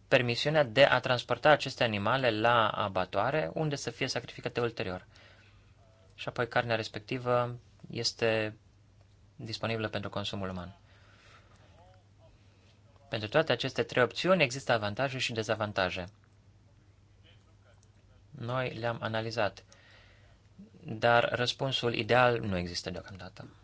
permisiunea de a transporta aceste animale la abatoare, unde să fie sacrificate ulterior. Și apoi carnea respectivă este disponibilă pentru consumul uman. Pentru toate aceste trei opțiuni există avantaje și dezavantaje. Noi le-am analizat, dar răspunsul ideal nu există deocamdată.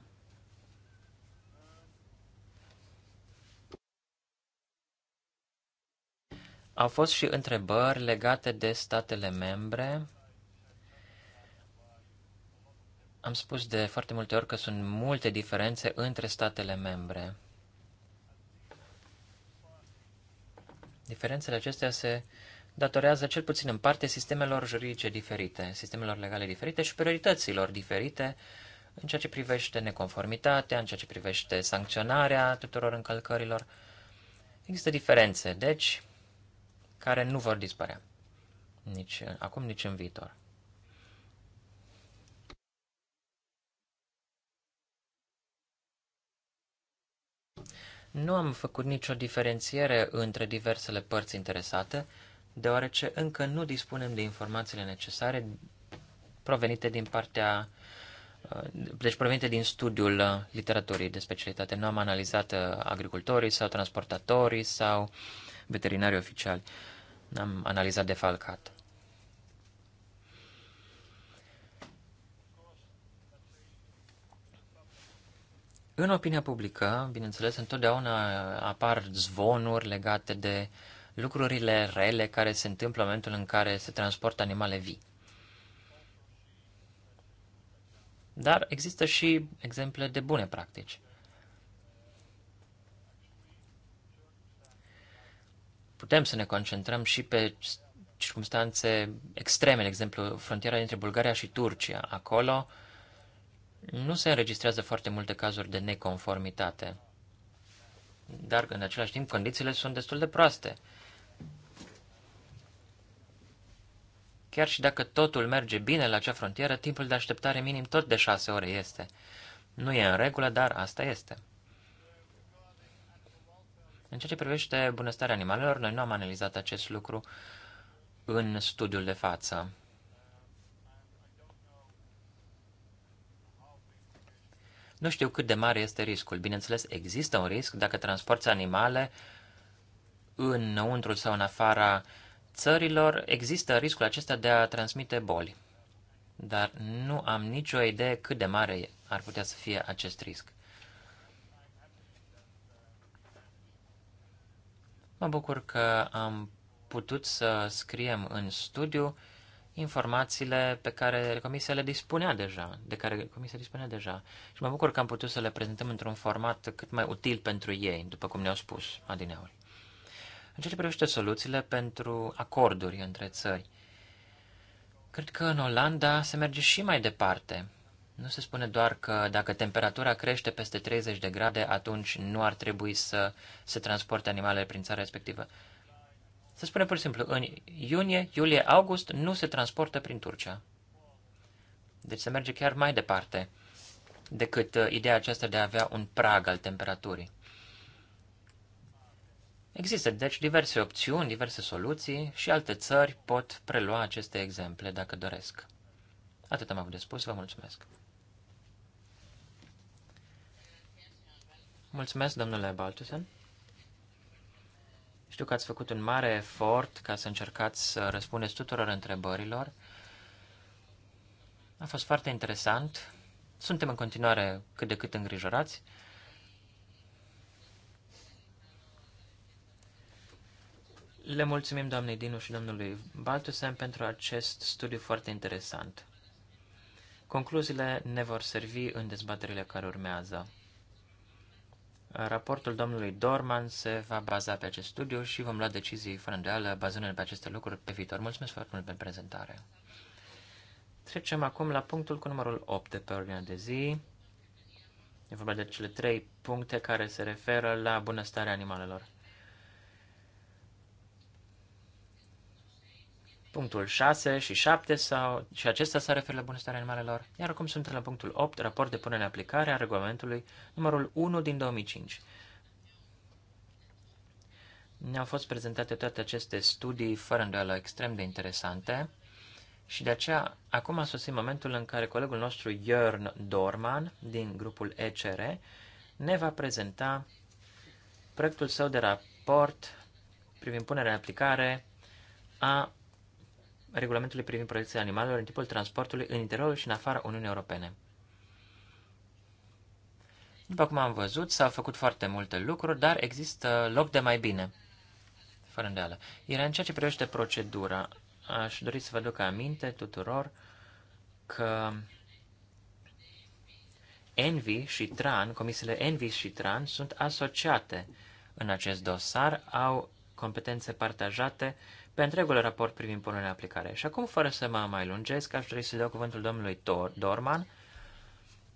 Au fost și întrebări legate de statele membre. Am spus de foarte multe ori că sunt multe diferențe între statele membre. Diferențele acestea se datorează cel puțin în parte sistemelor juridice diferite, sistemelor legale diferite și priorităților diferite în ceea ce privește neconformitatea, în ceea ce privește sancționarea tuturor încălcărilor. Există diferențe, deci, care nu vor dispărea nici acum, nici în viitor. Nu am făcut nicio diferențiere între diversele părți interesate, deoarece încă nu dispunem de informațiile necesare provenite din partea uh, deci provenite din studiul uh, literaturii de specialitate. Nu am analizat uh, agricultorii sau transportatorii sau veterinarii oficiali. N-am analizat defalcat. În opinia publică, bineînțeles, întotdeauna apar zvonuri legate de lucrurile rele care se întâmplă în momentul în care se transportă animale vii. Dar există și exemple de bune practici. Putem să ne concentrăm și pe circunstanțe extreme, de exemplu, frontiera dintre Bulgaria și Turcia. Acolo, uh, nu se înregistrează foarte multe cazuri de neconformitate, dar în același timp condițiile sunt destul de proaste. Chiar și dacă totul merge bine la acea frontieră, timpul de așteptare minim tot de șase ore este. Nu e în regulă, dar asta este. În ceea ce privește bunăstarea animalelor, noi nu am analizat acest lucru în studiul de față. Nu știu cât de mare este riscul. Bineînțeles, există un risc dacă transporti animale înăuntru sau în afara țărilor. Există riscul acesta de a transmite boli. Dar nu am nicio idee cât de mare ar putea să fie acest risc. Mă bucur că am putut să scriem în studiu informațiile pe care comisia le dispunea deja, de care comisia dispunea deja. Și mă bucur că am putut să le prezentăm într-un format cât mai util pentru ei, după cum ne-au spus adineori. În ceea ce privește soluțiile pentru acorduri între țări, cred că în Olanda se merge și mai departe. Nu se spune doar că dacă temperatura crește peste 30 de grade, atunci nu ar trebui să se transporte animalele prin țara respectivă. Să spunem pur și simplu, în iunie, iulie, august nu se transportă prin Turcia. Deci se merge chiar mai departe decât uh, ideea aceasta de a avea un prag al temperaturii. Există, deci, diverse opțiuni, diverse soluții și alte țări pot prelua aceste exemple dacă doresc. Atât am avut de spus, vă mulțumesc. Mulțumesc, domnule Baltusen. Știu că ați făcut un mare efort ca să încercați să răspundeți tuturor întrebărilor. A fost foarte interesant. Suntem în continuare cât de cât îngrijorați. Le mulțumim doamnei Dinu și domnului Baltusem pentru acest studiu foarte interesant. Concluziile ne vor servi în dezbaterile care urmează. Raportul domnului Dorman se va baza pe acest studiu și vom lua decizii fără îndoială bazându-ne pe aceste lucruri pe viitor. Mulțumesc foarte mult pentru prezentare. Trecem acum la punctul cu numărul 8 de pe ordinea de zi. E vorba de cele trei puncte care se referă la bunăstarea animalelor. Punctul 6 și 7 sau, și acesta se referă la bunăstarea animalelor, iar acum suntem la punctul 8, raport de punere în aplicare a regulamentului numărul 1 din 2005. Ne-au fost prezentate toate aceste studii, fără îndoială, extrem de interesante și de aceea acum a sosit momentul în care colegul nostru Jörn Dorman din grupul ECR ne va prezenta proiectul său de raport privind punerea în aplicare a regulamentului privind protecția animalelor în timpul transportului în interiorul și în afara Uniunii Europene. După cum am văzut, s-au făcut foarte multe lucruri, dar există loc de mai bine, fără îndeală. Iar în ceea ce privește procedura, aș dori să vă duc aminte tuturor că ENVI și Tran, comisiile ENVI și Tran sunt asociate în acest dosar, au competențe partajate pe întregul raport privind punerea în aplicare. Și acum, fără să mă mai lungesc, aș dori să dau cuvântul domnului Tor Dorman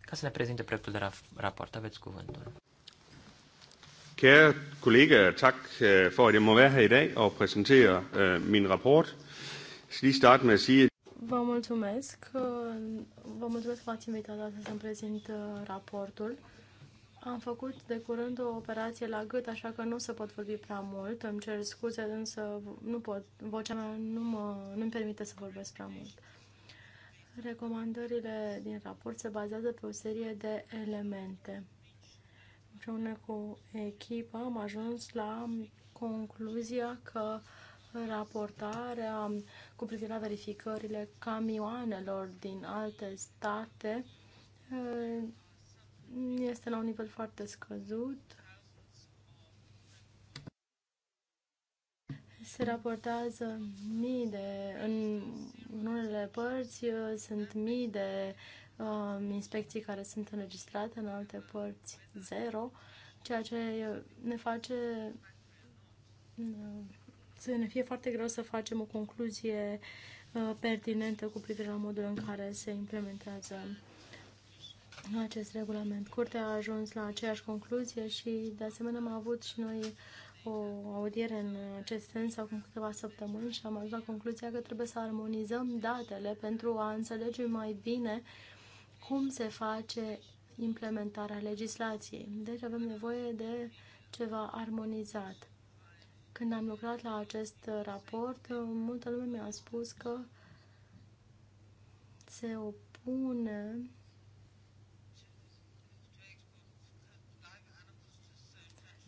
ca să ne prezinte proiectul de raf- raport. Aveți cuvântul. Kære kollegaer, tak øh, for at jeg må være her i dag og præsentere øh, min rapport. Jeg skal lige starte med at sige, Vă mulțumesc. Vă mulțumesc că ați invitat astăzi să-mi prezint uh, raportul. Am făcut de curând o operație la gât, așa că nu se pot vorbi prea mult. Îmi cer scuze, însă nu pot. Vocea mea nu mă, nu-mi permite să vorbesc prea mult. Recomandările din raport se bazează pe o serie de elemente. Împreună cu echipa am ajuns la concluzia că raportarea cu privire la verificările camioanelor din alte state este la un nivel foarte scăzut. Se raportează mii de, în, în unele părți uh, sunt mii de um, inspecții care sunt înregistrate, în alte părți zero, ceea ce ne face uh, să ne fie foarte greu să facem o concluzie uh, pertinentă cu privire la modul în care se implementează acest regulament. Curtea a ajuns la aceeași concluzie și, de asemenea, am avut și noi o audiere în acest sens acum câteva săptămâni și am ajuns la concluzia că trebuie să armonizăm datele pentru a înțelege mai bine cum se face implementarea legislației. Deci avem nevoie de ceva armonizat. Când am lucrat la acest raport, multă lume mi-a spus că se opune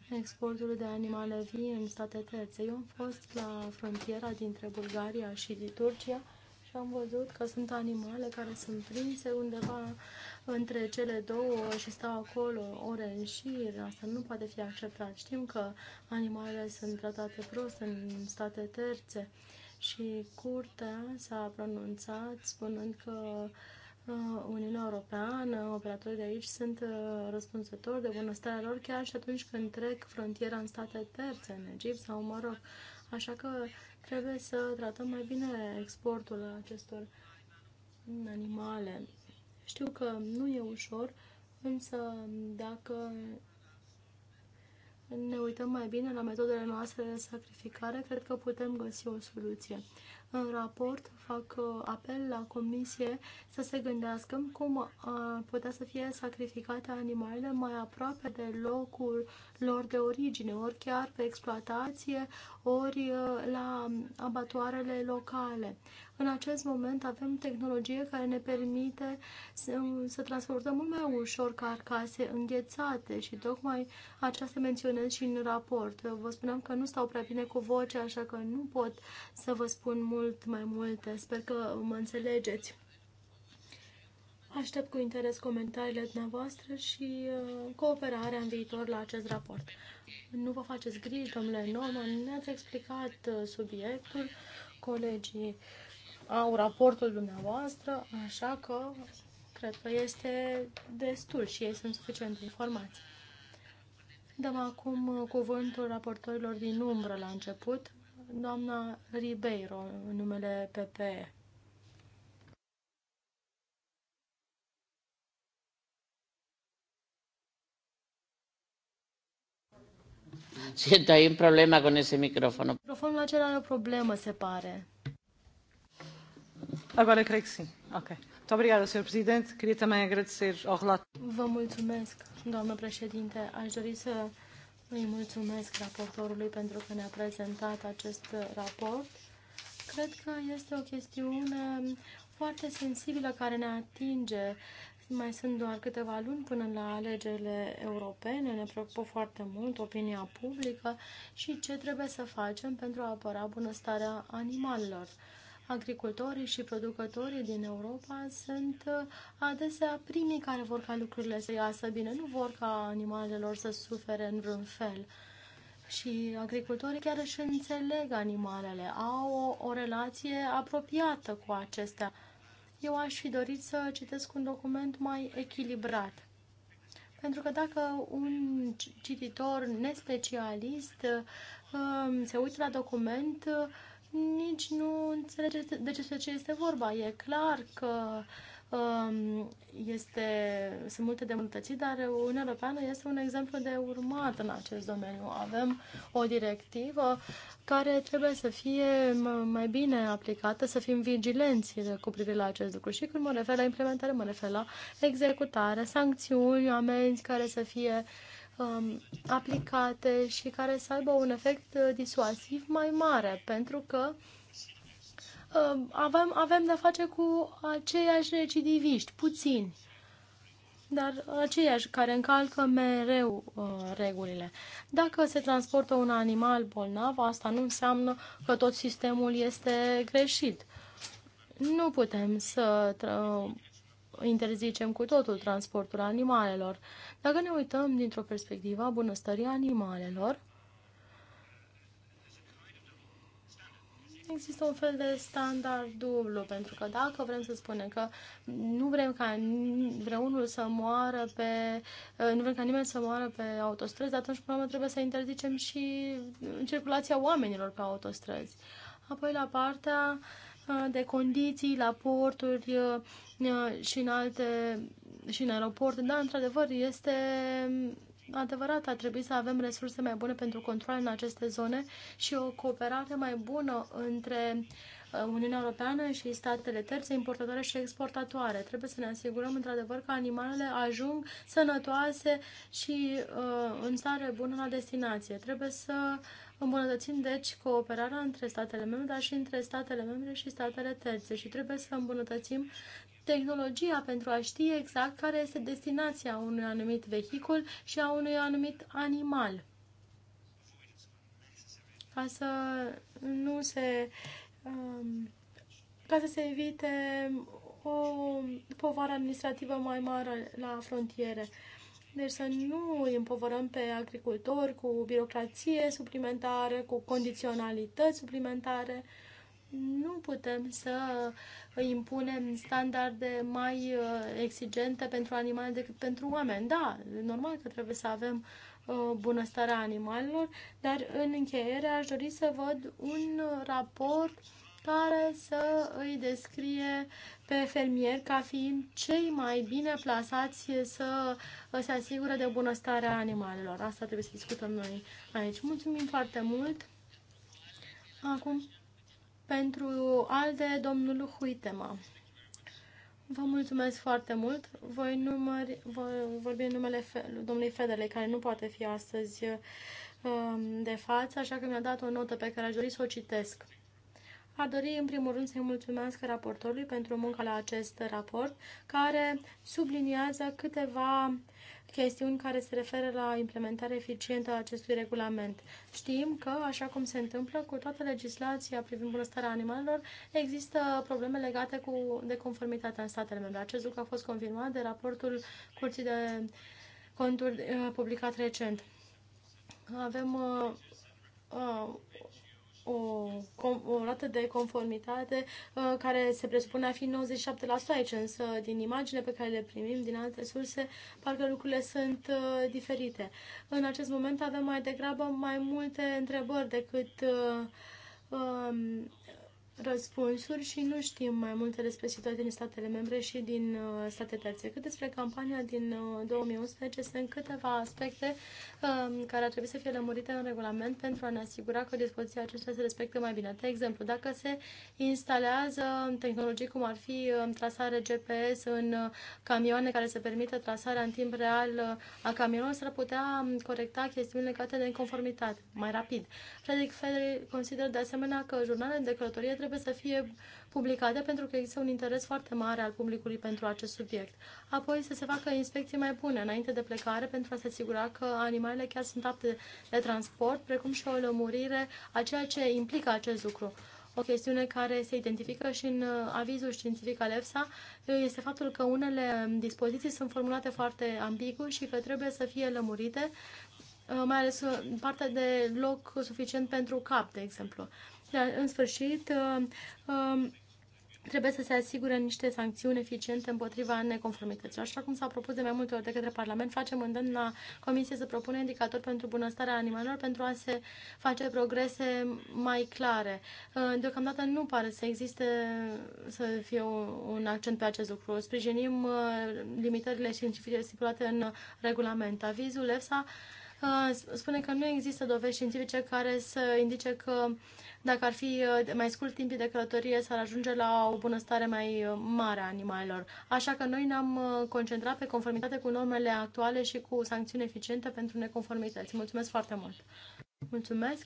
exportul de animale vii în state terțe. Eu am fost la frontiera dintre Bulgaria și Turcia și am văzut că sunt animale care sunt prinse undeva între cele două și stau acolo ore în șir. Asta nu poate fi acceptat. Știm că animalele sunt tratate prost în state terțe și curtea s-a pronunțat spunând că uh, Uh, Uniunea Europeană, operatorii de aici sunt uh, răspunsători de bunăstarea lor chiar și atunci când trec frontiera în state terțe, în Egipt sau Maroc. Așa că trebuie să tratăm mai bine exportul acestor animale. Știu că nu e ușor, însă dacă ne uităm mai bine la metodele noastre de sacrificare, cred că putem găsi o soluție. În raport fac uh, apel la comisie să se gândească cum uh, putea să fie sacrificate animalele mai aproape de locul lor de origine, ori chiar pe exploatație, ori uh, la abatoarele locale. În acest moment avem tehnologie care ne permite să, să transportăm mult mai ușor carcase înghețate și tocmai aceasta menționez și în raport. Vă spuneam că nu stau prea bine cu voce, așa că nu pot să vă spun mult mult mai multe. Sper că mă înțelegeți. Aștept cu interes comentariile dumneavoastră și uh, cooperarea în viitor la acest raport. Nu vă faceți griji, domnule Norman, ne-ați explicat uh, subiectul, colegii au raportul dumneavoastră, așa că cred că este destul și ei sunt suficient de informați. Dăm acum uh, cuvântul raportorilor din umbră la început doamna Ribeiro, numele PPE. Siento, hay un problema con ese micrófono. Microfonul acela are o problemă, se pare. Agora cred că sim. Ok. Muito obrigada, Sr. Presidente. Queria também agradecer ao relator. Vă mulțumesc, doamnă președinte. Aș dori să îi mulțumesc raportorului pentru că ne-a prezentat acest raport. Cred că este o chestiune foarte sensibilă care ne atinge. Mai sunt doar câteva luni până la alegerile europene, ne preocupă foarte mult opinia publică și ce trebuie să facem pentru a apăra bunăstarea animalelor agricultorii și producătorii din Europa sunt uh, adesea primii care vor ca lucrurile să iasă bine, nu vor ca animalele lor să sufere în vreun fel. Și agricultorii chiar își înțeleg animalele, au o, o relație apropiată cu acestea. Eu aș fi dorit să citesc un document mai echilibrat. Pentru că dacă un cititor nespecialist uh, se uită la document, uh, nici nu înțelege de ce, ce este vorba. E clar că um, este, sunt multe de îmbunătățit, dar Uniunea Europeană este un exemplu de urmat în acest domeniu. Avem o directivă care trebuie să fie mai bine aplicată, să fim vigilenți cu privire la acest lucru. Și când mă refer la implementare, mă refer la executare, sancțiuni, amenzi care să fie uh, um, aplicate și care să aibă un efect uh, disuasiv mai mare, pentru că um, avem, avem de-a face cu aceiași recidiviști, puțini, dar aceiași care încalcă mereu uh, regulile. Dacă se transportă un animal bolnav, asta nu înseamnă că tot sistemul este greșit. Nu putem să interzicem cu totul transportul animalelor. Dacă ne uităm dintr-o perspectivă a bunăstării animalelor, există un fel de standard dublu, pentru că dacă vrem să spunem că nu vrem ca vreunul să moară pe, nu vrem ca nimeni să moară pe autostrăzi, atunci până la trebuie să interzicem și circulația oamenilor pe autostrăzi. Apoi la partea uh, de condiții la porturi uh, și în alte și în aeroport. Da, într-adevăr, este adevărat, ar trebui să avem resurse mai bune pentru control în aceste zone și o cooperare mai bună între uh, Uniunea Europeană și statele terțe, importatoare și exportatoare. Trebuie să ne asigurăm, într-adevăr, că animalele ajung sănătoase și uh, în stare bună la destinație. Trebuie să uh, Îmbunătățim, deci, cooperarea între statele membre, dar și între statele membre și statele terțe și trebuie să îmbunătățim tehnologia pentru a ști exact care este destinația unui anumit vehicul și a unui anumit animal. Ca să nu se. Um, ca să se evite o povară administrativă mai mare la frontiere. Deci să nu îi împovărăm pe agricultori cu birocrație suplimentară, cu condiționalități suplimentare. Nu putem să îi impunem standarde mai uh, exigente pentru animale decât pentru oameni. Da, normal că trebuie să avem uh, bunăstarea animalelor, dar în încheiere aș dori să văd un uh, raport care să îi descrie pe fermier ca fiind cei mai bine plasați să se asigure de bunăstarea animalelor. Asta trebuie să discutăm noi aici. Mulțumim foarte mult! Acum, pentru alte, domnul Huitema. Vă mulțumesc foarte mult. Voi, numări, voi vorbi în numele domnului Fedele, care nu poate fi astăzi um, de față, așa că mi-a dat o notă pe care aș dori să o citesc. Ar dori, în primul rând, să-i mulțumesc raportorului pentru munca la acest raport, care subliniază câteva chestiuni care se referă la implementarea eficientă a acestui regulament. Știm că, așa cum se întâmplă cu toată legislația privind bunăstarea animalelor, există probleme legate cu, de în statele membre. Acest lucru a fost confirmat de raportul Curții de Conturi uh, publicat recent. Avem uh, uh, o, o rată de conformitate uh, care se presupune a fi 97% aici, însă din imagine pe care le primim din alte surse, parcă lucrurile sunt uh, diferite. În acest moment avem mai degrabă mai multe întrebări decât uh, um, răspunsuri și nu știm mai multe despre situația din statele membre și din uh, state terțe. Cât despre campania din uh, 2011, sunt câteva aspecte uh, care ar trebui să fie lămurite în regulament pentru a ne asigura că dispoziția acestea se respectă mai bine. De exemplu, dacă se instalează tehnologii cum ar fi uh, trasare GPS în uh, camioane care se permită trasarea în timp real uh, a camionului, s-ar putea um, corecta chestiunile legate de conformitate mai rapid. Frederick Federer consideră de asemenea că jurnalele de călătorie trebuie să fie publicate pentru că există un interes foarte mare al publicului pentru acest subiect. Apoi să se facă inspecții mai bune înainte de plecare pentru a se asigura că animalele chiar sunt apte de transport, precum și o lămurire a ceea ce implică acest lucru. O chestiune care se identifică și în uh, avizul științific al EFSA uh, este faptul că unele um, dispoziții sunt formulate foarte ambigu și că trebuie să fie lămurite uh, mai ales partea de loc suficient pentru cap, de exemplu. Dar, în sfârșit, uh, um, trebuie să se asigure niște sancțiuni eficiente împotriva neconformităților. Așa cum s-a propus de mai multe ori de către Parlament, facem îndemn la Comisie să propună indicatori pentru bunăstarea animalelor pentru a se face progrese mai clare. Uh, deocamdată nu pare să existe să fie un accent pe acest lucru. Sprijinim uh, limitările științifice stipulate în regulament. Avizul EFSA spune că nu există dovezi științifice care să indice că dacă ar fi uh, mai scurt timpii de călătorie, s-ar ajunge la o bunăstare mai uh, mare a animalelor. Așa că noi ne-am uh, concentrat pe conformitate cu normele actuale și cu sancțiuni eficiente pentru neconformități. Mulțumesc foarte mult! Mulțumesc!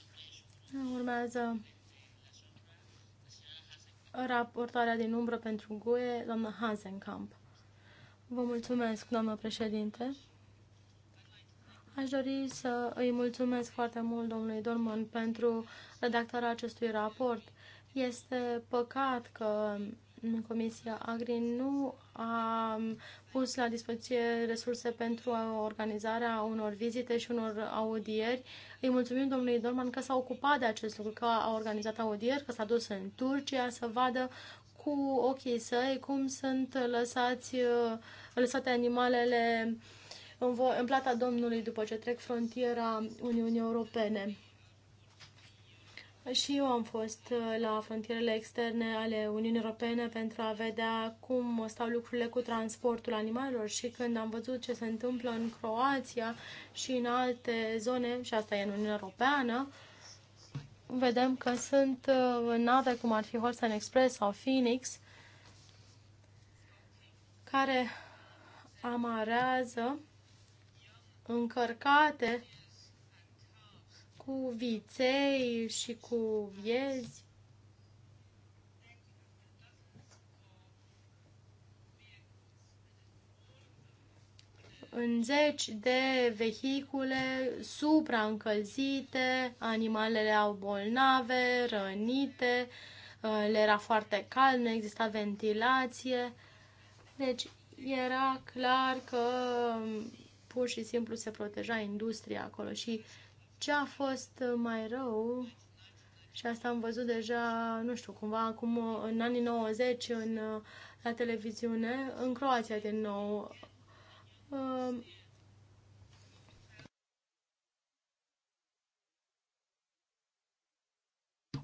Urmează raportarea din umbră pentru GUE, doamna Hansenkamp. Vă mulțumesc, doamnă președinte. Aș dori să îi mulțumesc foarte mult domnului Dorman pentru redactarea acestui raport. Este păcat că Comisia Agri nu a pus la dispoziție resurse pentru organizarea unor vizite și unor audieri. Îi mulțumim domnului Dorman că s-a ocupat de acest lucru, că a organizat audieri, că s-a dus în Turcia să vadă cu ochii săi cum sunt lăsați, lăsate animalele în, în plata Domnului după ce trec frontiera Uniunii Europene. Și eu am fost uh, la frontierele externe ale Uniunii Europene pentru a vedea cum stau lucrurile cu transportul animalelor și când am văzut ce se întâmplă în Croația și în alte zone, și asta e în Uniunea Europeană, vedem că sunt uh, nave cum ar fi Holstein Express sau Phoenix care amarează încărcate cu viței și cu viezi. în zeci de vehicule supraîncălzite, animalele au bolnave, rănite, uh, le era foarte cald, nu exista ventilație. Deci era clar că pur și simplu se proteja industria acolo și ce a fost mai rău, și asta am văzut deja, nu știu, cumva acum în anii 90 în, la televiziune, în Croația din nou. Uh,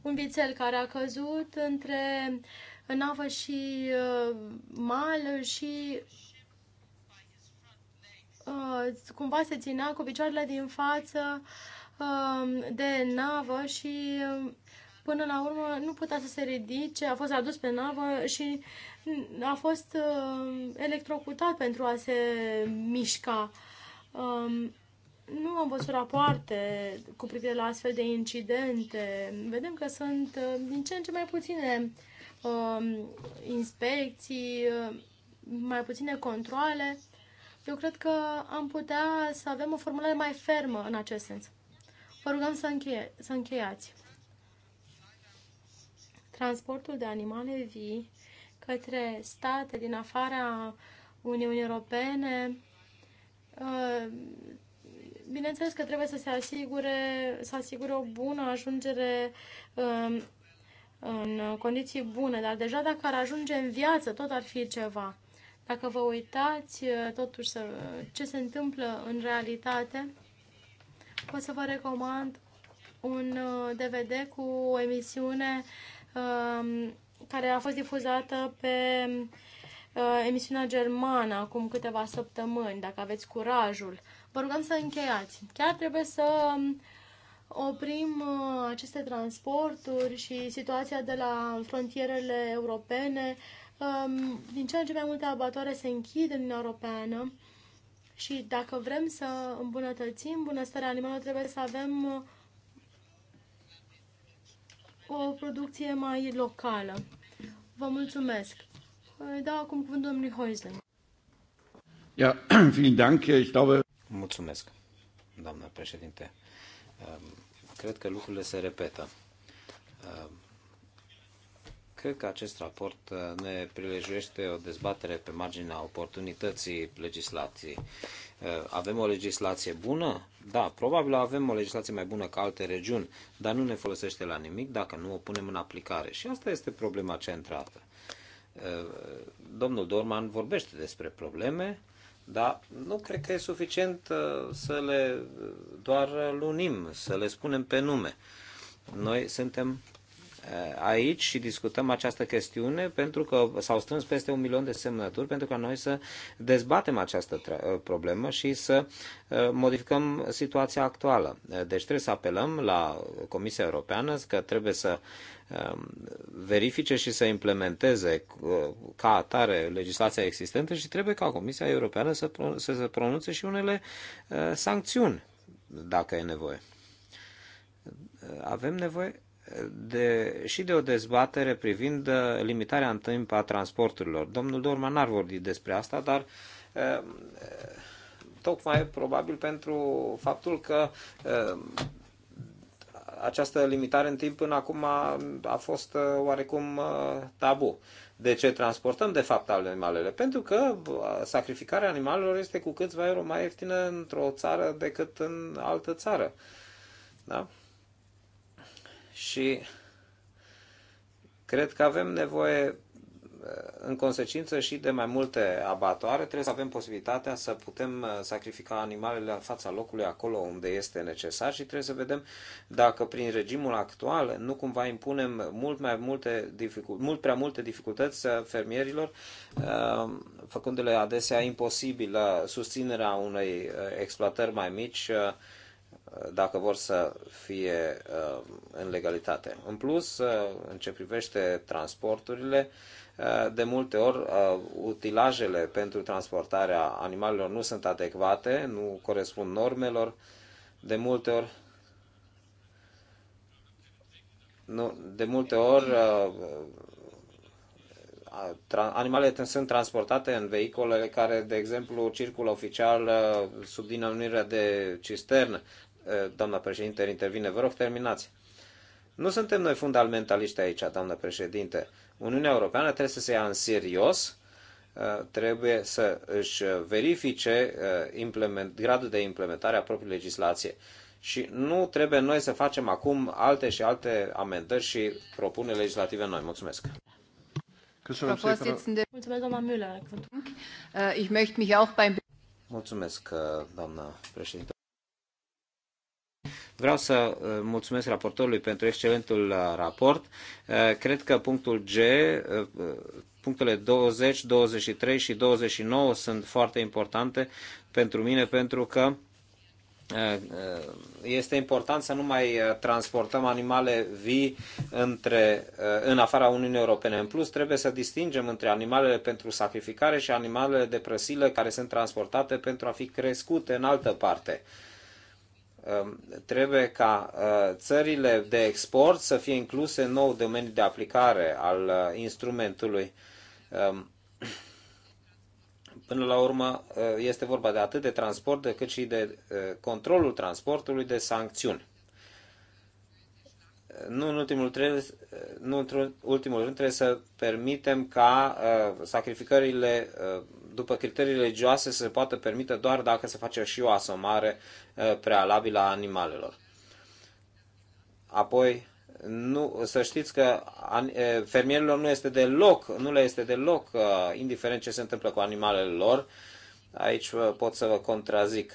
un vițel care a căzut între navă și uh, mal și Uh, cumva se ținea cu picioarele din față um, de navă și um, până la urmă nu putea să se ridice, a fost adus pe navă și a fost um, electrocutat pentru a se mișca. Nu am văzut rapoarte cu privire la astfel de incidente. Vedem că sunt uh, din ce în ce mai puține inspecții, uh, mai puține controle eu cred că am putea să avem o formulare mai fermă în acest sens. Vă rugăm să, încheie, să încheiați. Transportul de animale vii către state din afara Uniunii Europene uh, bineînțeles că trebuie să se asigure, să asigure o bună ajungere um, în condiții bune, dar deja dacă ar ajunge în viață, tot ar fi ceva. Dacă vă uitați uh, totuși să, ce se întâmplă în realitate, o să vă recomand un DVD uh, cu o emisiune um, care a fost difuzată pe uh, emisiunea germană acum câteva săptămâni, dacă aveți curajul. Vă rugăm să încheiați. Chiar trebuie să um, oprim uh, aceste transporturi și situația de la frontierele europene uh, din ce în ce mai multe abatoare se închid în Europeană și dacă vrem să îmbunătățim bunăstarea animalelor, trebuie să avem uh, o producție mai locală. Vă mulțumesc. Dau acum cuvântul domnului Heusling. Ja, vielen Dank. Ich glaube... Mulțumesc, doamnă președinte. Cred că lucrurile se repetă. Cred că acest raport uh, ne prilejuiește o dezbatere pe marginea oportunității legislației. Uh, avem o legislație bună? Da, probabil avem o legislație mai bună ca alte regiuni, dar nu ne folosește la nimic dacă nu o punem în aplicare. Și asta este problema centrată. Uh, domnul Dorman vorbește despre probleme, dar nu cred că e suficient să le doar lunim, să le spunem pe nume. Noi suntem Uh, aici și discutăm această chestiune pentru că s-au strâns peste un milion de semnături pentru ca noi să dezbatem această uh, problemă și să uh, modificăm situația actuală. Deci trebuie să apelăm la Comisia Europeană că trebuie să um, verifice și să implementeze ca atare legislația existentă și trebuie ca Comisia Europeană să, să se pronunțe și unele sancțiuni dacă e nevoie. Avem nevoie de, și de o dezbatere privind uh, limitarea în timp a transporturilor. Domnul Dorman n-ar vorbi despre asta, dar uh, tocmai probabil pentru faptul că uh, această limitare în timp până acum a, a fost oarecum tabu. De ce transportăm de fapt animalele? Pentru că sacrificarea animalelor este cu câțiva euro mai ieftină într-o țară decât în altă țară. Da? și cred că avem nevoie uh, în consecință și de mai multe abatoare, trebuie să avem posibilitatea să putem uh, sacrifica animalele în fața locului acolo unde este necesar și trebuie să vedem dacă prin regimul actual nu cumva impunem mult, mai multe dificult, mult prea multe dificultăți uh, fermierilor, făcându-le adesea imposibilă susținerea unei exploatări mai mici dacă vor să fie uh, în legalitate. În plus, uh, în ce privește transporturile, uh, de multe ori utilajele pentru transportarea animalelor nu sunt adecvate, nu corespund normelor, de multe ori nu, de multe ori animalele sunt transportate în vehicule care, de exemplu, circulă oficial sub dinamirea de cisternă doamna președinte intervine, vă rog, terminați. Nu suntem noi fundamentaliști aici, doamnă președinte. Uniunea Europeană trebuie să se ia în serios, uh, trebuie să își verifice uh, gradul de implementare a propriei legislație. Și nu trebuie noi să facem acum alte și alte amendări și propuneri legislative noi. Mulțumesc! Mulțumesc, Mulțumesc, doamna äh, uh, președinte. Vreau să uh, mulțumesc raportorului pentru excelentul uh, raport. Uh, cred că punctul G, punctele 20, 23 și 29 sunt foarte importante pentru mine pentru că este important să nu mai transportăm animale vii între, în afara Uniunii Europene. În plus, trebuie să distingem între animalele pentru sacrificare și animalele de prăsilă care sunt transportate pentru a fi crescute în altă parte. Um, trebuie ca uh, țările de export să fie incluse în nou domeniu de aplicare al uh, instrumentului. Um, până la urmă, uh, este vorba de atât de transport, cât și de controlul transportului, de sancțiuni nu în ultimul, trebuie, nu în ultimul rând trebuie să permitem ca uh, sacrificările uh, după criterii religioase, se poate permite doar dacă se face și o asomare uh, prealabilă a animalelor. Apoi, nu, să știți că uh, fermierilor nu este deloc, nu le este deloc uh, indiferent ce se întâmplă cu animalele lor. Aici pot să vă contrazic.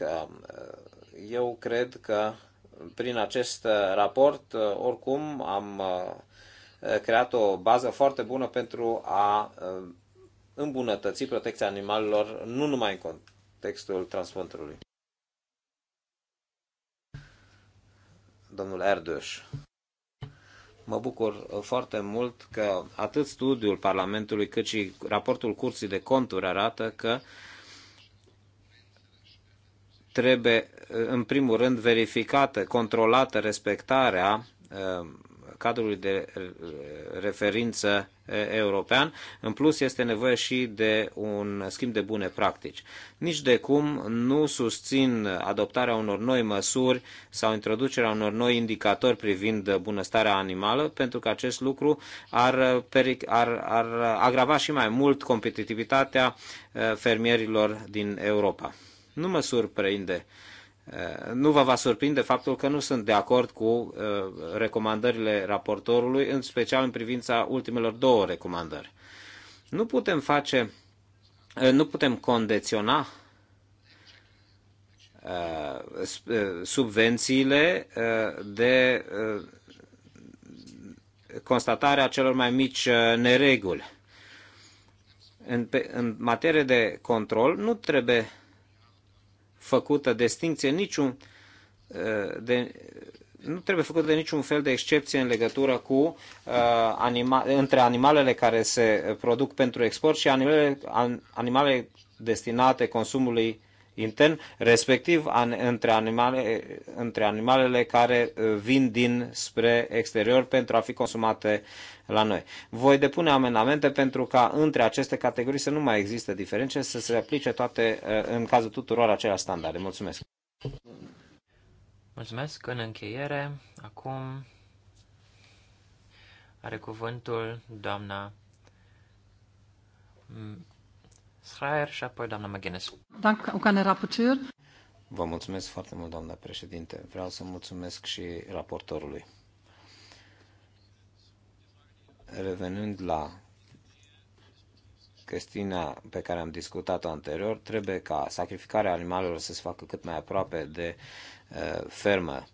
Eu cred că prin acest raport, oricum, am creat o bază foarte bună pentru a îmbunătăți protecția animalelor nu numai în contextul transportului. Domnul Erdős. Mă bucur foarte mult că atât studiul Parlamentului cât și raportul Curții de Conturi arată că trebuie, în primul rând, verificată, controlată respectarea eh, cadrului de eh, referință european. În plus, este nevoie și de un schimb de bune practici. Nici de cum nu susțin adoptarea unor noi măsuri sau introducerea unor noi indicatori privind bunăstarea animală, pentru că acest lucru ar, peric- ar, ar agrava și mai mult competitivitatea eh, fermierilor din Europa. Nu mă surprinde Eh, nu vă va surprinde faptul că nu sunt de acord cu eh, recomandările raportorului, în special în privința ultimelor două recomandări. Nu putem face, eh, nu putem condiționa subvențiile de constatarea celor mai mici nereguli. În, în materie de control nu trebuie făcută distinție niciun uh, de, nu trebuie făcut de niciun fel de excepție în legătură cu uh, anima, între animalele care se produc pentru export și animalele, an, animalele destinate consumului intern, respectiv an, între, animale, între animalele care uh, vin din spre exterior pentru a fi consumate la noi. Voi depune amendamente pentru ca între aceste categorii să nu mai există diferențe, să se aplice toate, uh, în cazul tuturor, aceleași standarde. Mulțumesc! Mulțumesc! În încheiere, acum are cuvântul doamna Schreier și apoi doamna McGuinness. Vă mulțumesc foarte mult, doamna președinte. Vreau să mulțumesc și raportorului. Revenind la chestiunea pe care am discutat-o anterior, trebuie ca sacrificarea animalelor să se facă cât mai aproape de uh, fermă.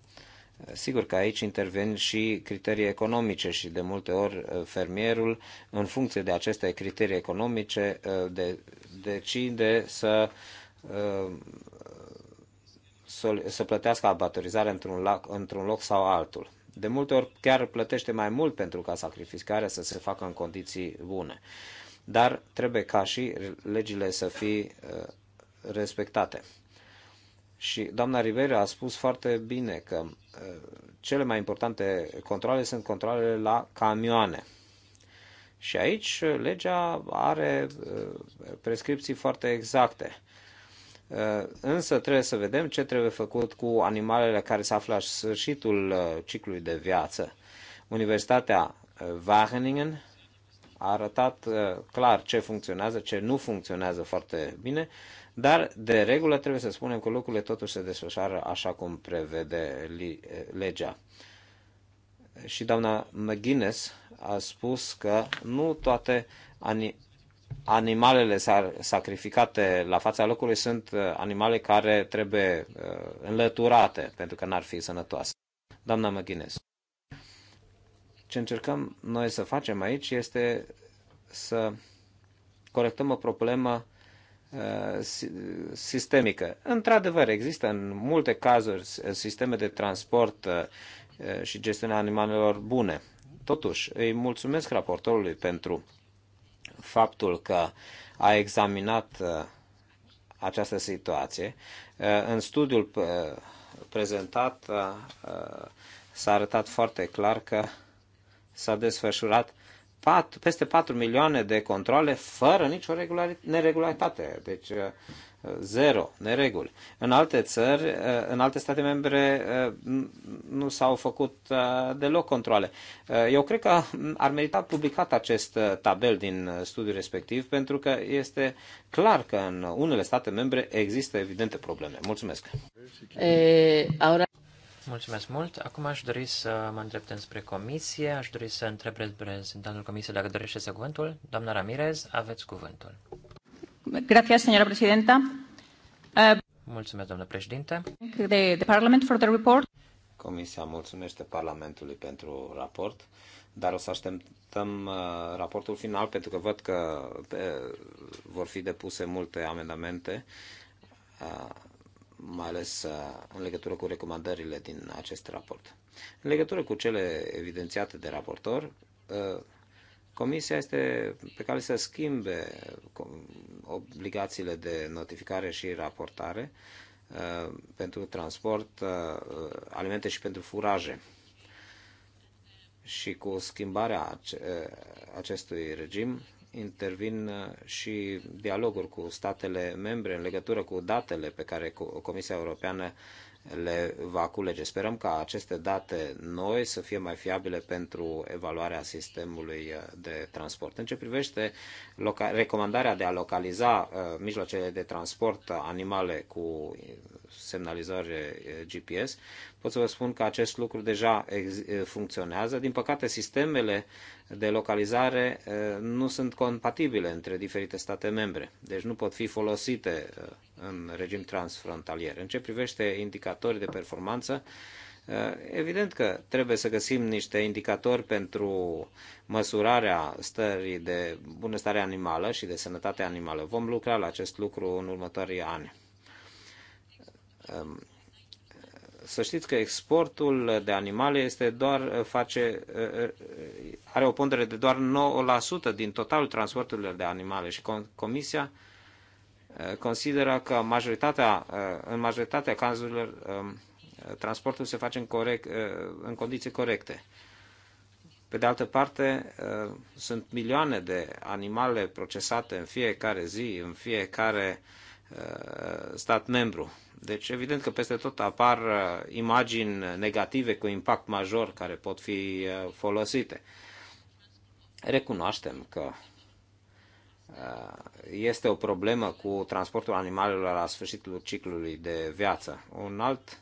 Sigur că aici interven și criterii economice și de multe ori uh, fermierul, în funcție de aceste criterii economice, uh, de, decide să, uh, să plătească abatorizare într-un, loc, într-un loc sau altul. De multe ori chiar plătește mai mult pentru ca sacrificarea să se facă în condiții bune. Dar trebuie ca și legile să fie respectate. Și doamna Rivera a spus foarte bine că uh, cele mai importante controle sunt controlele la camioane. Și aici uh, legea are uh, prescripții foarte exacte. Însă trebuie să vedem ce trebuie făcut cu animalele care se află la sfârșitul ciclului de viață. Universitatea Wageningen a arătat clar ce funcționează, ce nu funcționează foarte bine dar, de regulă, trebuie să spunem că lucrurile totuși se desfășoară așa cum prevede eh, legea. Și doamna McGuinness a spus că nu toate ani animalele sacrificate la fața locului sunt eh, animale care trebuie eh, înlăturate pentru că n-ar fi sănătoase. Doamna McGuinness, ce încercăm noi să facem aici este să corectăm o problemă Uh, sistemică. Într-adevăr, există în multe cazuri sisteme de transport uh, uh, și gestiunea animalelor bune. Totuși, îi mulțumesc raportorului pentru faptul că a examinat această situație. În studiul prezentat s-a arătat foarte clar că s-a desfășurat peste 4 milioane de controle fără nicio neregularitate, deci uh, zero nereguli. În alte țări, uh, în alte state membre uh, nu s-au făcut deloc controle. Eu cred că ar merita publicat acest tabel din studiul respectiv pentru că este clar că în unele state membre există evidente probleme. Mulțumesc. E, eh, Mulțumesc mult. Acum aș dori să mă îndrept înspre comisie. Aș dori să întreb reprezentantul comisiei dacă dorește să cuvântul. Doamna Ramirez, aveți cuvântul. Grazie, señora presidenta. Eh, Mulțumesc, doamnă președinte. The, the Parliament for the report. Comisia mulțumește Parlamentului pentru raport, dar o să așteptăm eh, raportul final pentru că văd că eh, vor fi depuse multe amendamente mai ales uh, în legătură cu recomandările din acest raport. În legătură cu cele evidențiate de raportor, uh, Comisia este pe care să schimbe uh, obligațiile de notificare și raportare pentru transport, alimente și pentru furaje. Și cu schimbarea acestui regim, intervin uh, și dialoguri cu statele membre în legătură cu datele pe care Comisia Europeană le va culege. Sperăm ca aceste date noi să fie mai fiabile pentru evaluarea sistemului uh, de transport. În ce privește recomandarea de a localiza uh, mijloacele de transport animale cu semnalizare eh, GPS, pot să vă spun că acest lucru deja eh, funcționează. Din păcate, sistemele de localizare eh, nu sunt compatibile între diferite state membre, deci nu pot fi folosite în regim transfrontalier. În ce privește indicatorii de performanță, Evident că trebuie să găsim niște indicatori pentru măsurarea stării de bunăstare animală și de sănătate animală. Vom lucra la acest lucru în următorii ani. Ehm, să știți că exportul de animale este doar eh, face, eh, eh, are o pondere de doar 9% din totalul transporturilor de animale și Comisia consideră că majoritatea, în majoritatea cazurilor ehm, transportul se face în, corect, în condiții corecte. Pe de altă parte, sunt milioane de animale procesate în fiecare zi, în fiecare Uh, stat membru. Deci evident că peste tot apar uh, imagini negative cu impact major care pot fi uh, folosite. Recunoaștem că este o problemă cu transportul animalelor la sfârșitul ciclului de viață. Un alt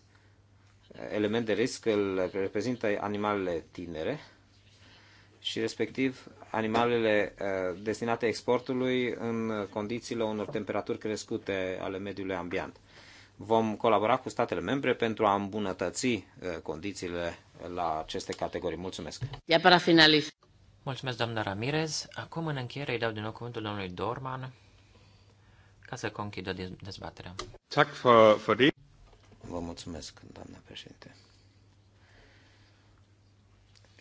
element de risc îl reprezintă animalele tinere, și respectiv animalele uh, destinate exportului în condițiile unor temperaturi crescute ale mediului ambient. Vom colabora cu statele membre pentru a îmbunătăți uh, condițiile la aceste categorii. Mulțumesc! Ia para finalist. Mulțumesc, doamna Ramirez. Acum, în încheiere, îi dau din nou cuvântul domnului Dorman ca să conchidă dezbaterea. Vă mulțumesc, doamna președinte.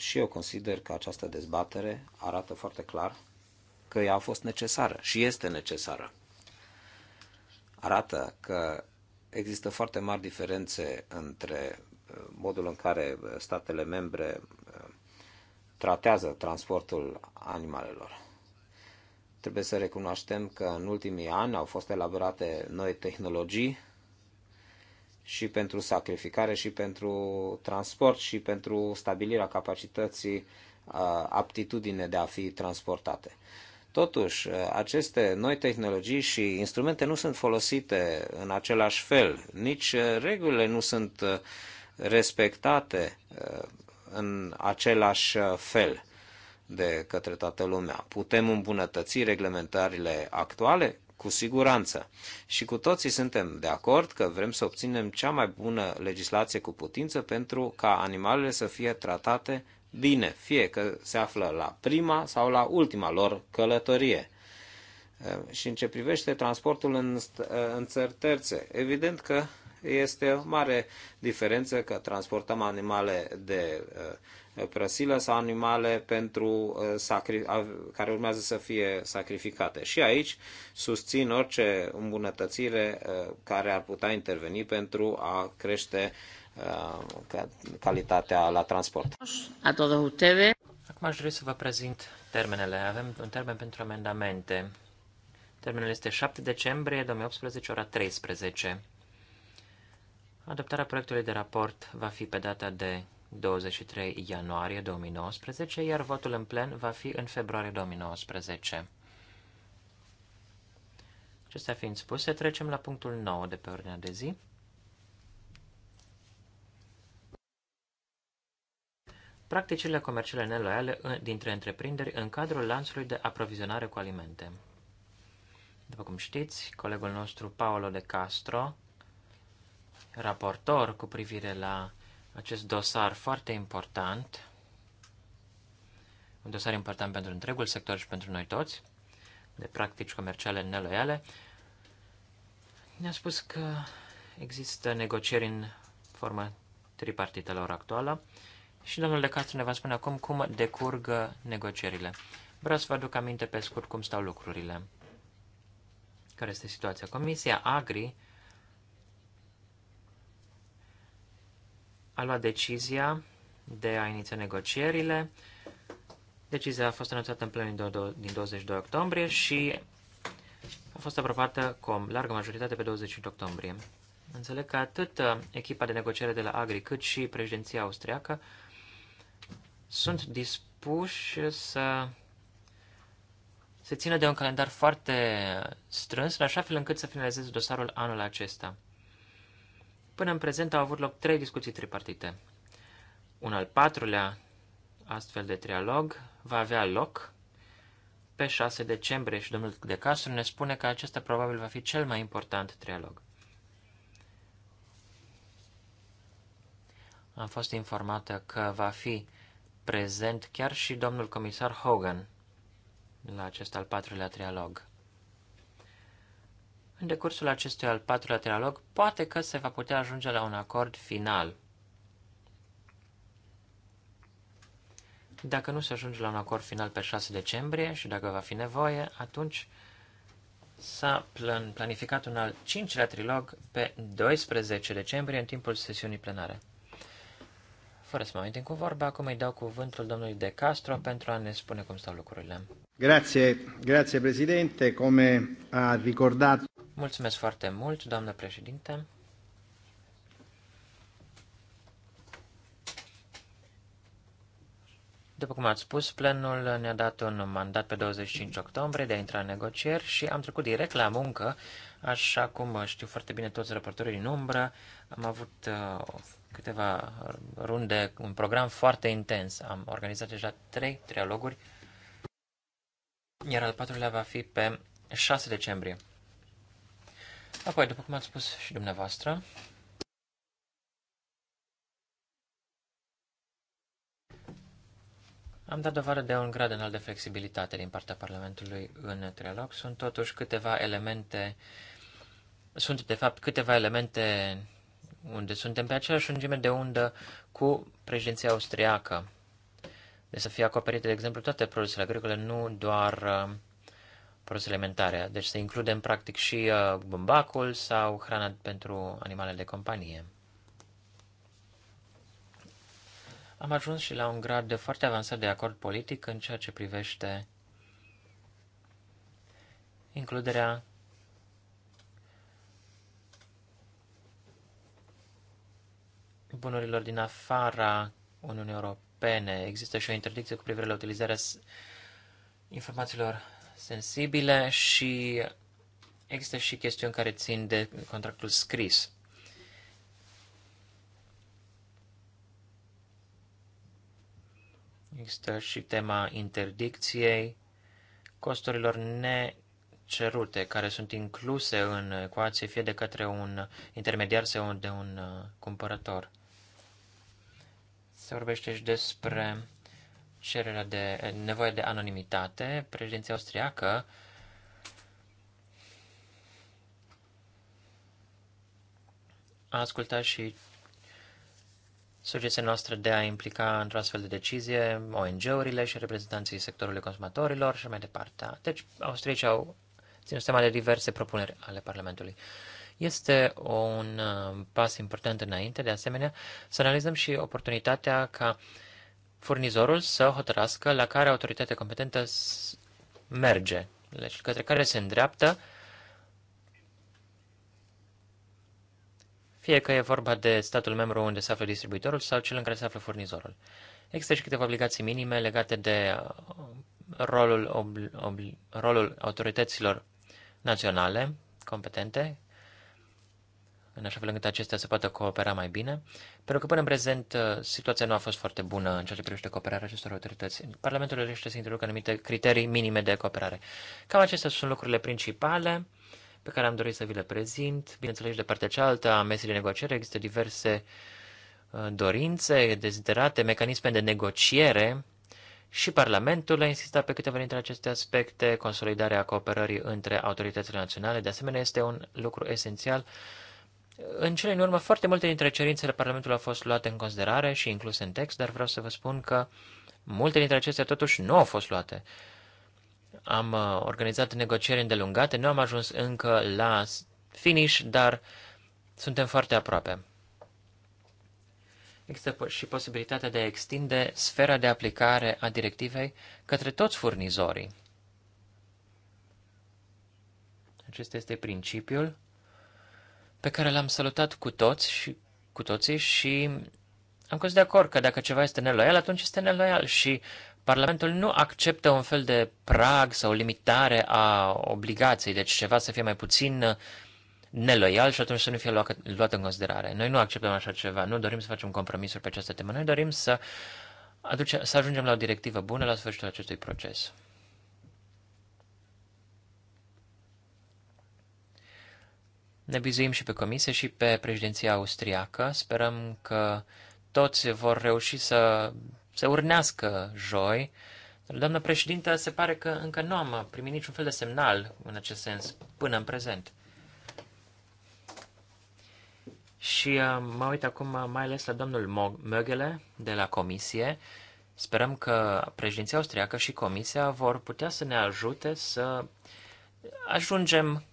Și eu consider că această dezbatere arată foarte clar că ea a fost necesară și este necesară. Arată că există foarte mari diferențe între uh, modul în care uh, statele membre uh, tratează transportul animalelor. Trebuie să recunoaștem că în ultimii ani au fost elaborate noi tehnologii și pentru sacrificare, și pentru transport, și pentru stabilirea capacității uh, aptitudine de a fi transportate. Totuși, uh, aceste noi tehnologii și instrumente nu sunt folosite în același fel, nici uh, regulile nu sunt respectate în același fel de către toată lumea. Putem îmbunătăți reglementările actuale? cu siguranță. Și cu toții suntem de acord că vrem să obținem cea mai bună legislație cu putință pentru ca animalele să fie tratate bine, fie că se află la prima sau la ultima lor călătorie. Eh, și în ce privește transportul în, eh, în țări terțe, evident că este o mare diferență că transportăm animale de uh, prăsilă sau animale pentru, uh, care urmează să fie sacrificate. Și aici susțin orice îmbunătățire uh, care ar putea interveni pentru a crește uh, calitatea la transport. A Acum aș dori să vă prezint termenele. Avem un termen pentru amendamente. Termenul este 7 decembrie 2018, ora 13. Adoptarea proiectului de raport va fi pe data de 23 ianuarie 2019, iar votul în plen va fi în februarie 2019. Acestea fiind spuse, trecem la punctul 9 de pe ordinea de zi. Practicile comerciale neloiale dintre întreprinderi în cadrul lanțului de aprovizionare cu alimente. După cum știți, colegul nostru Paolo de Castro, raportor cu privire la acest dosar foarte important, un dosar important pentru întregul sector și pentru noi toți, de practici comerciale neloiale, ne-a spus că există negocieri în formă tripartită la ora actuală și domnul De Castru ne va spune acum cum decurg negocierile. Vreau să vă aduc aminte pe scurt cum stau lucrurile. Care este situația? Comisia Agri a luat decizia de a iniția negocierile. Decizia a fost anunțată în plen din 22 octombrie și a fost aprobată cu largă majoritate pe 25 octombrie. Înțeleg că atât uh, echipa de negociere de la Agri cât și președinția austriacă sunt dispuși să se țină de un calendar foarte strâns, în așa fel încât să finalizeze dosarul anul acesta. Până în prezent au avut loc trei discuții tripartite. Un al patrulea astfel de trialog va avea loc pe 6 decembrie și domnul De Castro ne spune că acesta probabil va fi cel mai important trialog. Am fost informată că va fi prezent chiar și domnul comisar Hogan la acest al patrulea trialog. În decursul acestui al patrulea trialog, poate că se va putea ajunge la un acord final. Dacă nu se ajunge la un acord final pe 6 decembrie și dacă va fi nevoie, atunci s-a planificat un al cincilea trilog pe 12 decembrie în timpul sesiunii plenare. Fără să mă amintim cu vorba, acum îi dau cuvântul domnului De Castro pentru a ne spune cum stau lucrurile. Grazie, grazie Presidente. Come a ricordat... Mulțumesc foarte mult, doamnă președinte. După cum ați spus, plenul ne-a dat un mandat pe 25 octombrie de a intra în negocieri și am trecut direct la muncă, așa cum știu foarte bine toți raportorii din umbră. Am avut uh, câteva runde, un program foarte intens. Am organizat deja trei trialoguri, iar al patrulea va fi pe 6 decembrie. Apoi, după cum ați spus și dumneavoastră, Am dat dovadă de un grad înalt de flexibilitate din partea Parlamentului în trialog. Sunt totuși câteva elemente, sunt de fapt câteva elemente unde suntem pe aceeași lungime de undă cu președinția austriacă. De să fie acoperite, de exemplu, toate produsele agricole, nu doar uh, produse alimentare. Deci să includem practic și uh, bumbacul sau hrana pentru animalele de companie. Am ajuns și la un grad de foarte avansat de acord politic în ceea ce privește includerea bunurilor din afara Uniunii Europene. Există și o interdicție cu privire la utilizarea informațiilor sensibile și există și chestiuni care țin de contractul scris. Există și tema interdicției costurilor necerute, care sunt incluse în ecuație fie de către un intermediar sau de un uh, cumpărător. Se vorbește și despre cererea de nevoie de anonimitate, președinția austriacă a ascultat și sugestia noastră de a implica într-o astfel de decizie ONG-urile și reprezentanții sectorului consumatorilor și mai departe. Deci, austriecii au ținut seama de diverse propuneri ale Parlamentului. Este un uh, pas important înainte, de asemenea, să analizăm și oportunitatea ca furnizorul să hotărască la care autoritate competentă merge, deci către care se îndreaptă, fie că e vorba de statul membru unde se află distribuitorul sau cel în care se află furnizorul. Există și câteva obligații minime legate de uh, rolul, ob, ob, rolul autorităților naționale competente în așa fel încât acestea să poată coopera mai bine, pentru că până în prezent uh, situația nu a fost foarte bună în ceea ce privește cooperarea acestor autorități. Parlamentul reușește să introducă anumite criterii minime de cooperare. Cam acestea sunt lucrurile principale pe care am dorit să vi le prezint. Bineînțeles, de partea cealaltă a mesei de negociere există diverse uh, dorințe, deziderate, mecanisme de negociere și Parlamentul a insistat pe câteva dintre aceste aspecte. Consolidarea cooperării între autoritățile naționale, de asemenea, este un lucru esențial în cele din urmă, foarte multe dintre cerințele Parlamentului au fost luate în considerare și incluse în text, dar vreau să vă spun că multe dintre acestea totuși nu au fost luate. Am uh, organizat negocieri îndelungate, nu am ajuns încă la finish, dar suntem foarte aproape. Există și posibilitatea de a extinde sfera de aplicare a directivei către toți furnizorii. Acesta este principiul pe care l-am salutat cu toți și cu toții și am fost de acord că dacă ceva este neloial, atunci este neloial și Parlamentul nu acceptă un fel de prag sau limitare a obligației, deci ceva să fie mai puțin neloial și atunci să nu fie luat, luat în considerare. Noi nu acceptăm așa ceva, nu dorim să facem compromisuri pe această temă, noi dorim să, aduce, să ajungem la o directivă bună la sfârșitul acestui proces. Ne bizuim și pe comisie și pe președinția austriacă. Sperăm că toți vor reuși să se urnească joi. Doamnă președintă, se pare că încă nu am primit niciun fel de semnal în acest sens până în prezent. Și uh, mă uit acum uh, mai ales la domnul Mögele de la comisie. Sperăm că președinția austriacă și comisia vor putea să ne ajute să ajungem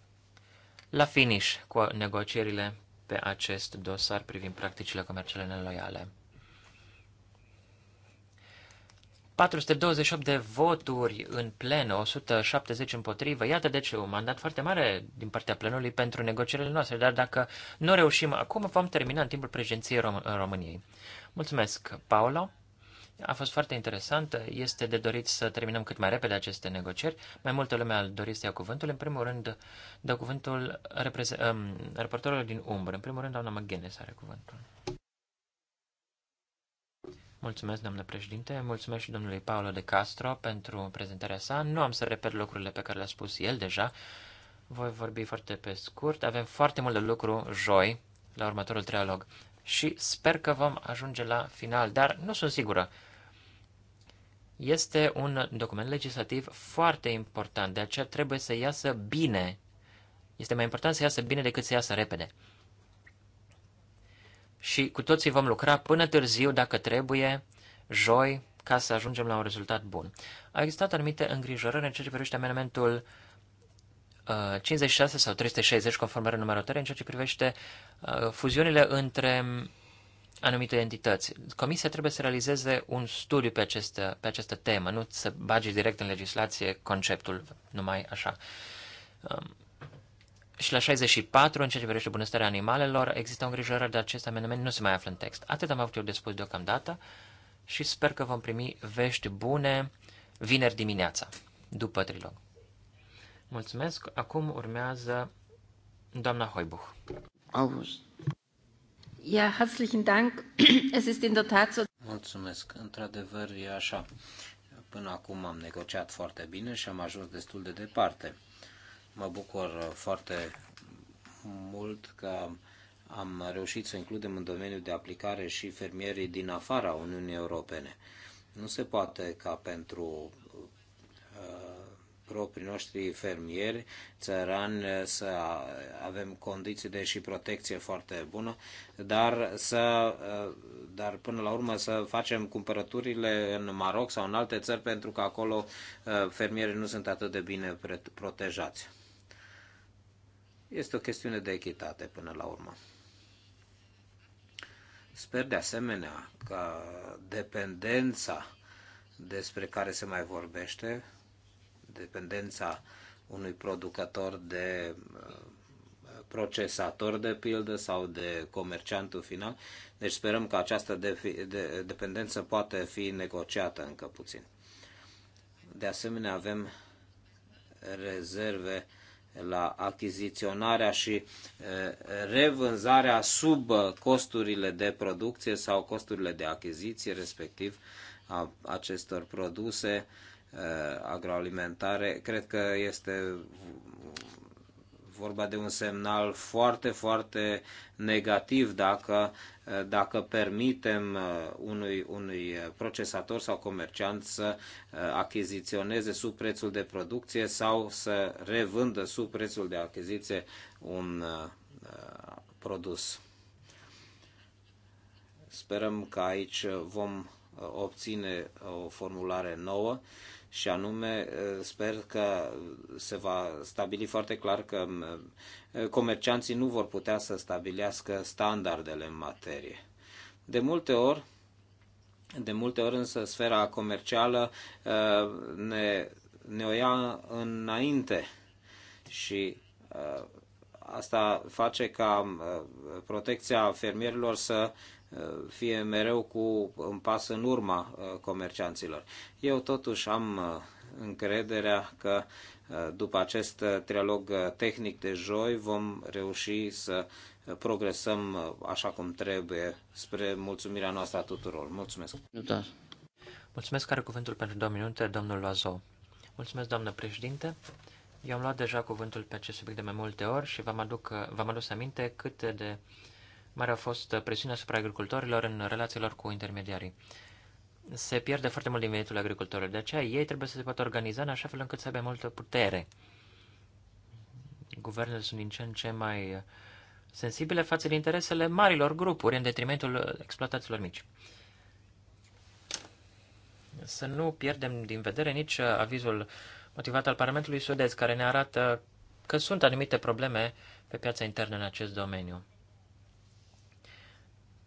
la finish cu negocierile pe acest dosar privind practicile comerciale neloiale. 428 de voturi în plen, 170 împotrivă. Iată de ce un mandat foarte mare din partea plenului pentru negocierile noastre, dar dacă nu reușim acum, vom termina în timpul președinției Rom- României. Mulțumesc, Paolo a fost foarte interesantă. Este de dorit să terminăm cât mai repede aceste negocieri. Mai multă lume a dorit să ia cuvântul. În primul rând, dă cuvântul um, raportorilor din umbră. În primul rând, doamna McGuinness are cuvântul. Mulțumesc, doamnă președinte. Mulțumesc și domnului Paolo de Castro pentru prezentarea sa. Nu am să repet lucrurile pe care le-a spus el deja. Voi vorbi foarte pe scurt. Avem foarte mult de lucru joi la următorul trialog și sper că vom ajunge la final, dar nu sunt sigură. Este un document legislativ foarte important, de aceea trebuie să iasă bine. Este mai important să iasă bine decât să iasă repede. Și cu toții vom lucra până târziu, dacă trebuie, joi, ca să ajungem la un rezultat bun. A existat anumite îngrijorări în ceea ce privește amendamentul 56 uh, sau 360, conform numărătorii, în ceea ce privește uh, fuziunile între anumite entități. Comisia trebuie să realizeze un studiu pe această, pe această temă, nu să bagi direct în legislație conceptul numai așa. Um, și la 64, în ceea ce privește bunăstarea animalelor, există o îngrijorare de acest amendament, nu se mai află în text. Atât am avut eu de spus deocamdată și sper că vom primi vești bune vineri dimineața, după trilog. Mulțumesc. Acum urmează doamna Hoibuch. August. Ja, herzlichen Dank. Es ist in der Tat so. Mulțumesc. Într-adevăr, e așa. Până acum am negociat foarte bine și am ajuns destul de departe. Mă bucur uh, foarte mult că am reușit să includem în domeniul de aplicare și fermierii din afara Uniunii Europene. Nu se poate ca pentru uh, proprii noștri fermieri țărani, eh, să avem condiții de și protecție foarte bună, dar, să, eh, dar până la urmă să facem cumpărăturile în Maroc sau în alte țări pentru că acolo eh, fermierii nu sunt atât de bine protejați. Este o chestiune de echitate până la urmă. Sper de asemenea că dependența despre care se mai vorbește dependența unui producător de uh, procesator de pildă sau de comerciantul final. Deci sperăm că această de, de, dependență poate fi negociată încă puțin. De asemenea, avem rezerve la achiziționarea și uh, revânzarea sub costurile de producție sau costurile de achiziție, respectiv a acestor produse Uh, agroalimentare, cred că este vorba de un semnal foarte, foarte negativ dacă, uh, dacă permitem uh, unui, unui procesator sau comerciant să achiziționeze sub prețul de producție sau să revândă sub prețul de achiziție un produs. Sperăm că aici vom obține o formulare nouă și anume sper că se va stabili foarte clar că comercianții nu vor putea să stabilească standardele în materie. De multe ori, de multe ori însă sfera comercială ne, ne o ia înainte și asta face ca protecția fermierilor să fie mereu cu un pas în urma uh, comercianților. Eu totuși am uh, încrederea că uh, după acest trialog tehnic de joi vom reuși să progresăm așa cum trebuie spre mulțumirea noastră a tuturor. Mulțumesc! Da. Mulțumesc, care cuvântul pentru două minute, domnul Loazou. Mulțumesc, doamnă președinte. Eu am luat deja cuvântul pe acest subiect de mai multe ori și v-am, aduc, v-am adus aminte cât de uh, Mare a fost uh, presiunea asupra agricultorilor în relația lor cu intermediarii. Se pierde foarte mult din venitul agricultorilor, de aceea ei trebuie să se poată organiza în așa fel încât să aibă multă putere. Guvernele sunt din ce în ce mai uh, sensibile față de interesele marilor grupuri în detrimentul uh, exploatațiilor mici. Să nu pierdem din vedere nici avizul motivat al Parlamentului Sudez, care ne arată că sunt anumite probleme pe piața internă în acest domeniu.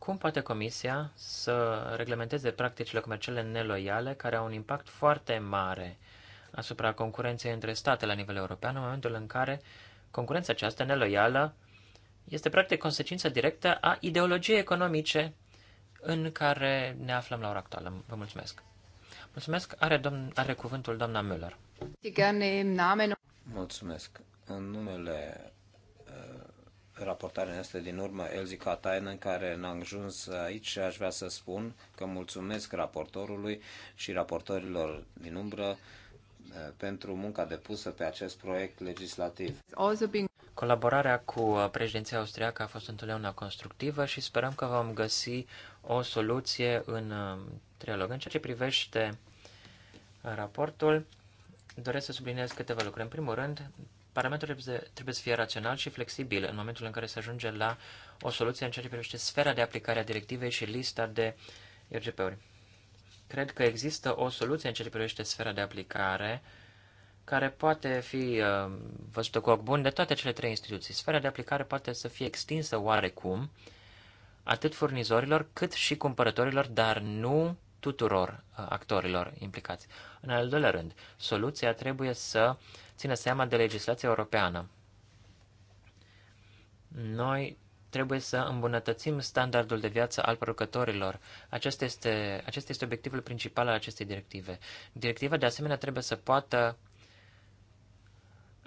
Cum poate Comisia să reglementeze practicile comerciale neloiale care au un impact foarte mare asupra concurenței între state la nivel european în momentul în care concurența aceasta neloială este practic consecința directă a ideologiei economice în care ne aflăm la ora actuală. Vă mulțumesc. Mulțumesc. Are, domn, are cuvântul doamna Müller. Mulțumesc. În numele raportarea noastră din urmă, Elzi Katainen, care n a ajuns aici și aș vrea să spun că mulțumesc raportorului și raportorilor din umbră eh, pentru munca depusă pe acest proiect legislativ. Colaborarea cu președinția austriacă a fost întotdeauna constructivă și sperăm că vom găsi o soluție în eh, trilog. În ceea ce privește raportul, doresc să subliniez câteva lucruri. În primul rând, Parametrul trebuie să fie rațional și flexibil în momentul în care se ajunge la o soluție în ceea ce privește sfera de aplicare a directivei și lista de RGP-uri. Cred că există o soluție în ceea ce privește sfera de aplicare care poate fi uh, văzută cu ochi bun de toate cele trei instituții. Sfera de aplicare poate să fie extinsă oarecum atât furnizorilor cât și cumpărătorilor, dar nu tuturor uh, actorilor implicați. În al doilea rând, soluția trebuie să țină seama de legislația europeană. Noi trebuie să îmbunătățim standardul de viață al producătorilor. Acesta este, acesta este obiectivul principal al acestei directive. Directiva, de asemenea, trebuie să poată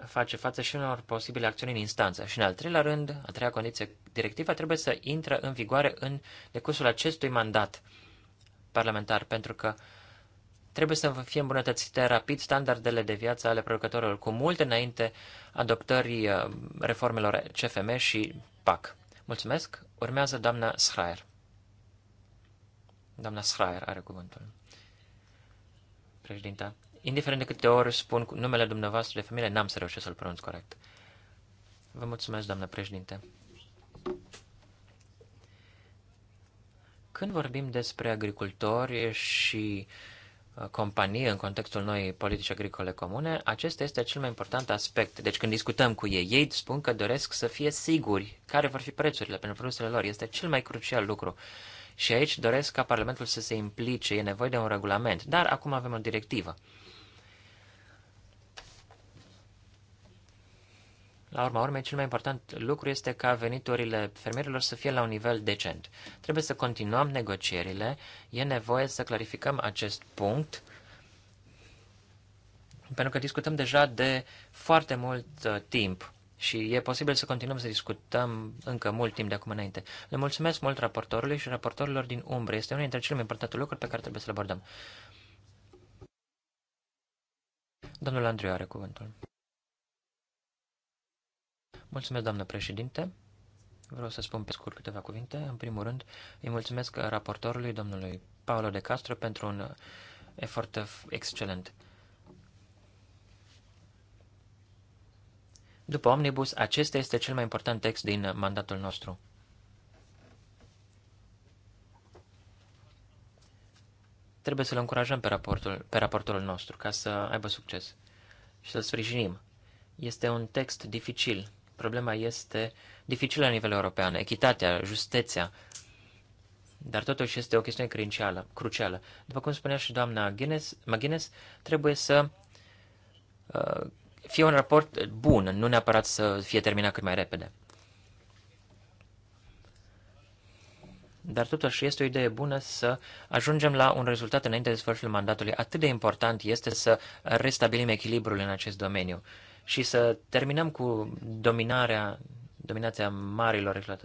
face față și unor posibile acțiuni în instanță. Și în al treilea rând, a treia condiție, directiva trebuie să intre în vigoare în decursul acestui mandat parlamentar, pentru că uh, Trebuie să fie îmbunătățite rapid standardele de viață ale producătorilor, cu mult înainte adoptării uh, reformelor CFM și PAC. Mulțumesc. Urmează doamna Schreier. Doamna Schreier are cuvântul. Președinta, indiferent de câte ori spun numele dumneavoastră de familie, n-am să reușesc să-l pronunț corect. Vă mulțumesc, doamnă președinte. Când vorbim despre agricultori și uh, companie în contextul noii politici agricole comune, acesta este cel mai important aspect. Deci când discutăm cu ei, ei spun că doresc să fie siguri care vor fi prețurile pentru produsele lor. Este cel mai crucial lucru. Și aici doresc ca Parlamentul să se implice, e nevoie de un regulament, dar acum avem o directivă. La urma urmei, cel mai important lucru este ca veniturile fermierilor să fie la un nivel decent. Trebuie să continuăm negocierile, e nevoie să clarificăm acest punct, pentru că discutăm deja de foarte mult uh, timp și e posibil să continuăm să discutăm încă mult timp de acum înainte. Le mulțumesc mult raportorului și raportorilor din umbră. Este unul dintre cele mai importante lucruri pe care trebuie să le abordăm. Domnul Andrei are cuvântul. Mulțumesc, doamnă președinte. Vreau să spun pe scurt câteva cuvinte. În primul rând, îi mulțumesc raportorului, domnului Paolo de Castro, pentru un efort excelent. După Omnibus, acesta este cel mai important text din mandatul nostru. Trebuie să-l încurajăm pe, raportul, pe raportorul nostru ca să aibă succes și să-l sprijinim. Este un text dificil problema este dificilă la nivel european, echitatea, justeția, dar totuși este o chestiune crucială. crucială. După cum spunea și doamna McGuinness, trebuie să uh, fie un raport bun, nu neapărat să fie terminat cât mai repede. Dar totuși este o idee bună să ajungem la un rezultat înainte de sfârșitul mandatului. Atât de important este să restabilim echilibrul în acest domeniu. Uh, și să terminăm cu dominarea, dominația marilor,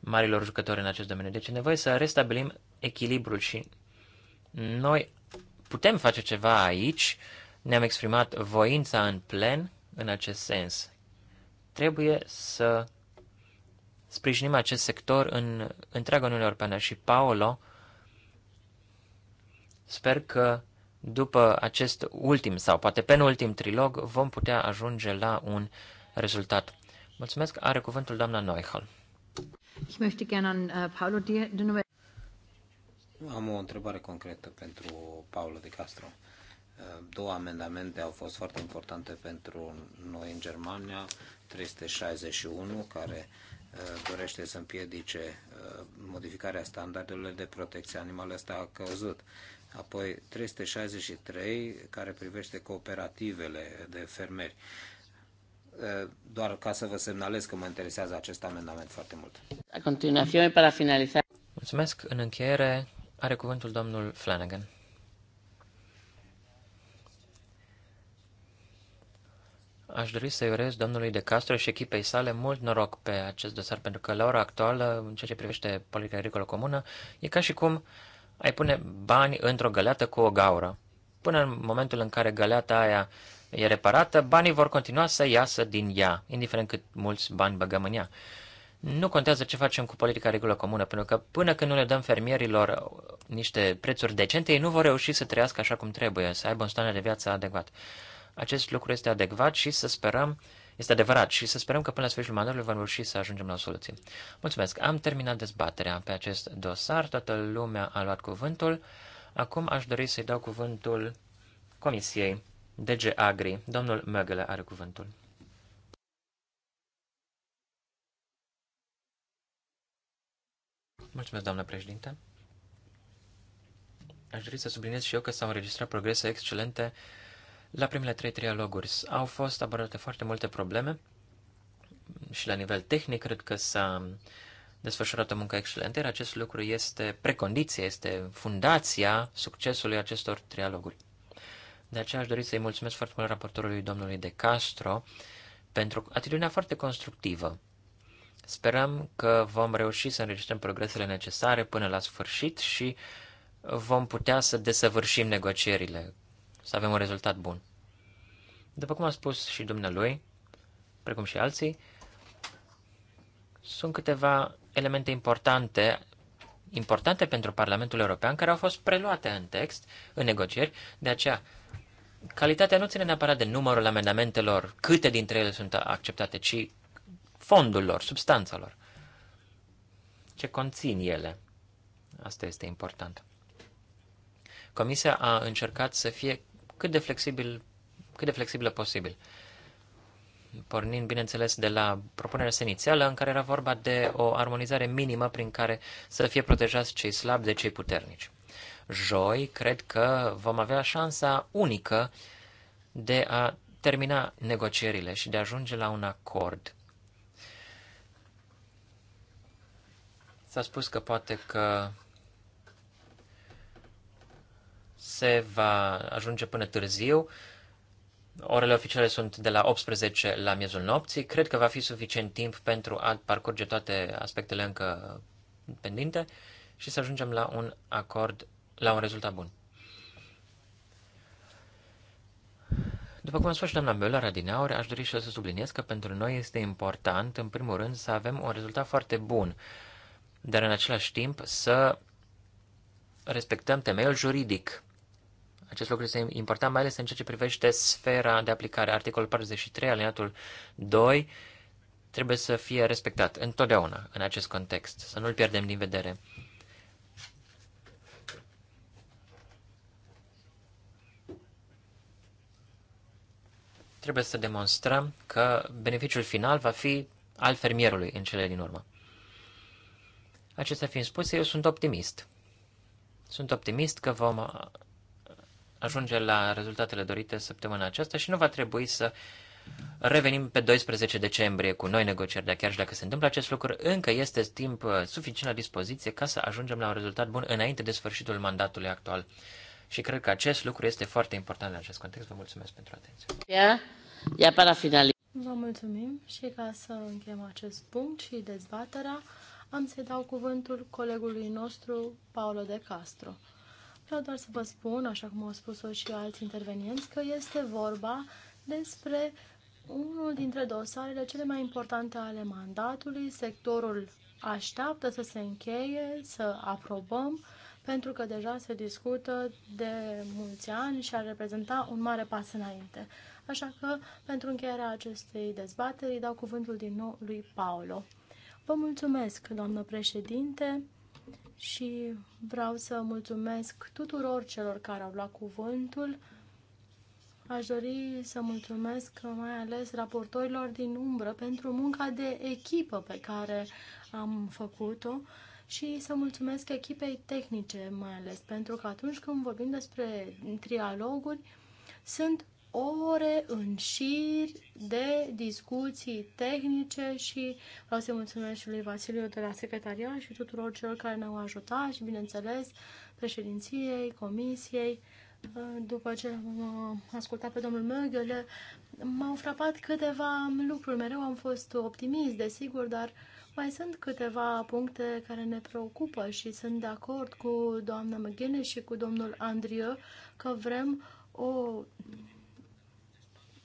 marilor jucători în acest domeniu. Deci e nevoie să restabilim echilibrul și noi putem face ceva aici, ne-am exprimat voința în plen în acest sens. Trebuie să sprijinim acest sector în întreaga Uniunea Europeană și Paolo sper că după acest ultim sau poate penultim trilog vom putea ajunge la un rezultat. Mulțumesc. Are cuvântul doamna Neuchel. Äh, Am o întrebare concretă pentru Paulo de Castro. Äh, două amendamente au fost foarte importante pentru noi în Germania, 361, care äh, dorește să împiedice modificarea standardelor de protecție animală, asta a căzut apoi 363 care privește cooperativele de fermeri. Doar ca să vă semnalez că mă interesează acest amendament foarte mult. A continuație, para finaliza. Mulțumesc. În încheiere are cuvântul domnul Flanagan. Aș dori să-i urez domnului De Castro și echipei sale mult noroc pe acest dosar, pentru că la ora actuală, în ceea ce privește politica agricolă comună, e ca și cum uh, ai pune bani într-o găleată cu o gaură. Până în momentul în care găleata aia e reparată, banii vor continua să iasă din ea, indiferent cât mulți bani băgăm în ea. Nu contează ce facem cu politica regulă comună, pentru că până când nu le dăm fermierilor niște prețuri decente, ei nu vor reuși să trăiască așa cum trebuie, să aibă un standard de viață adecvat. Acest lucru este adecvat și să sperăm uh, este adevărat și să sperăm că până la sfârșitul mandatului vom reuși să ajungem la o soluție. Mulțumesc! Am terminat dezbaterea pe acest dosar, toată lumea a luat cuvântul. Acum aș dori să-i dau cuvântul Comisiei DG Agri. Domnul Măgăle are cuvântul. Mulțumesc, doamnă președinte. Aș dori să subliniez și eu că s-au înregistrat progrese excelente la primele trei trialoguri au fost abordate foarte multe probleme și la nivel tehnic cred că s-a desfășurat o muncă excelentă, iar acest lucru este precondiție, este fundația succesului acestor trialoguri. De aceea aș dori să-i mulțumesc foarte mult raportorului domnului De Castro pentru atitudinea foarte constructivă. Sperăm că vom reuși să înregistrăm progresele necesare până la sfârșit și vom putea să desăvârșim negocierile să avem un rezultat bun. După cum a spus și dumnealui, precum și alții, sunt câteva elemente importante importante pentru Parlamentul European care au fost preluate în text, în negocieri, de aceea calitatea nu ține neapărat de numărul amendamentelor, câte dintre ele sunt acceptate, ci fondul lor, substanța lor. Ce conțin ele. Asta este important. Comisia a încercat să fie cât de flexibil, cât de flexibilă posibil. Pornind, bineînțeles, de la propunerea sa inițială, în care era vorba de o armonizare minimă prin care să fie protejați cei slabi de cei puternici. Joi, cred că vom avea șansa unică de a termina negocierile și de a ajunge la un acord. S-a spus că poate că se va ajunge până târziu. Orele oficiale sunt de la 18 la miezul nopții. Cred că va fi suficient timp pentru a parcurge toate aspectele încă pendinte și să ajungem la un acord, la un rezultat bun. După cum a spus și doamna din adineauri, aș dori și să subliniez că pentru noi este important, în primul rând, să avem un rezultat foarte bun, dar în același timp să respectăm temeiul juridic acest lucru este important, mai ales în ceea ce privește sfera de aplicare. Articolul 43, alineatul 2, trebuie să fie respectat întotdeauna în acest context, să nu-l pierdem din vedere. Trebuie să demonstrăm că beneficiul final va fi al fermierului în cele din urmă. Acestea fiind spuse, eu sunt optimist. Sunt optimist că vom ajunge la rezultatele dorite săptămâna aceasta și nu va trebui să revenim pe 12 decembrie cu noi negocieri, dar chiar și dacă se întâmplă acest lucru, încă este timp uh, suficient la dispoziție ca să ajungem la un rezultat bun înainte de sfârșitul mandatului actual. Și cred că acest lucru este foarte important în acest context. Vă mulțumesc pentru atenție. Ia, ia para finali. Vă mulțumim și ca să încheiem acest punct și dezbaterea, am să-i dau cuvântul colegului nostru, Paolo de Castro. Vreau doar să vă spun, așa cum au spus-o și alți intervenienți, că este vorba despre unul dintre dosarele cele mai importante ale mandatului. Sectorul așteaptă să se încheie, să aprobăm, pentru că deja se discută de mulți ani și ar reprezenta un mare pas înainte. Așa că, pentru încheierea acestei dezbateri, dau cuvântul din nou lui Paolo. Vă mulțumesc, doamnă președinte și vreau să mulțumesc tuturor celor care au luat cuvântul. Aș dori să mulțumesc mai ales raportorilor din umbră pentru munca de echipă pe care am făcut-o și să mulțumesc echipei tehnice mai ales, pentru că atunci când vorbim despre trialoguri, sunt ore în șir de discuții tehnice și vreau să mulțumesc și lui Vasiliu de la secretariat și tuturor celor care ne-au ajutat și, bineînțeles, președinției, comisiei. După ce am uh, ascultat pe domnul Măghele, m-au frapat câteva lucruri. Mereu am fost optimist, desigur, dar mai sunt câteva puncte care ne preocupă și sunt de acord cu doamna Măghele și cu domnul Andrieu că vrem o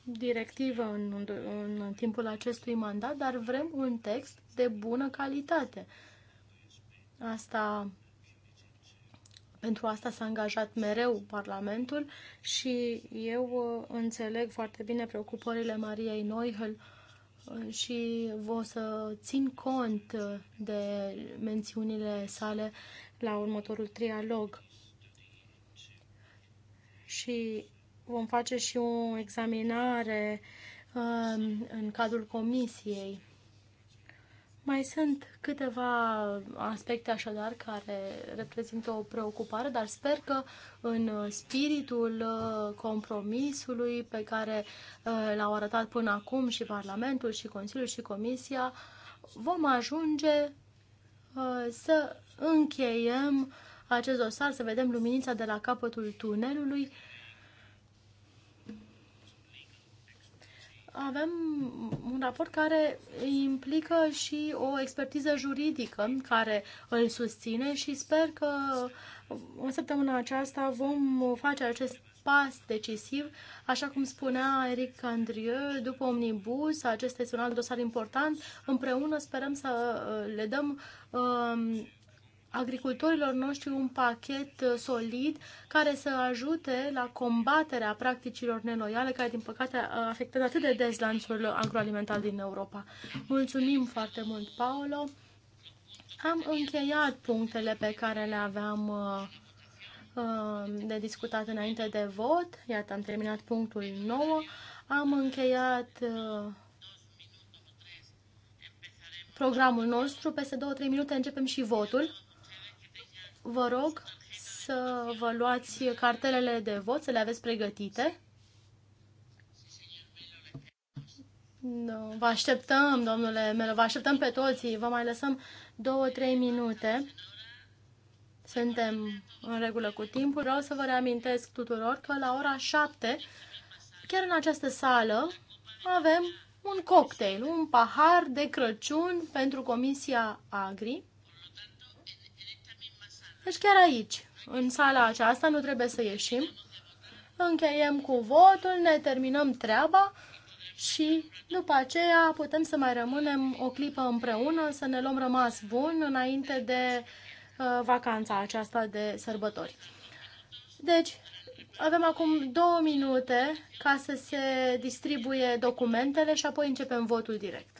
directivă în, în, în timpul acestui mandat, dar vrem un text de bună calitate. Asta, pentru asta s-a angajat mereu Parlamentul și eu uh, înțeleg foarte bine preocupările Mariei Neuhel uh, și o să țin cont uh, de mențiunile sale la următorul trialog. Și vom face și o examinare um, în cadrul comisiei. Mai sunt câteva aspecte așadar care reprezintă o preocupare, dar sper că în spiritul uh, compromisului pe care uh, l-au arătat până acum și Parlamentul și Consiliul și Comisia, vom ajunge uh, să încheiem acest dosar, să vedem luminița de la capătul tunelului avem un raport care implică și o expertiză juridică care îl susține și sper că în săptămâna aceasta vom face acest pas decisiv. Așa cum spunea Eric Andrieu, după Omnibus, acesta este un alt dosar important, împreună sperăm să uh, le dăm um, agricultorilor noștri un pachet uh, solid care să ajute la combaterea practicilor neloiale care, din păcate, afectează atât de des lanțul agroalimentar din Europa. Mulțumim foarte mult, Paolo! Am încheiat punctele pe care le aveam uh, uh, de discutat înainte de vot. Iată, am terminat punctul 9. Am încheiat programul nostru. Peste 2-3 minute începem și votul vă rog să vă luați cartelele de vot, să le aveți pregătite. Vă așteptăm, domnule Melo, vă așteptăm pe toți. Vă mai lăsăm două, trei minute. Suntem în regulă cu timpul. Vreau să vă reamintesc tuturor că la ora 7, chiar în această sală, avem un cocktail, un pahar de Crăciun pentru Comisia Agri. Deci chiar aici, în sala aceasta, nu trebuie să ieșim. Încheiem cu votul, ne terminăm treaba și după aceea putem să mai rămânem o clipă împreună, să ne luăm rămas bun înainte de uh, vacanța aceasta de sărbători. Deci, avem acum două minute ca să se distribuie documentele și apoi începem votul direct.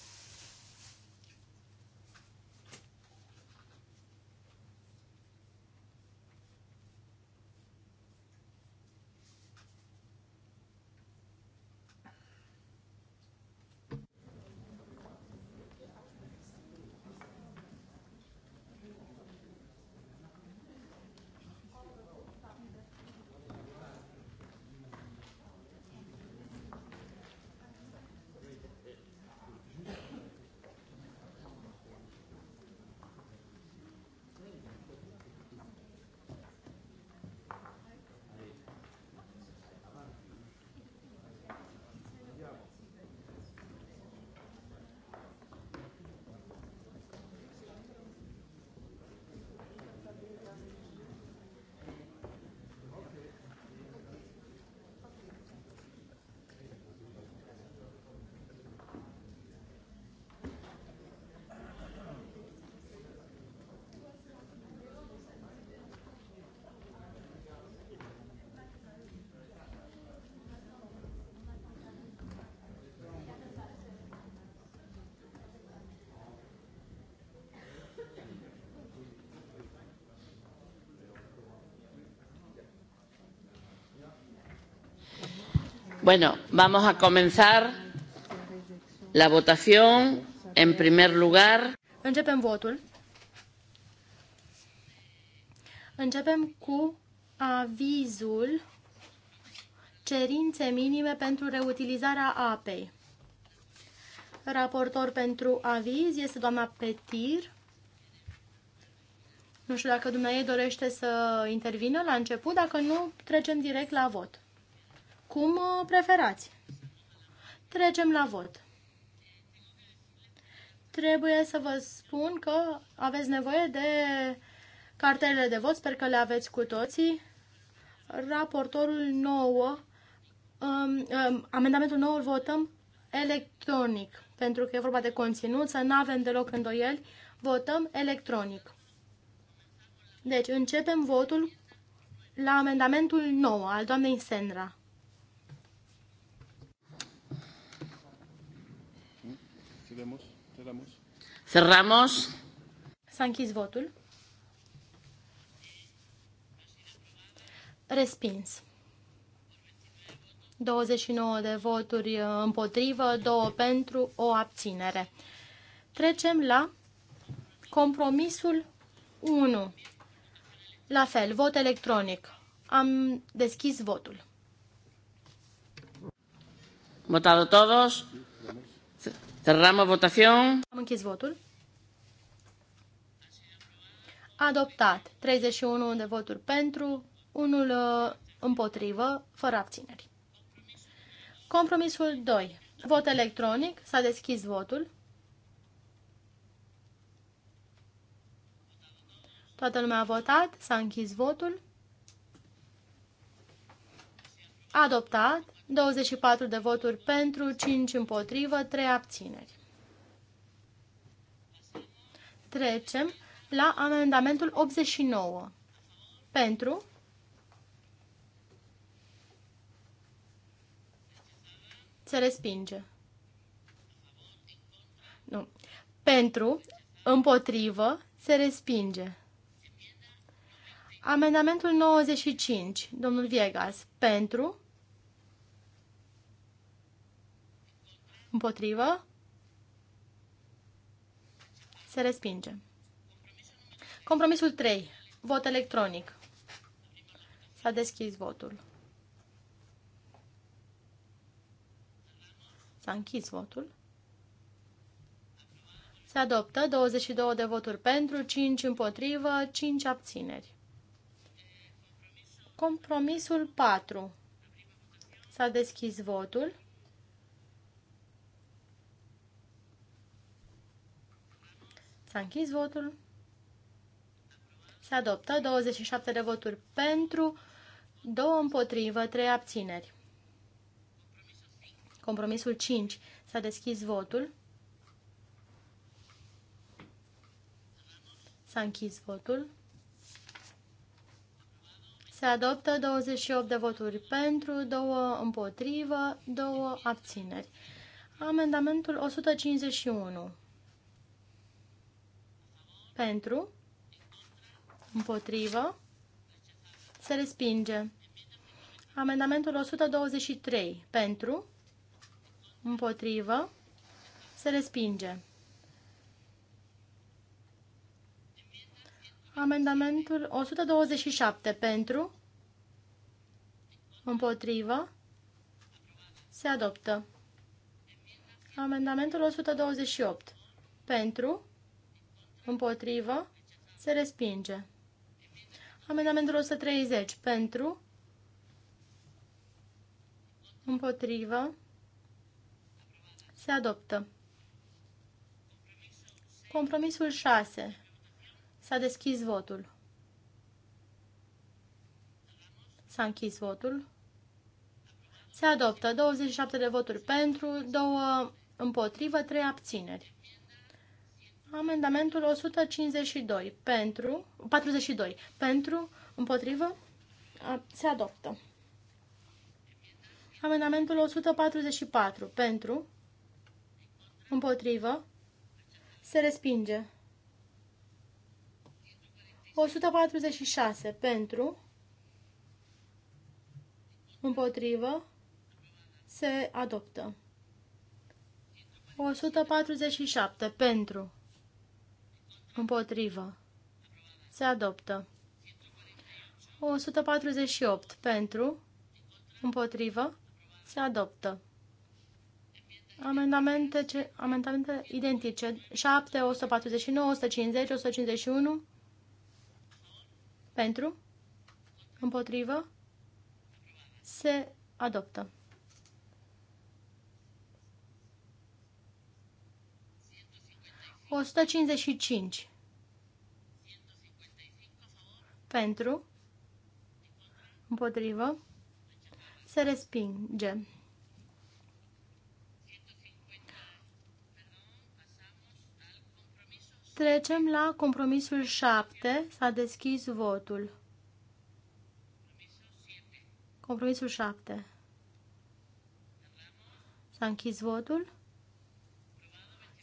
Bueno, vamos a comenzar la votación. En primer lugar. Începem votul. Începem cu avizul cerințe minime pentru reutilizarea apei. Raportor pentru aviz este doamna Petir. Nu știu dacă dumneavoastră dorește să intervină la început, dacă nu, trecem direct la vot cum uh, preferați. Trecem la vot. Trebuie să vă spun că aveți nevoie de cartelele de vot, sper că le aveți cu toții. Raportorul 9, um, um, amendamentul 9 îl votăm electronic, pentru că e vorba de conținut, să nu avem deloc îndoieli, votăm electronic. Deci începem votul la amendamentul 9 al doamnei Senra. Vemos, cerramos. Cerramos. S-a închis votul. Respins. 29 de voturi împotrivă, 2 pentru, o abținere. Trecem la compromisul 1. La fel, vot electronic. Am deschis votul. Votat todos. Cerramos votación. Am închis votul. Adoptat. 31 de voturi pentru, unul uh, împotrivă, fără abțineri. Compromisul 2. Vot electronic. S-a deschis votul. Toată lumea a votat, s-a închis votul. Adoptat, 24 de voturi pentru, 5 împotrivă, 3 abțineri. Trecem la amendamentul 89. Pentru. Se respinge. Nu. Pentru, împotrivă, se respinge. Amendamentul 95, domnul Viegas, pentru, Împotrivă. Se respinge. Compromisul 3. Vot electronic. S-a deschis votul. S-a închis votul. Se adoptă 22 de voturi pentru, 5 împotrivă, 5 abțineri. Compromisul 4. S-a deschis votul. S-a închis votul. Se adoptă 27 de voturi pentru, 2 împotrivă, 3 abțineri. Compromisul 5. S-a deschis votul. S-a închis votul. Se adoptă 28 de voturi pentru, 2 împotrivă, 2 abțineri. Amendamentul 151 pentru, împotrivă, se respinge. Amendamentul 123 pentru, împotrivă, se respinge. Amendamentul 127 pentru, împotrivă, se adoptă. Amendamentul 128 pentru, împotrivă, se respinge. Amendamentul 130 pentru, împotrivă, se adoptă. Compromisul 6. S-a deschis votul. S-a închis votul. Se adoptă 27 de voturi pentru, 2 împotrivă, 3 abțineri. Amendamentul 152 pentru 42 pentru împotrivă se adoptă. Amendamentul 144 pentru împotrivă se respinge. 146 pentru împotrivă se adoptă. 147 pentru Împotrivă. Se adoptă. 148. Pentru. Împotrivă. Se adoptă. Amendamente, ce, amendamente identice. 7, 149, 150, 151. Pentru. Împotrivă. Se adoptă. 155 pentru, împotrivă, se respinge. Trecem la compromisul 7. S-a deschis votul. Compromisul 7. S-a închis votul.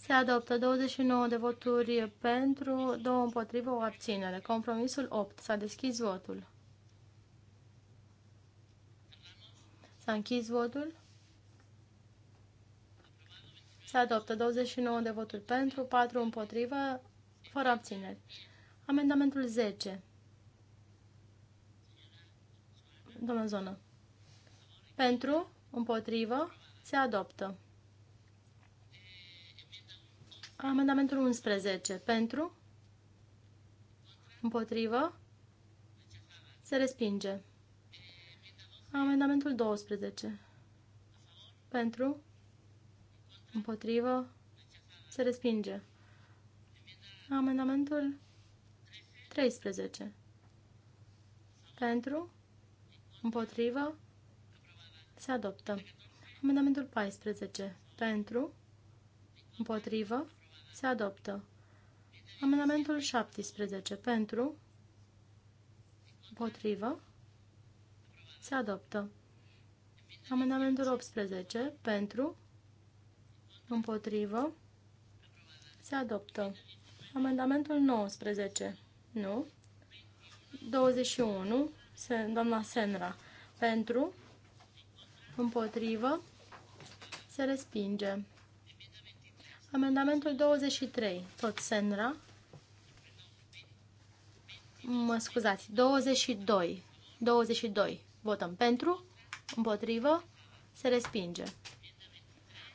Se adoptă 29 de voturi pentru, 2 împotrivă, o abținere. Compromisul 8. S-a deschis votul. S-a închis votul. Se adoptă 29 de voturi pentru, 4 împotrivă, fără abțineri. Amendamentul 10. Domnul Zonă. Pentru, împotrivă, se adoptă. Amendamentul 11. Pentru? Împotrivă? Se respinge. Amendamentul 12. Pentru? Împotrivă? Se respinge. Amendamentul 13. Pentru? Împotrivă? Se adoptă. Amendamentul 14. Pentru? Împotrivă? Se adoptă. Amendamentul 17. Pentru. Potrivă. Se adoptă. Amendamentul 18. Pentru. Împotrivă. Se adoptă. Amendamentul 19. Nu. 21. Doamna Senra. Pentru. Împotrivă. Se respinge. Amendamentul 23, tot Senra. Mă scuzați, 22. 22. Votăm pentru, împotrivă, se respinge.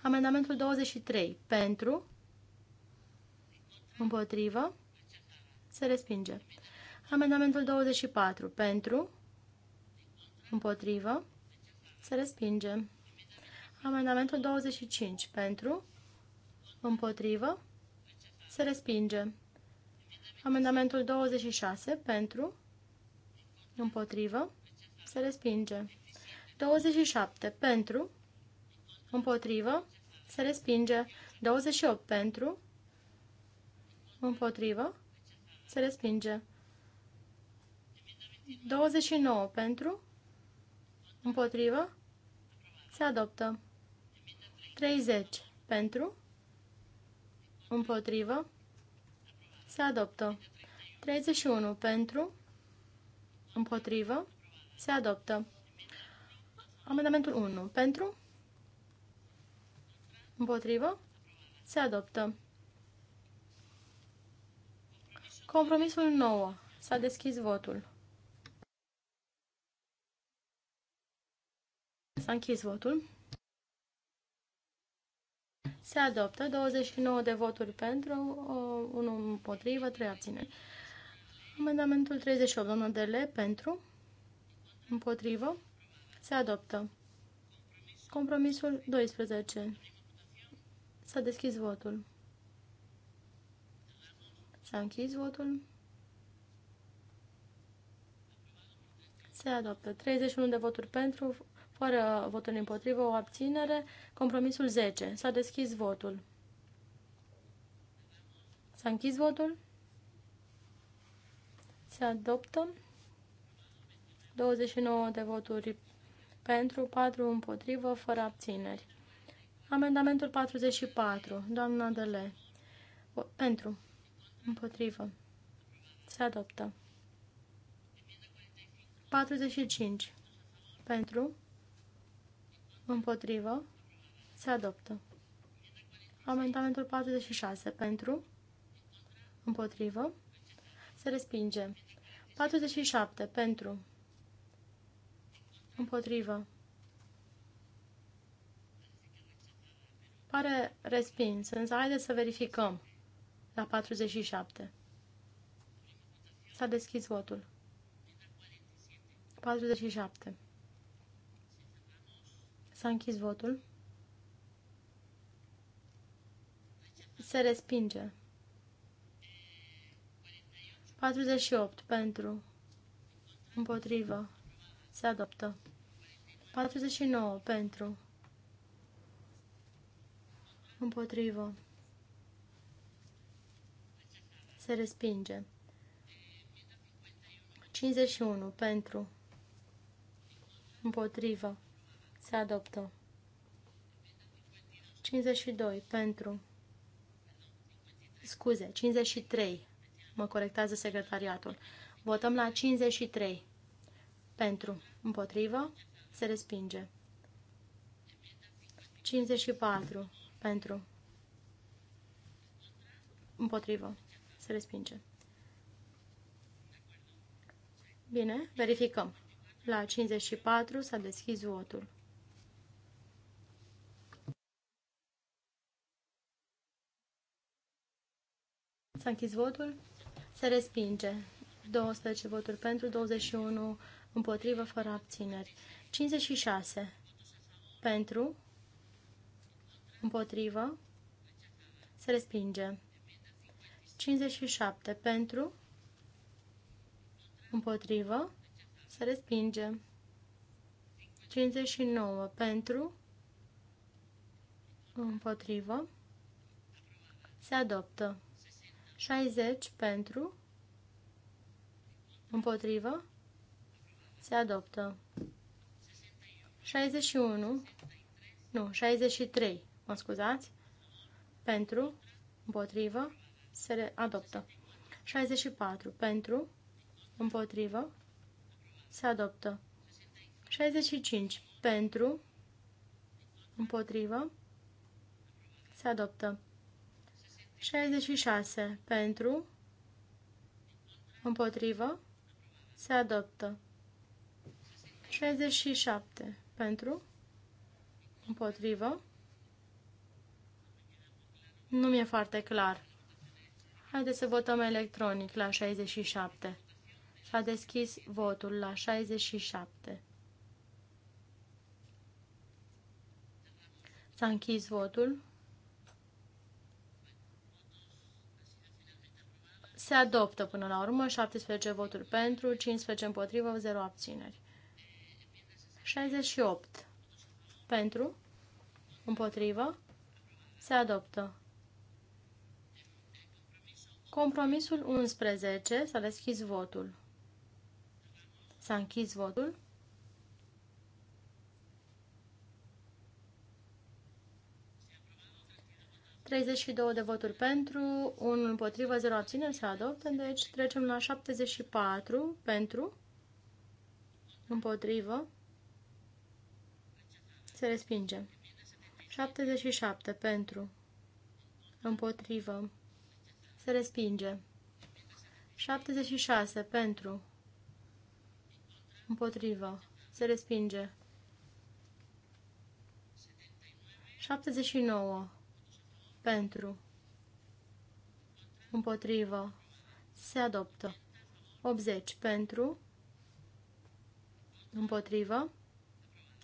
Amendamentul 23, pentru, împotrivă, se respinge. Amendamentul 24, pentru, împotrivă, se respinge. Amendamentul 25, pentru, Împotrivă. Se respinge. Amendamentul 26 pentru. Împotrivă. Se respinge. 27 pentru. Împotrivă. Se respinge. 28 pentru. Împotrivă. Se respinge. 29 pentru. Împotrivă. Se adoptă. 30 pentru. Împotrivă. Se adoptă. 31 pentru. Împotrivă. Se adoptă. Amendamentul 1 pentru. Împotrivă. Se adoptă. Compromisul 9. S-a deschis votul. S-a închis votul se adoptă, 29 de voturi pentru, 1 împotrivă, 3 abțineri. Amendamentul 38, domnul Dele, pentru, împotrivă, se adoptă. Compromisul 12. S-a deschis votul. S-a închis votul. Se adoptă. 31 de voturi pentru, fără voturi împotrivă, o abținere. Compromisul 10. S-a deschis votul. S-a închis votul. Se adoptă. 29 de voturi pentru, 4 împotrivă, fără abțineri. Amendamentul 44. Doamna Dele. Pentru. Împotrivă. Se adoptă. 45. Pentru. Împotrivă. Se adoptă. Amendamentul 46. Pentru. Împotrivă. Se respinge. 47. Pentru. Împotrivă. Pare respins, însă haideți să verificăm. La 47. S-a deschis votul. 47. S-a închis votul. Se respinge. 48 pentru. Împotrivă. Se adoptă. 49 pentru. Împotrivă. Se respinge. 51 pentru. Împotrivă. Se adoptă. 52. Pentru. Scuze, 53. Mă corectează secretariatul. Votăm la 53. Pentru. Împotrivă. Se respinge. 54. Pentru. Împotrivă. Se respinge. Bine, verificăm. La 54 s-a deschis votul. S-a închis votul. Se respinge. 12 voturi pentru, 21 împotrivă, fără abțineri. 56 pentru, împotrivă, se respinge. 57 pentru, împotrivă, se respinge. 59 pentru, împotrivă, se adoptă. 60 pentru, împotrivă, se adoptă. 61, nu, 63, mă scuzați, pentru, împotrivă, se adoptă. 64, pentru, împotrivă, se adoptă. 65, pentru, împotrivă, se adoptă. 66 pentru, împotrivă, se adoptă. 67 pentru, împotrivă, nu mi-e foarte clar. Haideți să votăm electronic la 67. S-a deschis votul la 67. S-a închis votul. Se adoptă până la urmă 17 voturi pentru, 15 împotrivă, 0 abțineri. 68 pentru, împotrivă, se adoptă. Compromisul 11, s-a deschis votul. S-a închis votul. 32 de voturi pentru, 1 împotrivă, 0 abțineri se adoptă, deci trecem la 74 pentru, împotrivă, se respinge. 77 pentru, împotrivă, se respinge. 76 pentru, împotrivă, se respinge. 79 pentru, împotrivă, se adoptă. 80 pentru, împotrivă,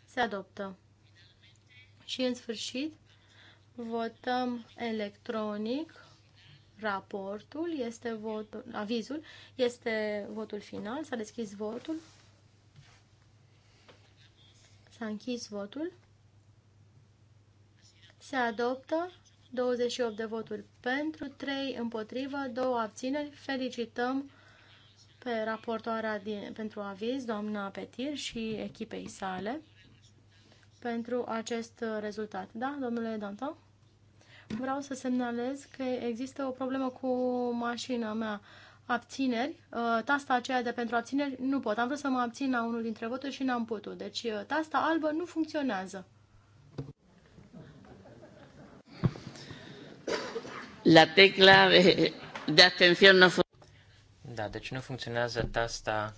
se adoptă. Și în sfârșit, votăm electronic raportul, este votul, avizul, este votul final, s-a deschis votul, s-a închis votul, se adoptă 28 de voturi pentru, 3 împotrivă, 2 abțineri. Felicităm pe raportoarea din, pentru aviz, doamna Petir și echipei sale pentru acest rezultat. Da, domnule Danton? Vreau să semnalez că există o problemă cu mașina mea. Abțineri, uh, tasta aceea de pentru abțineri nu pot. Am vrut să mă abțin la unul dintre voturi și n-am putut. Deci uh, tasta albă nu funcționează. La tecla de, de abstención no Da, deci nu funcționează tasta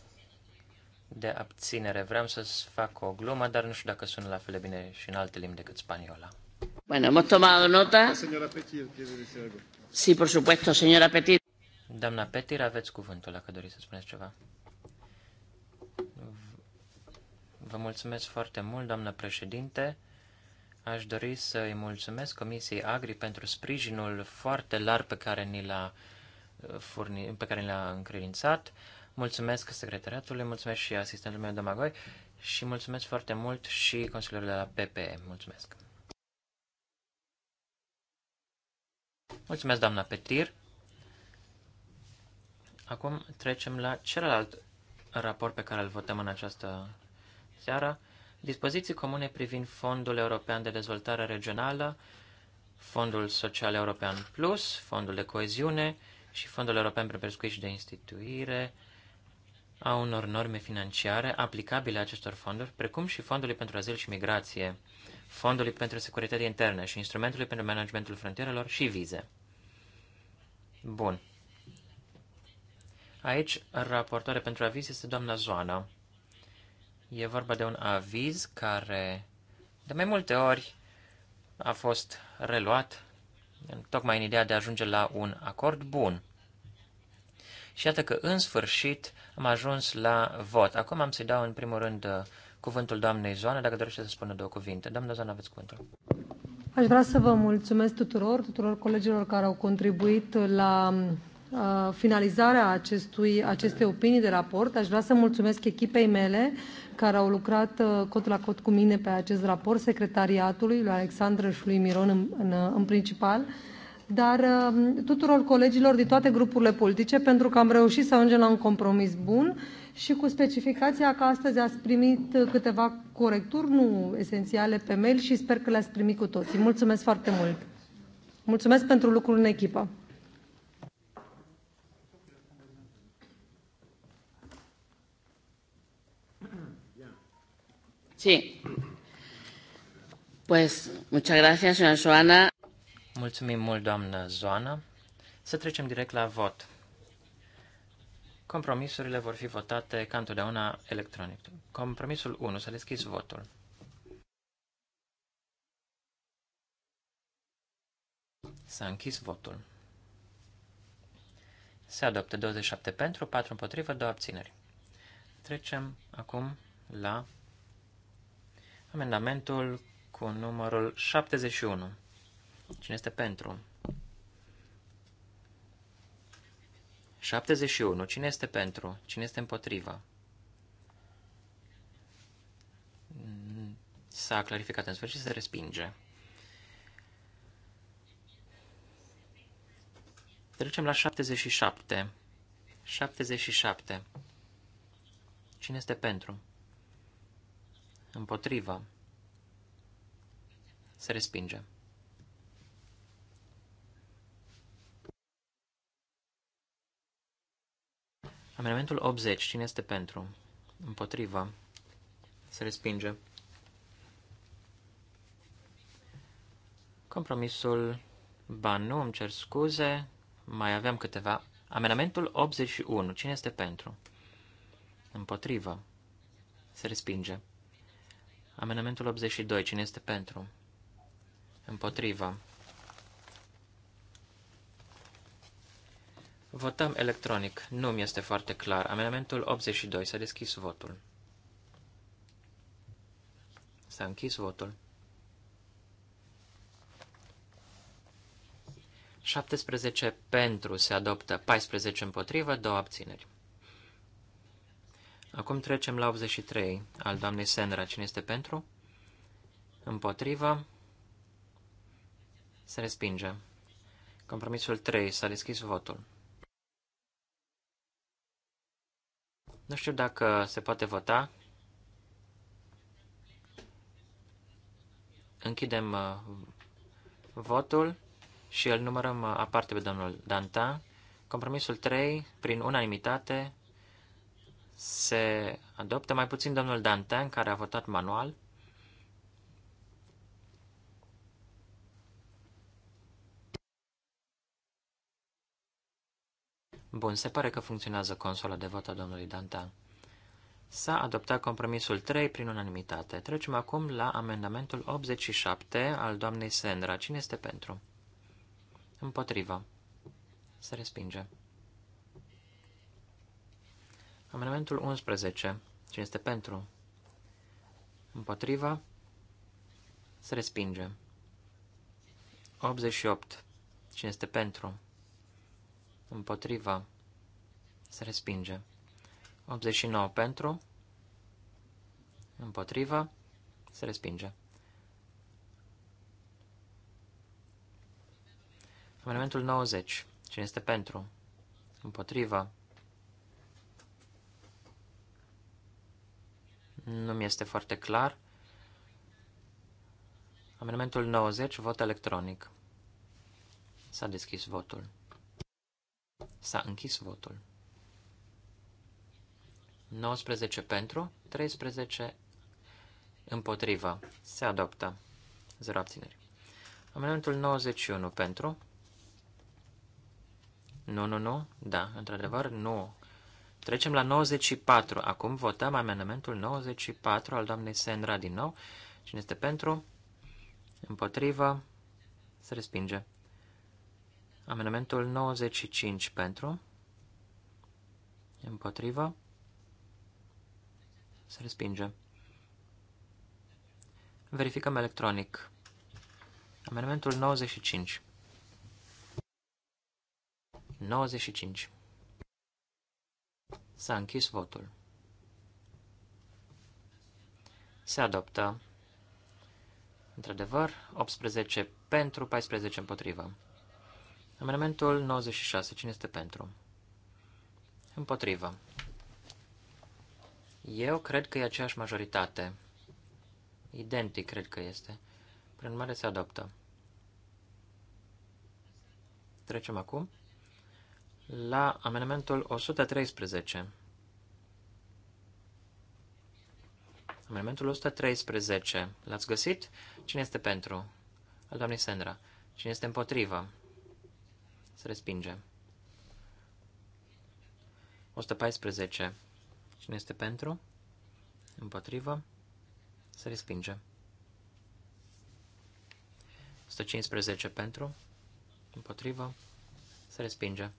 de abținere. Vreau să fac o glumă, dar nu știu dacă sună la fel de bine și în alte limbi decât spaniola. Bueno, hemos tomado nota. Señora Sí, por supuesto, señora Petir. Doamna Petir, aveți cuvântul dacă doriți să spuneți ceva. Vă mulțumesc foarte mult, doamnă președinte. Aș dori să îi mulțumesc Comisiei Agri pentru sprijinul foarte larg pe care ni l-a, uh, furni, pe care ni l-a încredințat. Mulțumesc secretariatului, mulțumesc și asistentul meu Domagoi și mulțumesc foarte mult și consilierul de la PPE. Mulțumesc! Mulțumesc, doamna Petir! Acum trecem la celălalt raport pe care îl votăm în această seară. Dispoziții comune privind Fondul European de Dezvoltare Regională, Fondul Social European Plus, Fondul de Coeziune și Fondul European pentru Pescuit și de Instituire a unor norme financiare aplicabile acestor fonduri, precum și Fondului pentru Azil și Migrație, Fondului pentru Securitate Internă și Instrumentului pentru Managementul Frontierelor și Vize. Bun. Aici, raportoare pentru aviz este doamna Zoana. E vorba de un aviz care de mai multe ori a fost reluat, tocmai în ideea de a ajunge la un acord bun. Și iată că, în sfârșit, am ajuns la vot. Acum am să-i dau, în primul rând, uh, cuvântul doamnei Zoana, dacă dorește să spună două cuvinte. Doamna Zoana, aveți cuvântul. Aș vrea să vă mulțumesc tuturor, tuturor colegilor care au contribuit la Uh, finalizarea acestui, acestei opinii de raport. Aș vrea să mulțumesc echipei mele care au lucrat uh, cot la cot cu mine pe acest raport, secretariatului lui Alexandru și lui Miron în, în, uh, în principal, dar um, tuturor colegilor din toate grupurile politice, pentru că am reușit să ajungem la un compromis bun și cu specificația că astăzi ați primit câteva corecturi, nu esențiale, pe mail și sper că le-ați primit cu toții. Mulțumesc foarte mult! Mulțumesc pentru lucrul în echipă! Sí. Pues, muchas gracias, señora Joana. Mulțumim mult, doamnă Zoana. Să trecem direct la vot. Compromisurile vor fi votate ca întotdeauna electronic. Compromisul 1. Să deschizi votul. S-a închis votul. Se adoptă 27 pentru, 4 împotrivă, 2 abțineri. Trecem acum la Amendamentul cu numărul 71. Cine este pentru? 71. Cine este pentru? Cine este împotriva? S-a clarificat în sfârșit, se respinge. Trecem la 77. 77. Cine este pentru? Împotrivă. Se respinge. Amendamentul 80. Cine este pentru? Împotrivă. Se respinge. Compromisul. Ba nu, îmi cer scuze. Mai aveam câteva. Amendamentul 81. Cine este pentru? Împotrivă. Se respinge. Amendamentul 82. Cine este pentru? Împotriva. Votăm electronic. Nu mi este foarte clar. Amendamentul 82. S-a deschis votul. S-a închis votul. 17 pentru se adoptă, 14 împotrivă, două abțineri. Acum trecem la 83 al doamnei Senra. Cine este pentru? Împotrivă. Se respinge. Compromisul 3. S-a deschis votul. Nu știu dacă se poate vota. Închidem uh, votul și îl numărăm uh, aparte pe domnul Danta. Compromisul 3, prin unanimitate, se adoptă, mai puțin domnul Dantan, care a votat manual. Bun, se pare că funcționează consola de vot a domnului Dantan. S-a adoptat compromisul 3 prin unanimitate. Trecem acum la amendamentul 87 al doamnei Sendra. Cine este pentru? Împotrivă. Se respinge. Amendamentul 11. Cine este pentru? Împotriva? Se respinge. 88. Cine este pentru? Împotriva? Se respinge. 89 pentru? Împotriva? Se respinge. Amendamentul 90. Cine este pentru? Împotriva? Nu mi este foarte clar. Amendamentul 90, vot electronic. S-a deschis votul. S-a închis votul. 19 pentru, 13 împotriva. Se adoptă. 0 abțineri. Amendamentul 91 pentru. Nu, nu, nu. Da, într-adevăr, nu Trecem la 94. Acum votăm amendamentul 94 al doamnei Senra din nou. Cine este pentru? Împotrivă? Se respinge. Amendamentul 95 pentru? Împotrivă? Se respinge. Verificăm electronic. Amendamentul 95. 95. S-a închis votul. Se adoptă, într-adevăr, 18 pentru, 14 împotrivă. Amendamentul 96. Cine este pentru? Împotrivă. Eu cred că e aceeași majoritate. Identic, cred că este. Prin urmare, se adoptă. Trecem acum la amendamentul 113. Amendamentul 113. L-ați găsit? Cine este pentru? Al doamnei Sandra. Cine este împotrivă? Se respinge. 114. Cine este pentru? Împotrivă? Se respinge. 115 pentru? Împotrivă? Se respinge.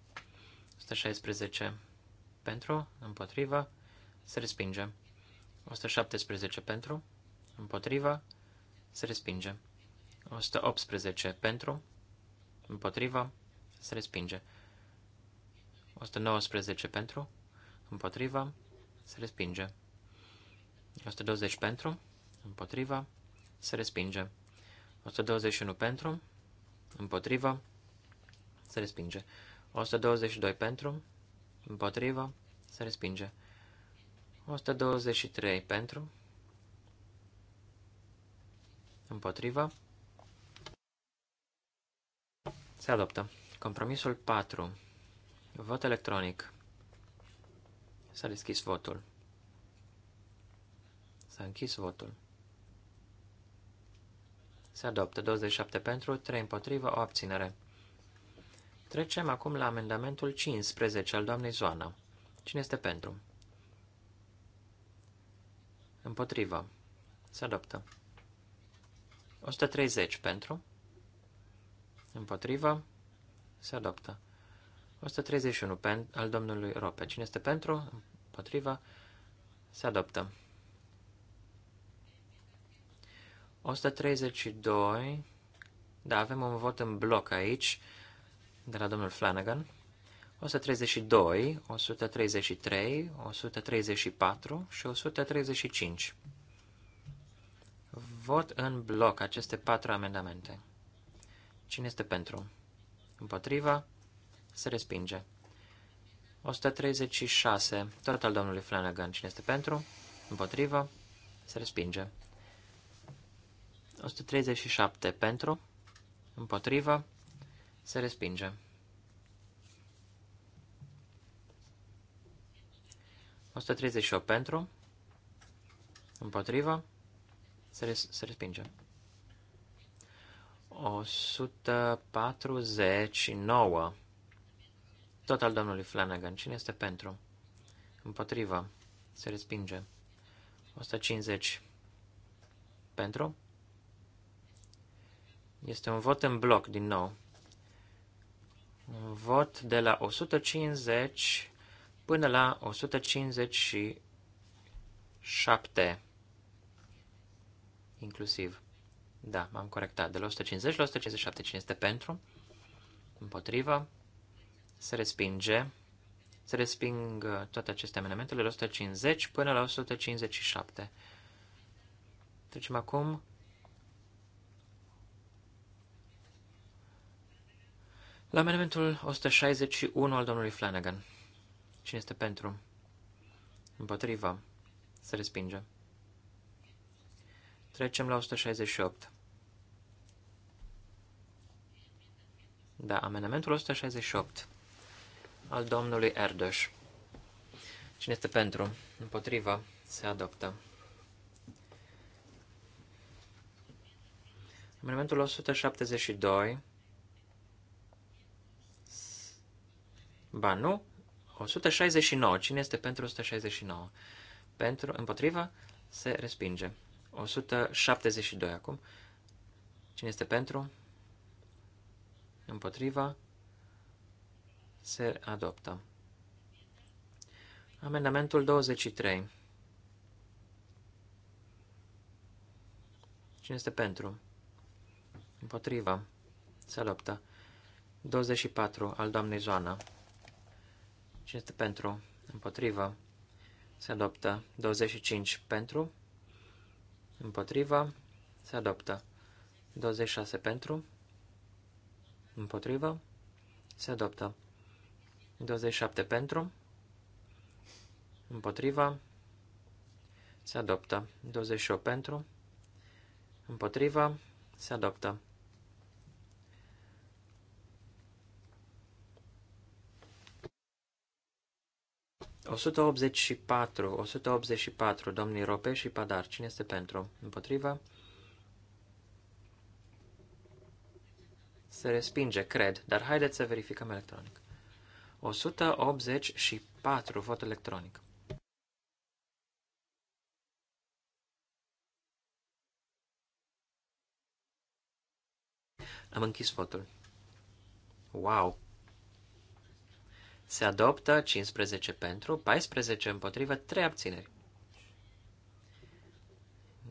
116 pentru, împotriva, se respinge. 117 pentru, împotriva, se respinge. 118 pentru, împotriva, se respinge. 119 pentru, împotriva, se respinge. 120 pentru, împotriva, se respinge. 121 pentru, împotriva, se respinge. 122 pentru, împotrivă, se respinge. 123 pentru, împotrivă, se adoptă. Compromisul 4, vot electronic. S-a deschis votul. S-a închis votul. Se adoptă 27 pentru, 3 împotrivă, o abținere. Trecem acum la amendamentul 15 al doamnei Zoana. Cine este pentru? Împotrivă. Se adoptă. 130 pentru. Împotrivă. Se adoptă. 131 pen, al domnului Rope. Cine este pentru? Împotrivă. Se adoptă. 132. Da, avem un vot în bloc aici de la domnul Flanagan, 132, 133, 134 și 135. Vot în bloc aceste patru amendamente. Cine este pentru? Împotriva? Se respinge. 136, tot al domnului Flanagan. Cine este pentru? Împotriva? Se respinge. 137, pentru? Împotriva? Se respinge. 138 pentru, împotriva, se, res se respinge. 149. Tot al domnului Flanagan. Cine este pentru? Împotriva. Se respinge. 150. Pentru? Este un vot în bloc, din nou vot de la 150 până la 157 inclusiv. Da, m-am corectat. De la 150 la 157. Cine este pentru? Împotriva? Se respinge. Se resping uh, toate aceste amendamente de la 150 până la 157. Trecem acum La amendamentul 161 al domnului Flanagan. Cine este pentru? Împotriva. Se respinge. Trecem la 168. Da, amendamentul 168 al domnului Erdoș. Cine este pentru? Împotriva. Se adoptă. Amendamentul 172 Ba nu, 169. Cine este pentru 169? Pentru, împotriva, se respinge. 172 acum. Cine este pentru? Împotriva, se adoptă. Amendamentul 23. Cine este pentru? Împotriva. Se adoptă. 24. Al doamnei Zoana. Cine este pentru? Împotrivă. Se adoptă. 25 pentru. Împotrivă. Se adoptă. 26 pentru. Împotrivă. Se adoptă. 27 pentru. Împotriva. Se adoptă. 28 pentru. Împotriva. Se adoptă. 184, 184, domnii Rope și Padar. Cine este pentru? Împotriva? Se respinge, cred, dar haideți să verificăm electronic. 184, vot electronic. Am închis votul. Wow! Se adoptă 15 pentru, 14 împotrivă, 3 abțineri.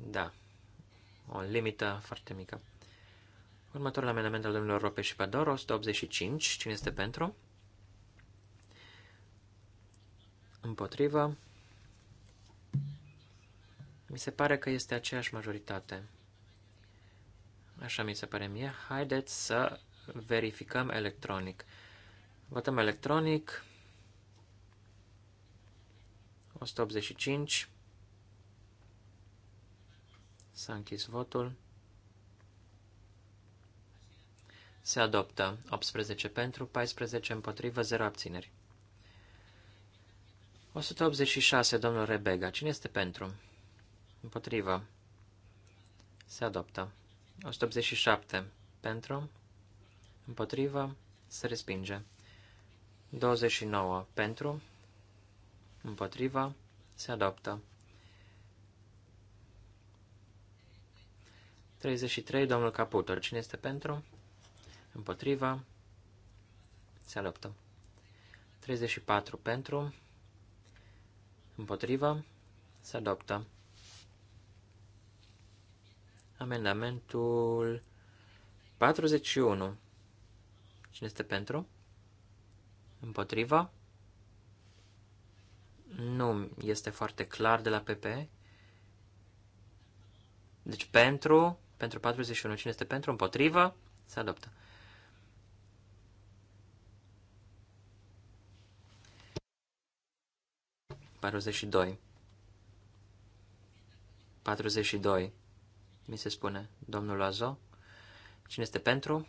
Da. O limită foarte mică. Următorul amendament al domnilor Rope și Pador, 185. Cine este pentru? Împotrivă. Mi se pare că este aceeași majoritate. Așa mi se pare mie. Haideți să verificăm electronic. Votăm electronic. 185. S-a închis votul. Se adoptă 18 pentru, 14 împotrivă, 0 abțineri. 186, domnul Rebega. Cine este pentru? Împotrivă. Se adoptă. 187. Pentru. Împotrivă. Se respinge. 29 pentru, împotriva, se adoptă. 33, domnul Caputor, cine este pentru, împotriva, se adoptă. 34 pentru, împotriva, se adoptă. Amendamentul 41. Cine este pentru? Împotriva? Nu este foarte clar de la PP. Deci pentru, pentru 41, cine este pentru, împotriva, se adoptă. Patruzeci și doi. 42, mi se spune domnul Lazo. Cine este pentru?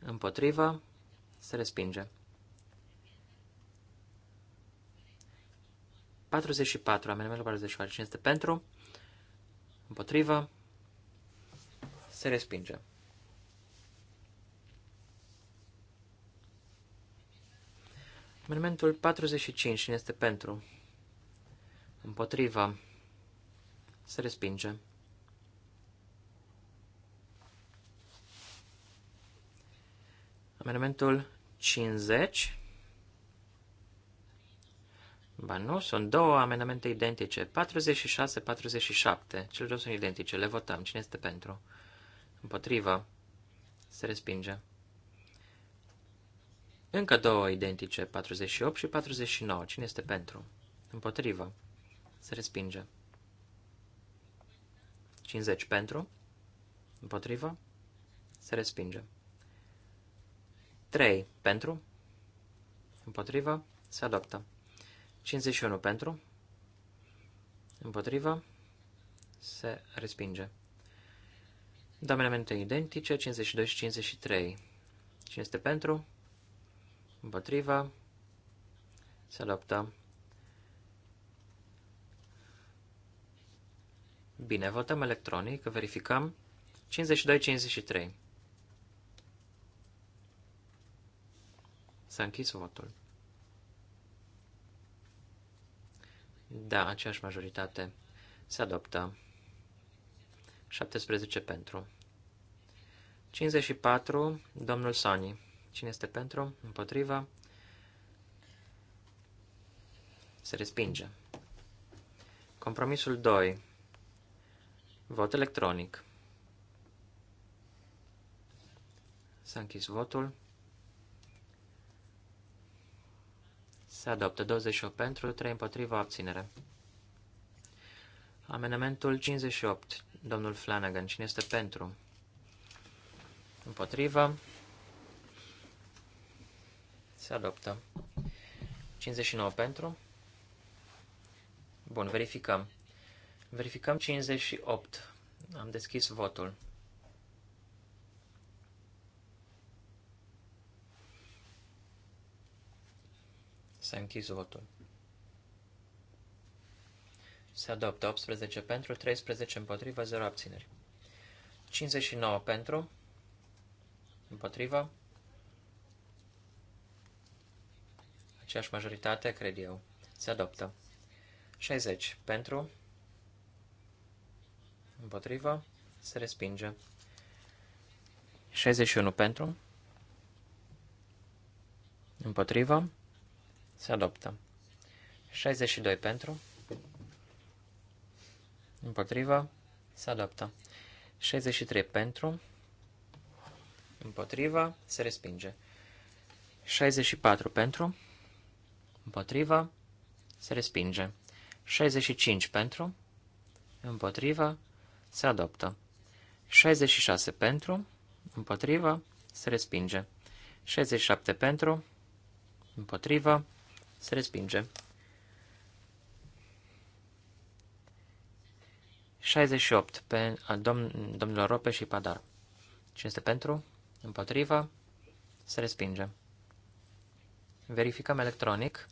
Împotriva. Se respinge. 44, amendamentul 44, cine este pentru, împotrivă, se respinge. Amendamentul 45, cine este pentru, împotrivă, se respinge. Amenamentul 50. Ba nu, sunt două amendamente identice. 46-47. Cele două sunt identice. Le votăm. Cine este pentru? Împotrivă. Se respinge. Încă două identice. 48 și 49. Cine este pentru? Împotrivă. Se respinge. 50 pentru. Împotrivă. Se respinge. 3 pentru, împotriva, se adoptă. 51 pentru, împotriva, se respinge. Două identice, 52 și 53. Cine este pentru? Împotriva. Se adoptă. Bine, votăm electronic, verificăm. 52-53. S-a închis votul. Da, aceeași majoritate. Se adoptă. 17 pentru. 54, domnul Sani. Cine este pentru? Împotriva. Se respinge. Compromisul 2. Vot electronic. S-a închis votul. Se adoptă 28 pentru, 3 împotriva, abținere. Amendamentul 58, domnul Flanagan, cine este pentru? Împotriva. Se adoptă. 59 pentru. Bun, verificăm. Verificăm 58. Am deschis votul. S-a închis votul. Se adoptă 18 pentru, 13 împotriva, 0 abțineri. 59 pentru, împotriva, aceeași majoritate, cred eu. Se adoptă. 60 pentru, împotriva, se respinge. 61 pentru, împotriva, se adoptă. 62 pentru. Împotriva. Se adoptă. 63 pentru. Împotriva. Se respinge. 64 pentru. Împotriva. Se respinge. 65 pentru. Împotriva. Se adoptă. 66 pentru. Împotriva. Se respinge. 67 pentru. Împotriva se respinge. 68 pe a dom domnilor Rope și Padar. Cine este pentru? Împotriva? Se respinge. Verificăm electronic.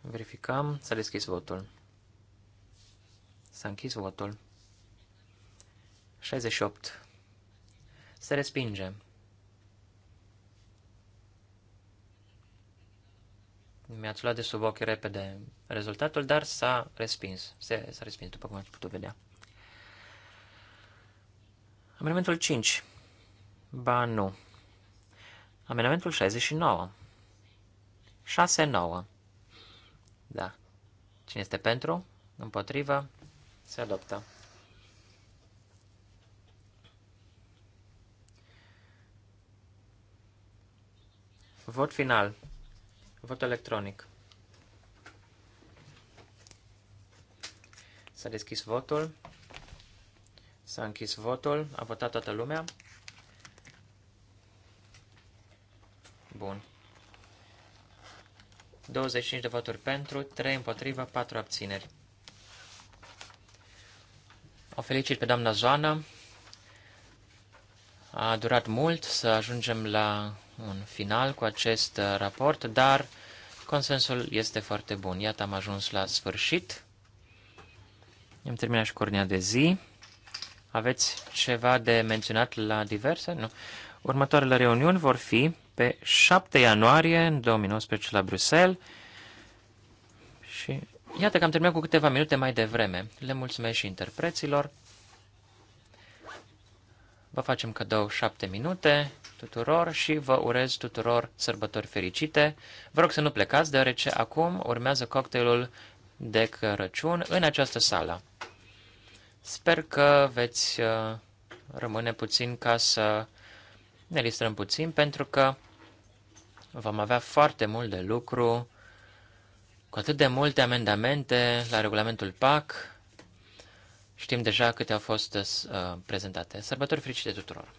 Verificăm. S-a deschis votul. S-a închis votul. 68. Se respinge. mi-ați luat de sub ochi repede rezultatul, dar s-a respins. Se, S-a respins, după cum ați putut vedea. Amendamentul 5. Ba nu. Amendamentul 69. 6-9. Da. Cine este pentru? Împotrivă? Se adoptă. Vot final. Vot electronic. S-a deschis votul. S-a închis votul. A votat toată lumea. Bun. 25 de voturi pentru, 3 împotriva, 4 abțineri. O felicit pe doamna Zoană. A durat mult să ajungem la un final cu acest uh, raport, dar consensul este foarte bun. Iată, am ajuns la sfârșit. Am terminat și cornea de zi. Aveți ceva de menționat la diverse? Nu. Următoarele reuniuni vor fi pe 7 ianuarie 2019 la Bruxelles și iată că am terminat cu câteva minute mai devreme. Le mulțumesc și interpreților. Vă facem cadou șapte minute tuturor și vă urez tuturor sărbători fericite. Vă rog să nu plecați, deoarece acum urmează cocktailul de Crăciun în această sală. Sper că veți uh, rămâne puțin ca să ne listrăm puțin, pentru că vom avea foarte mult de lucru, cu atât de multe amendamente la regulamentul PAC, Știm deja câte au fost uh, prezentate. Sărbători fericite tuturor!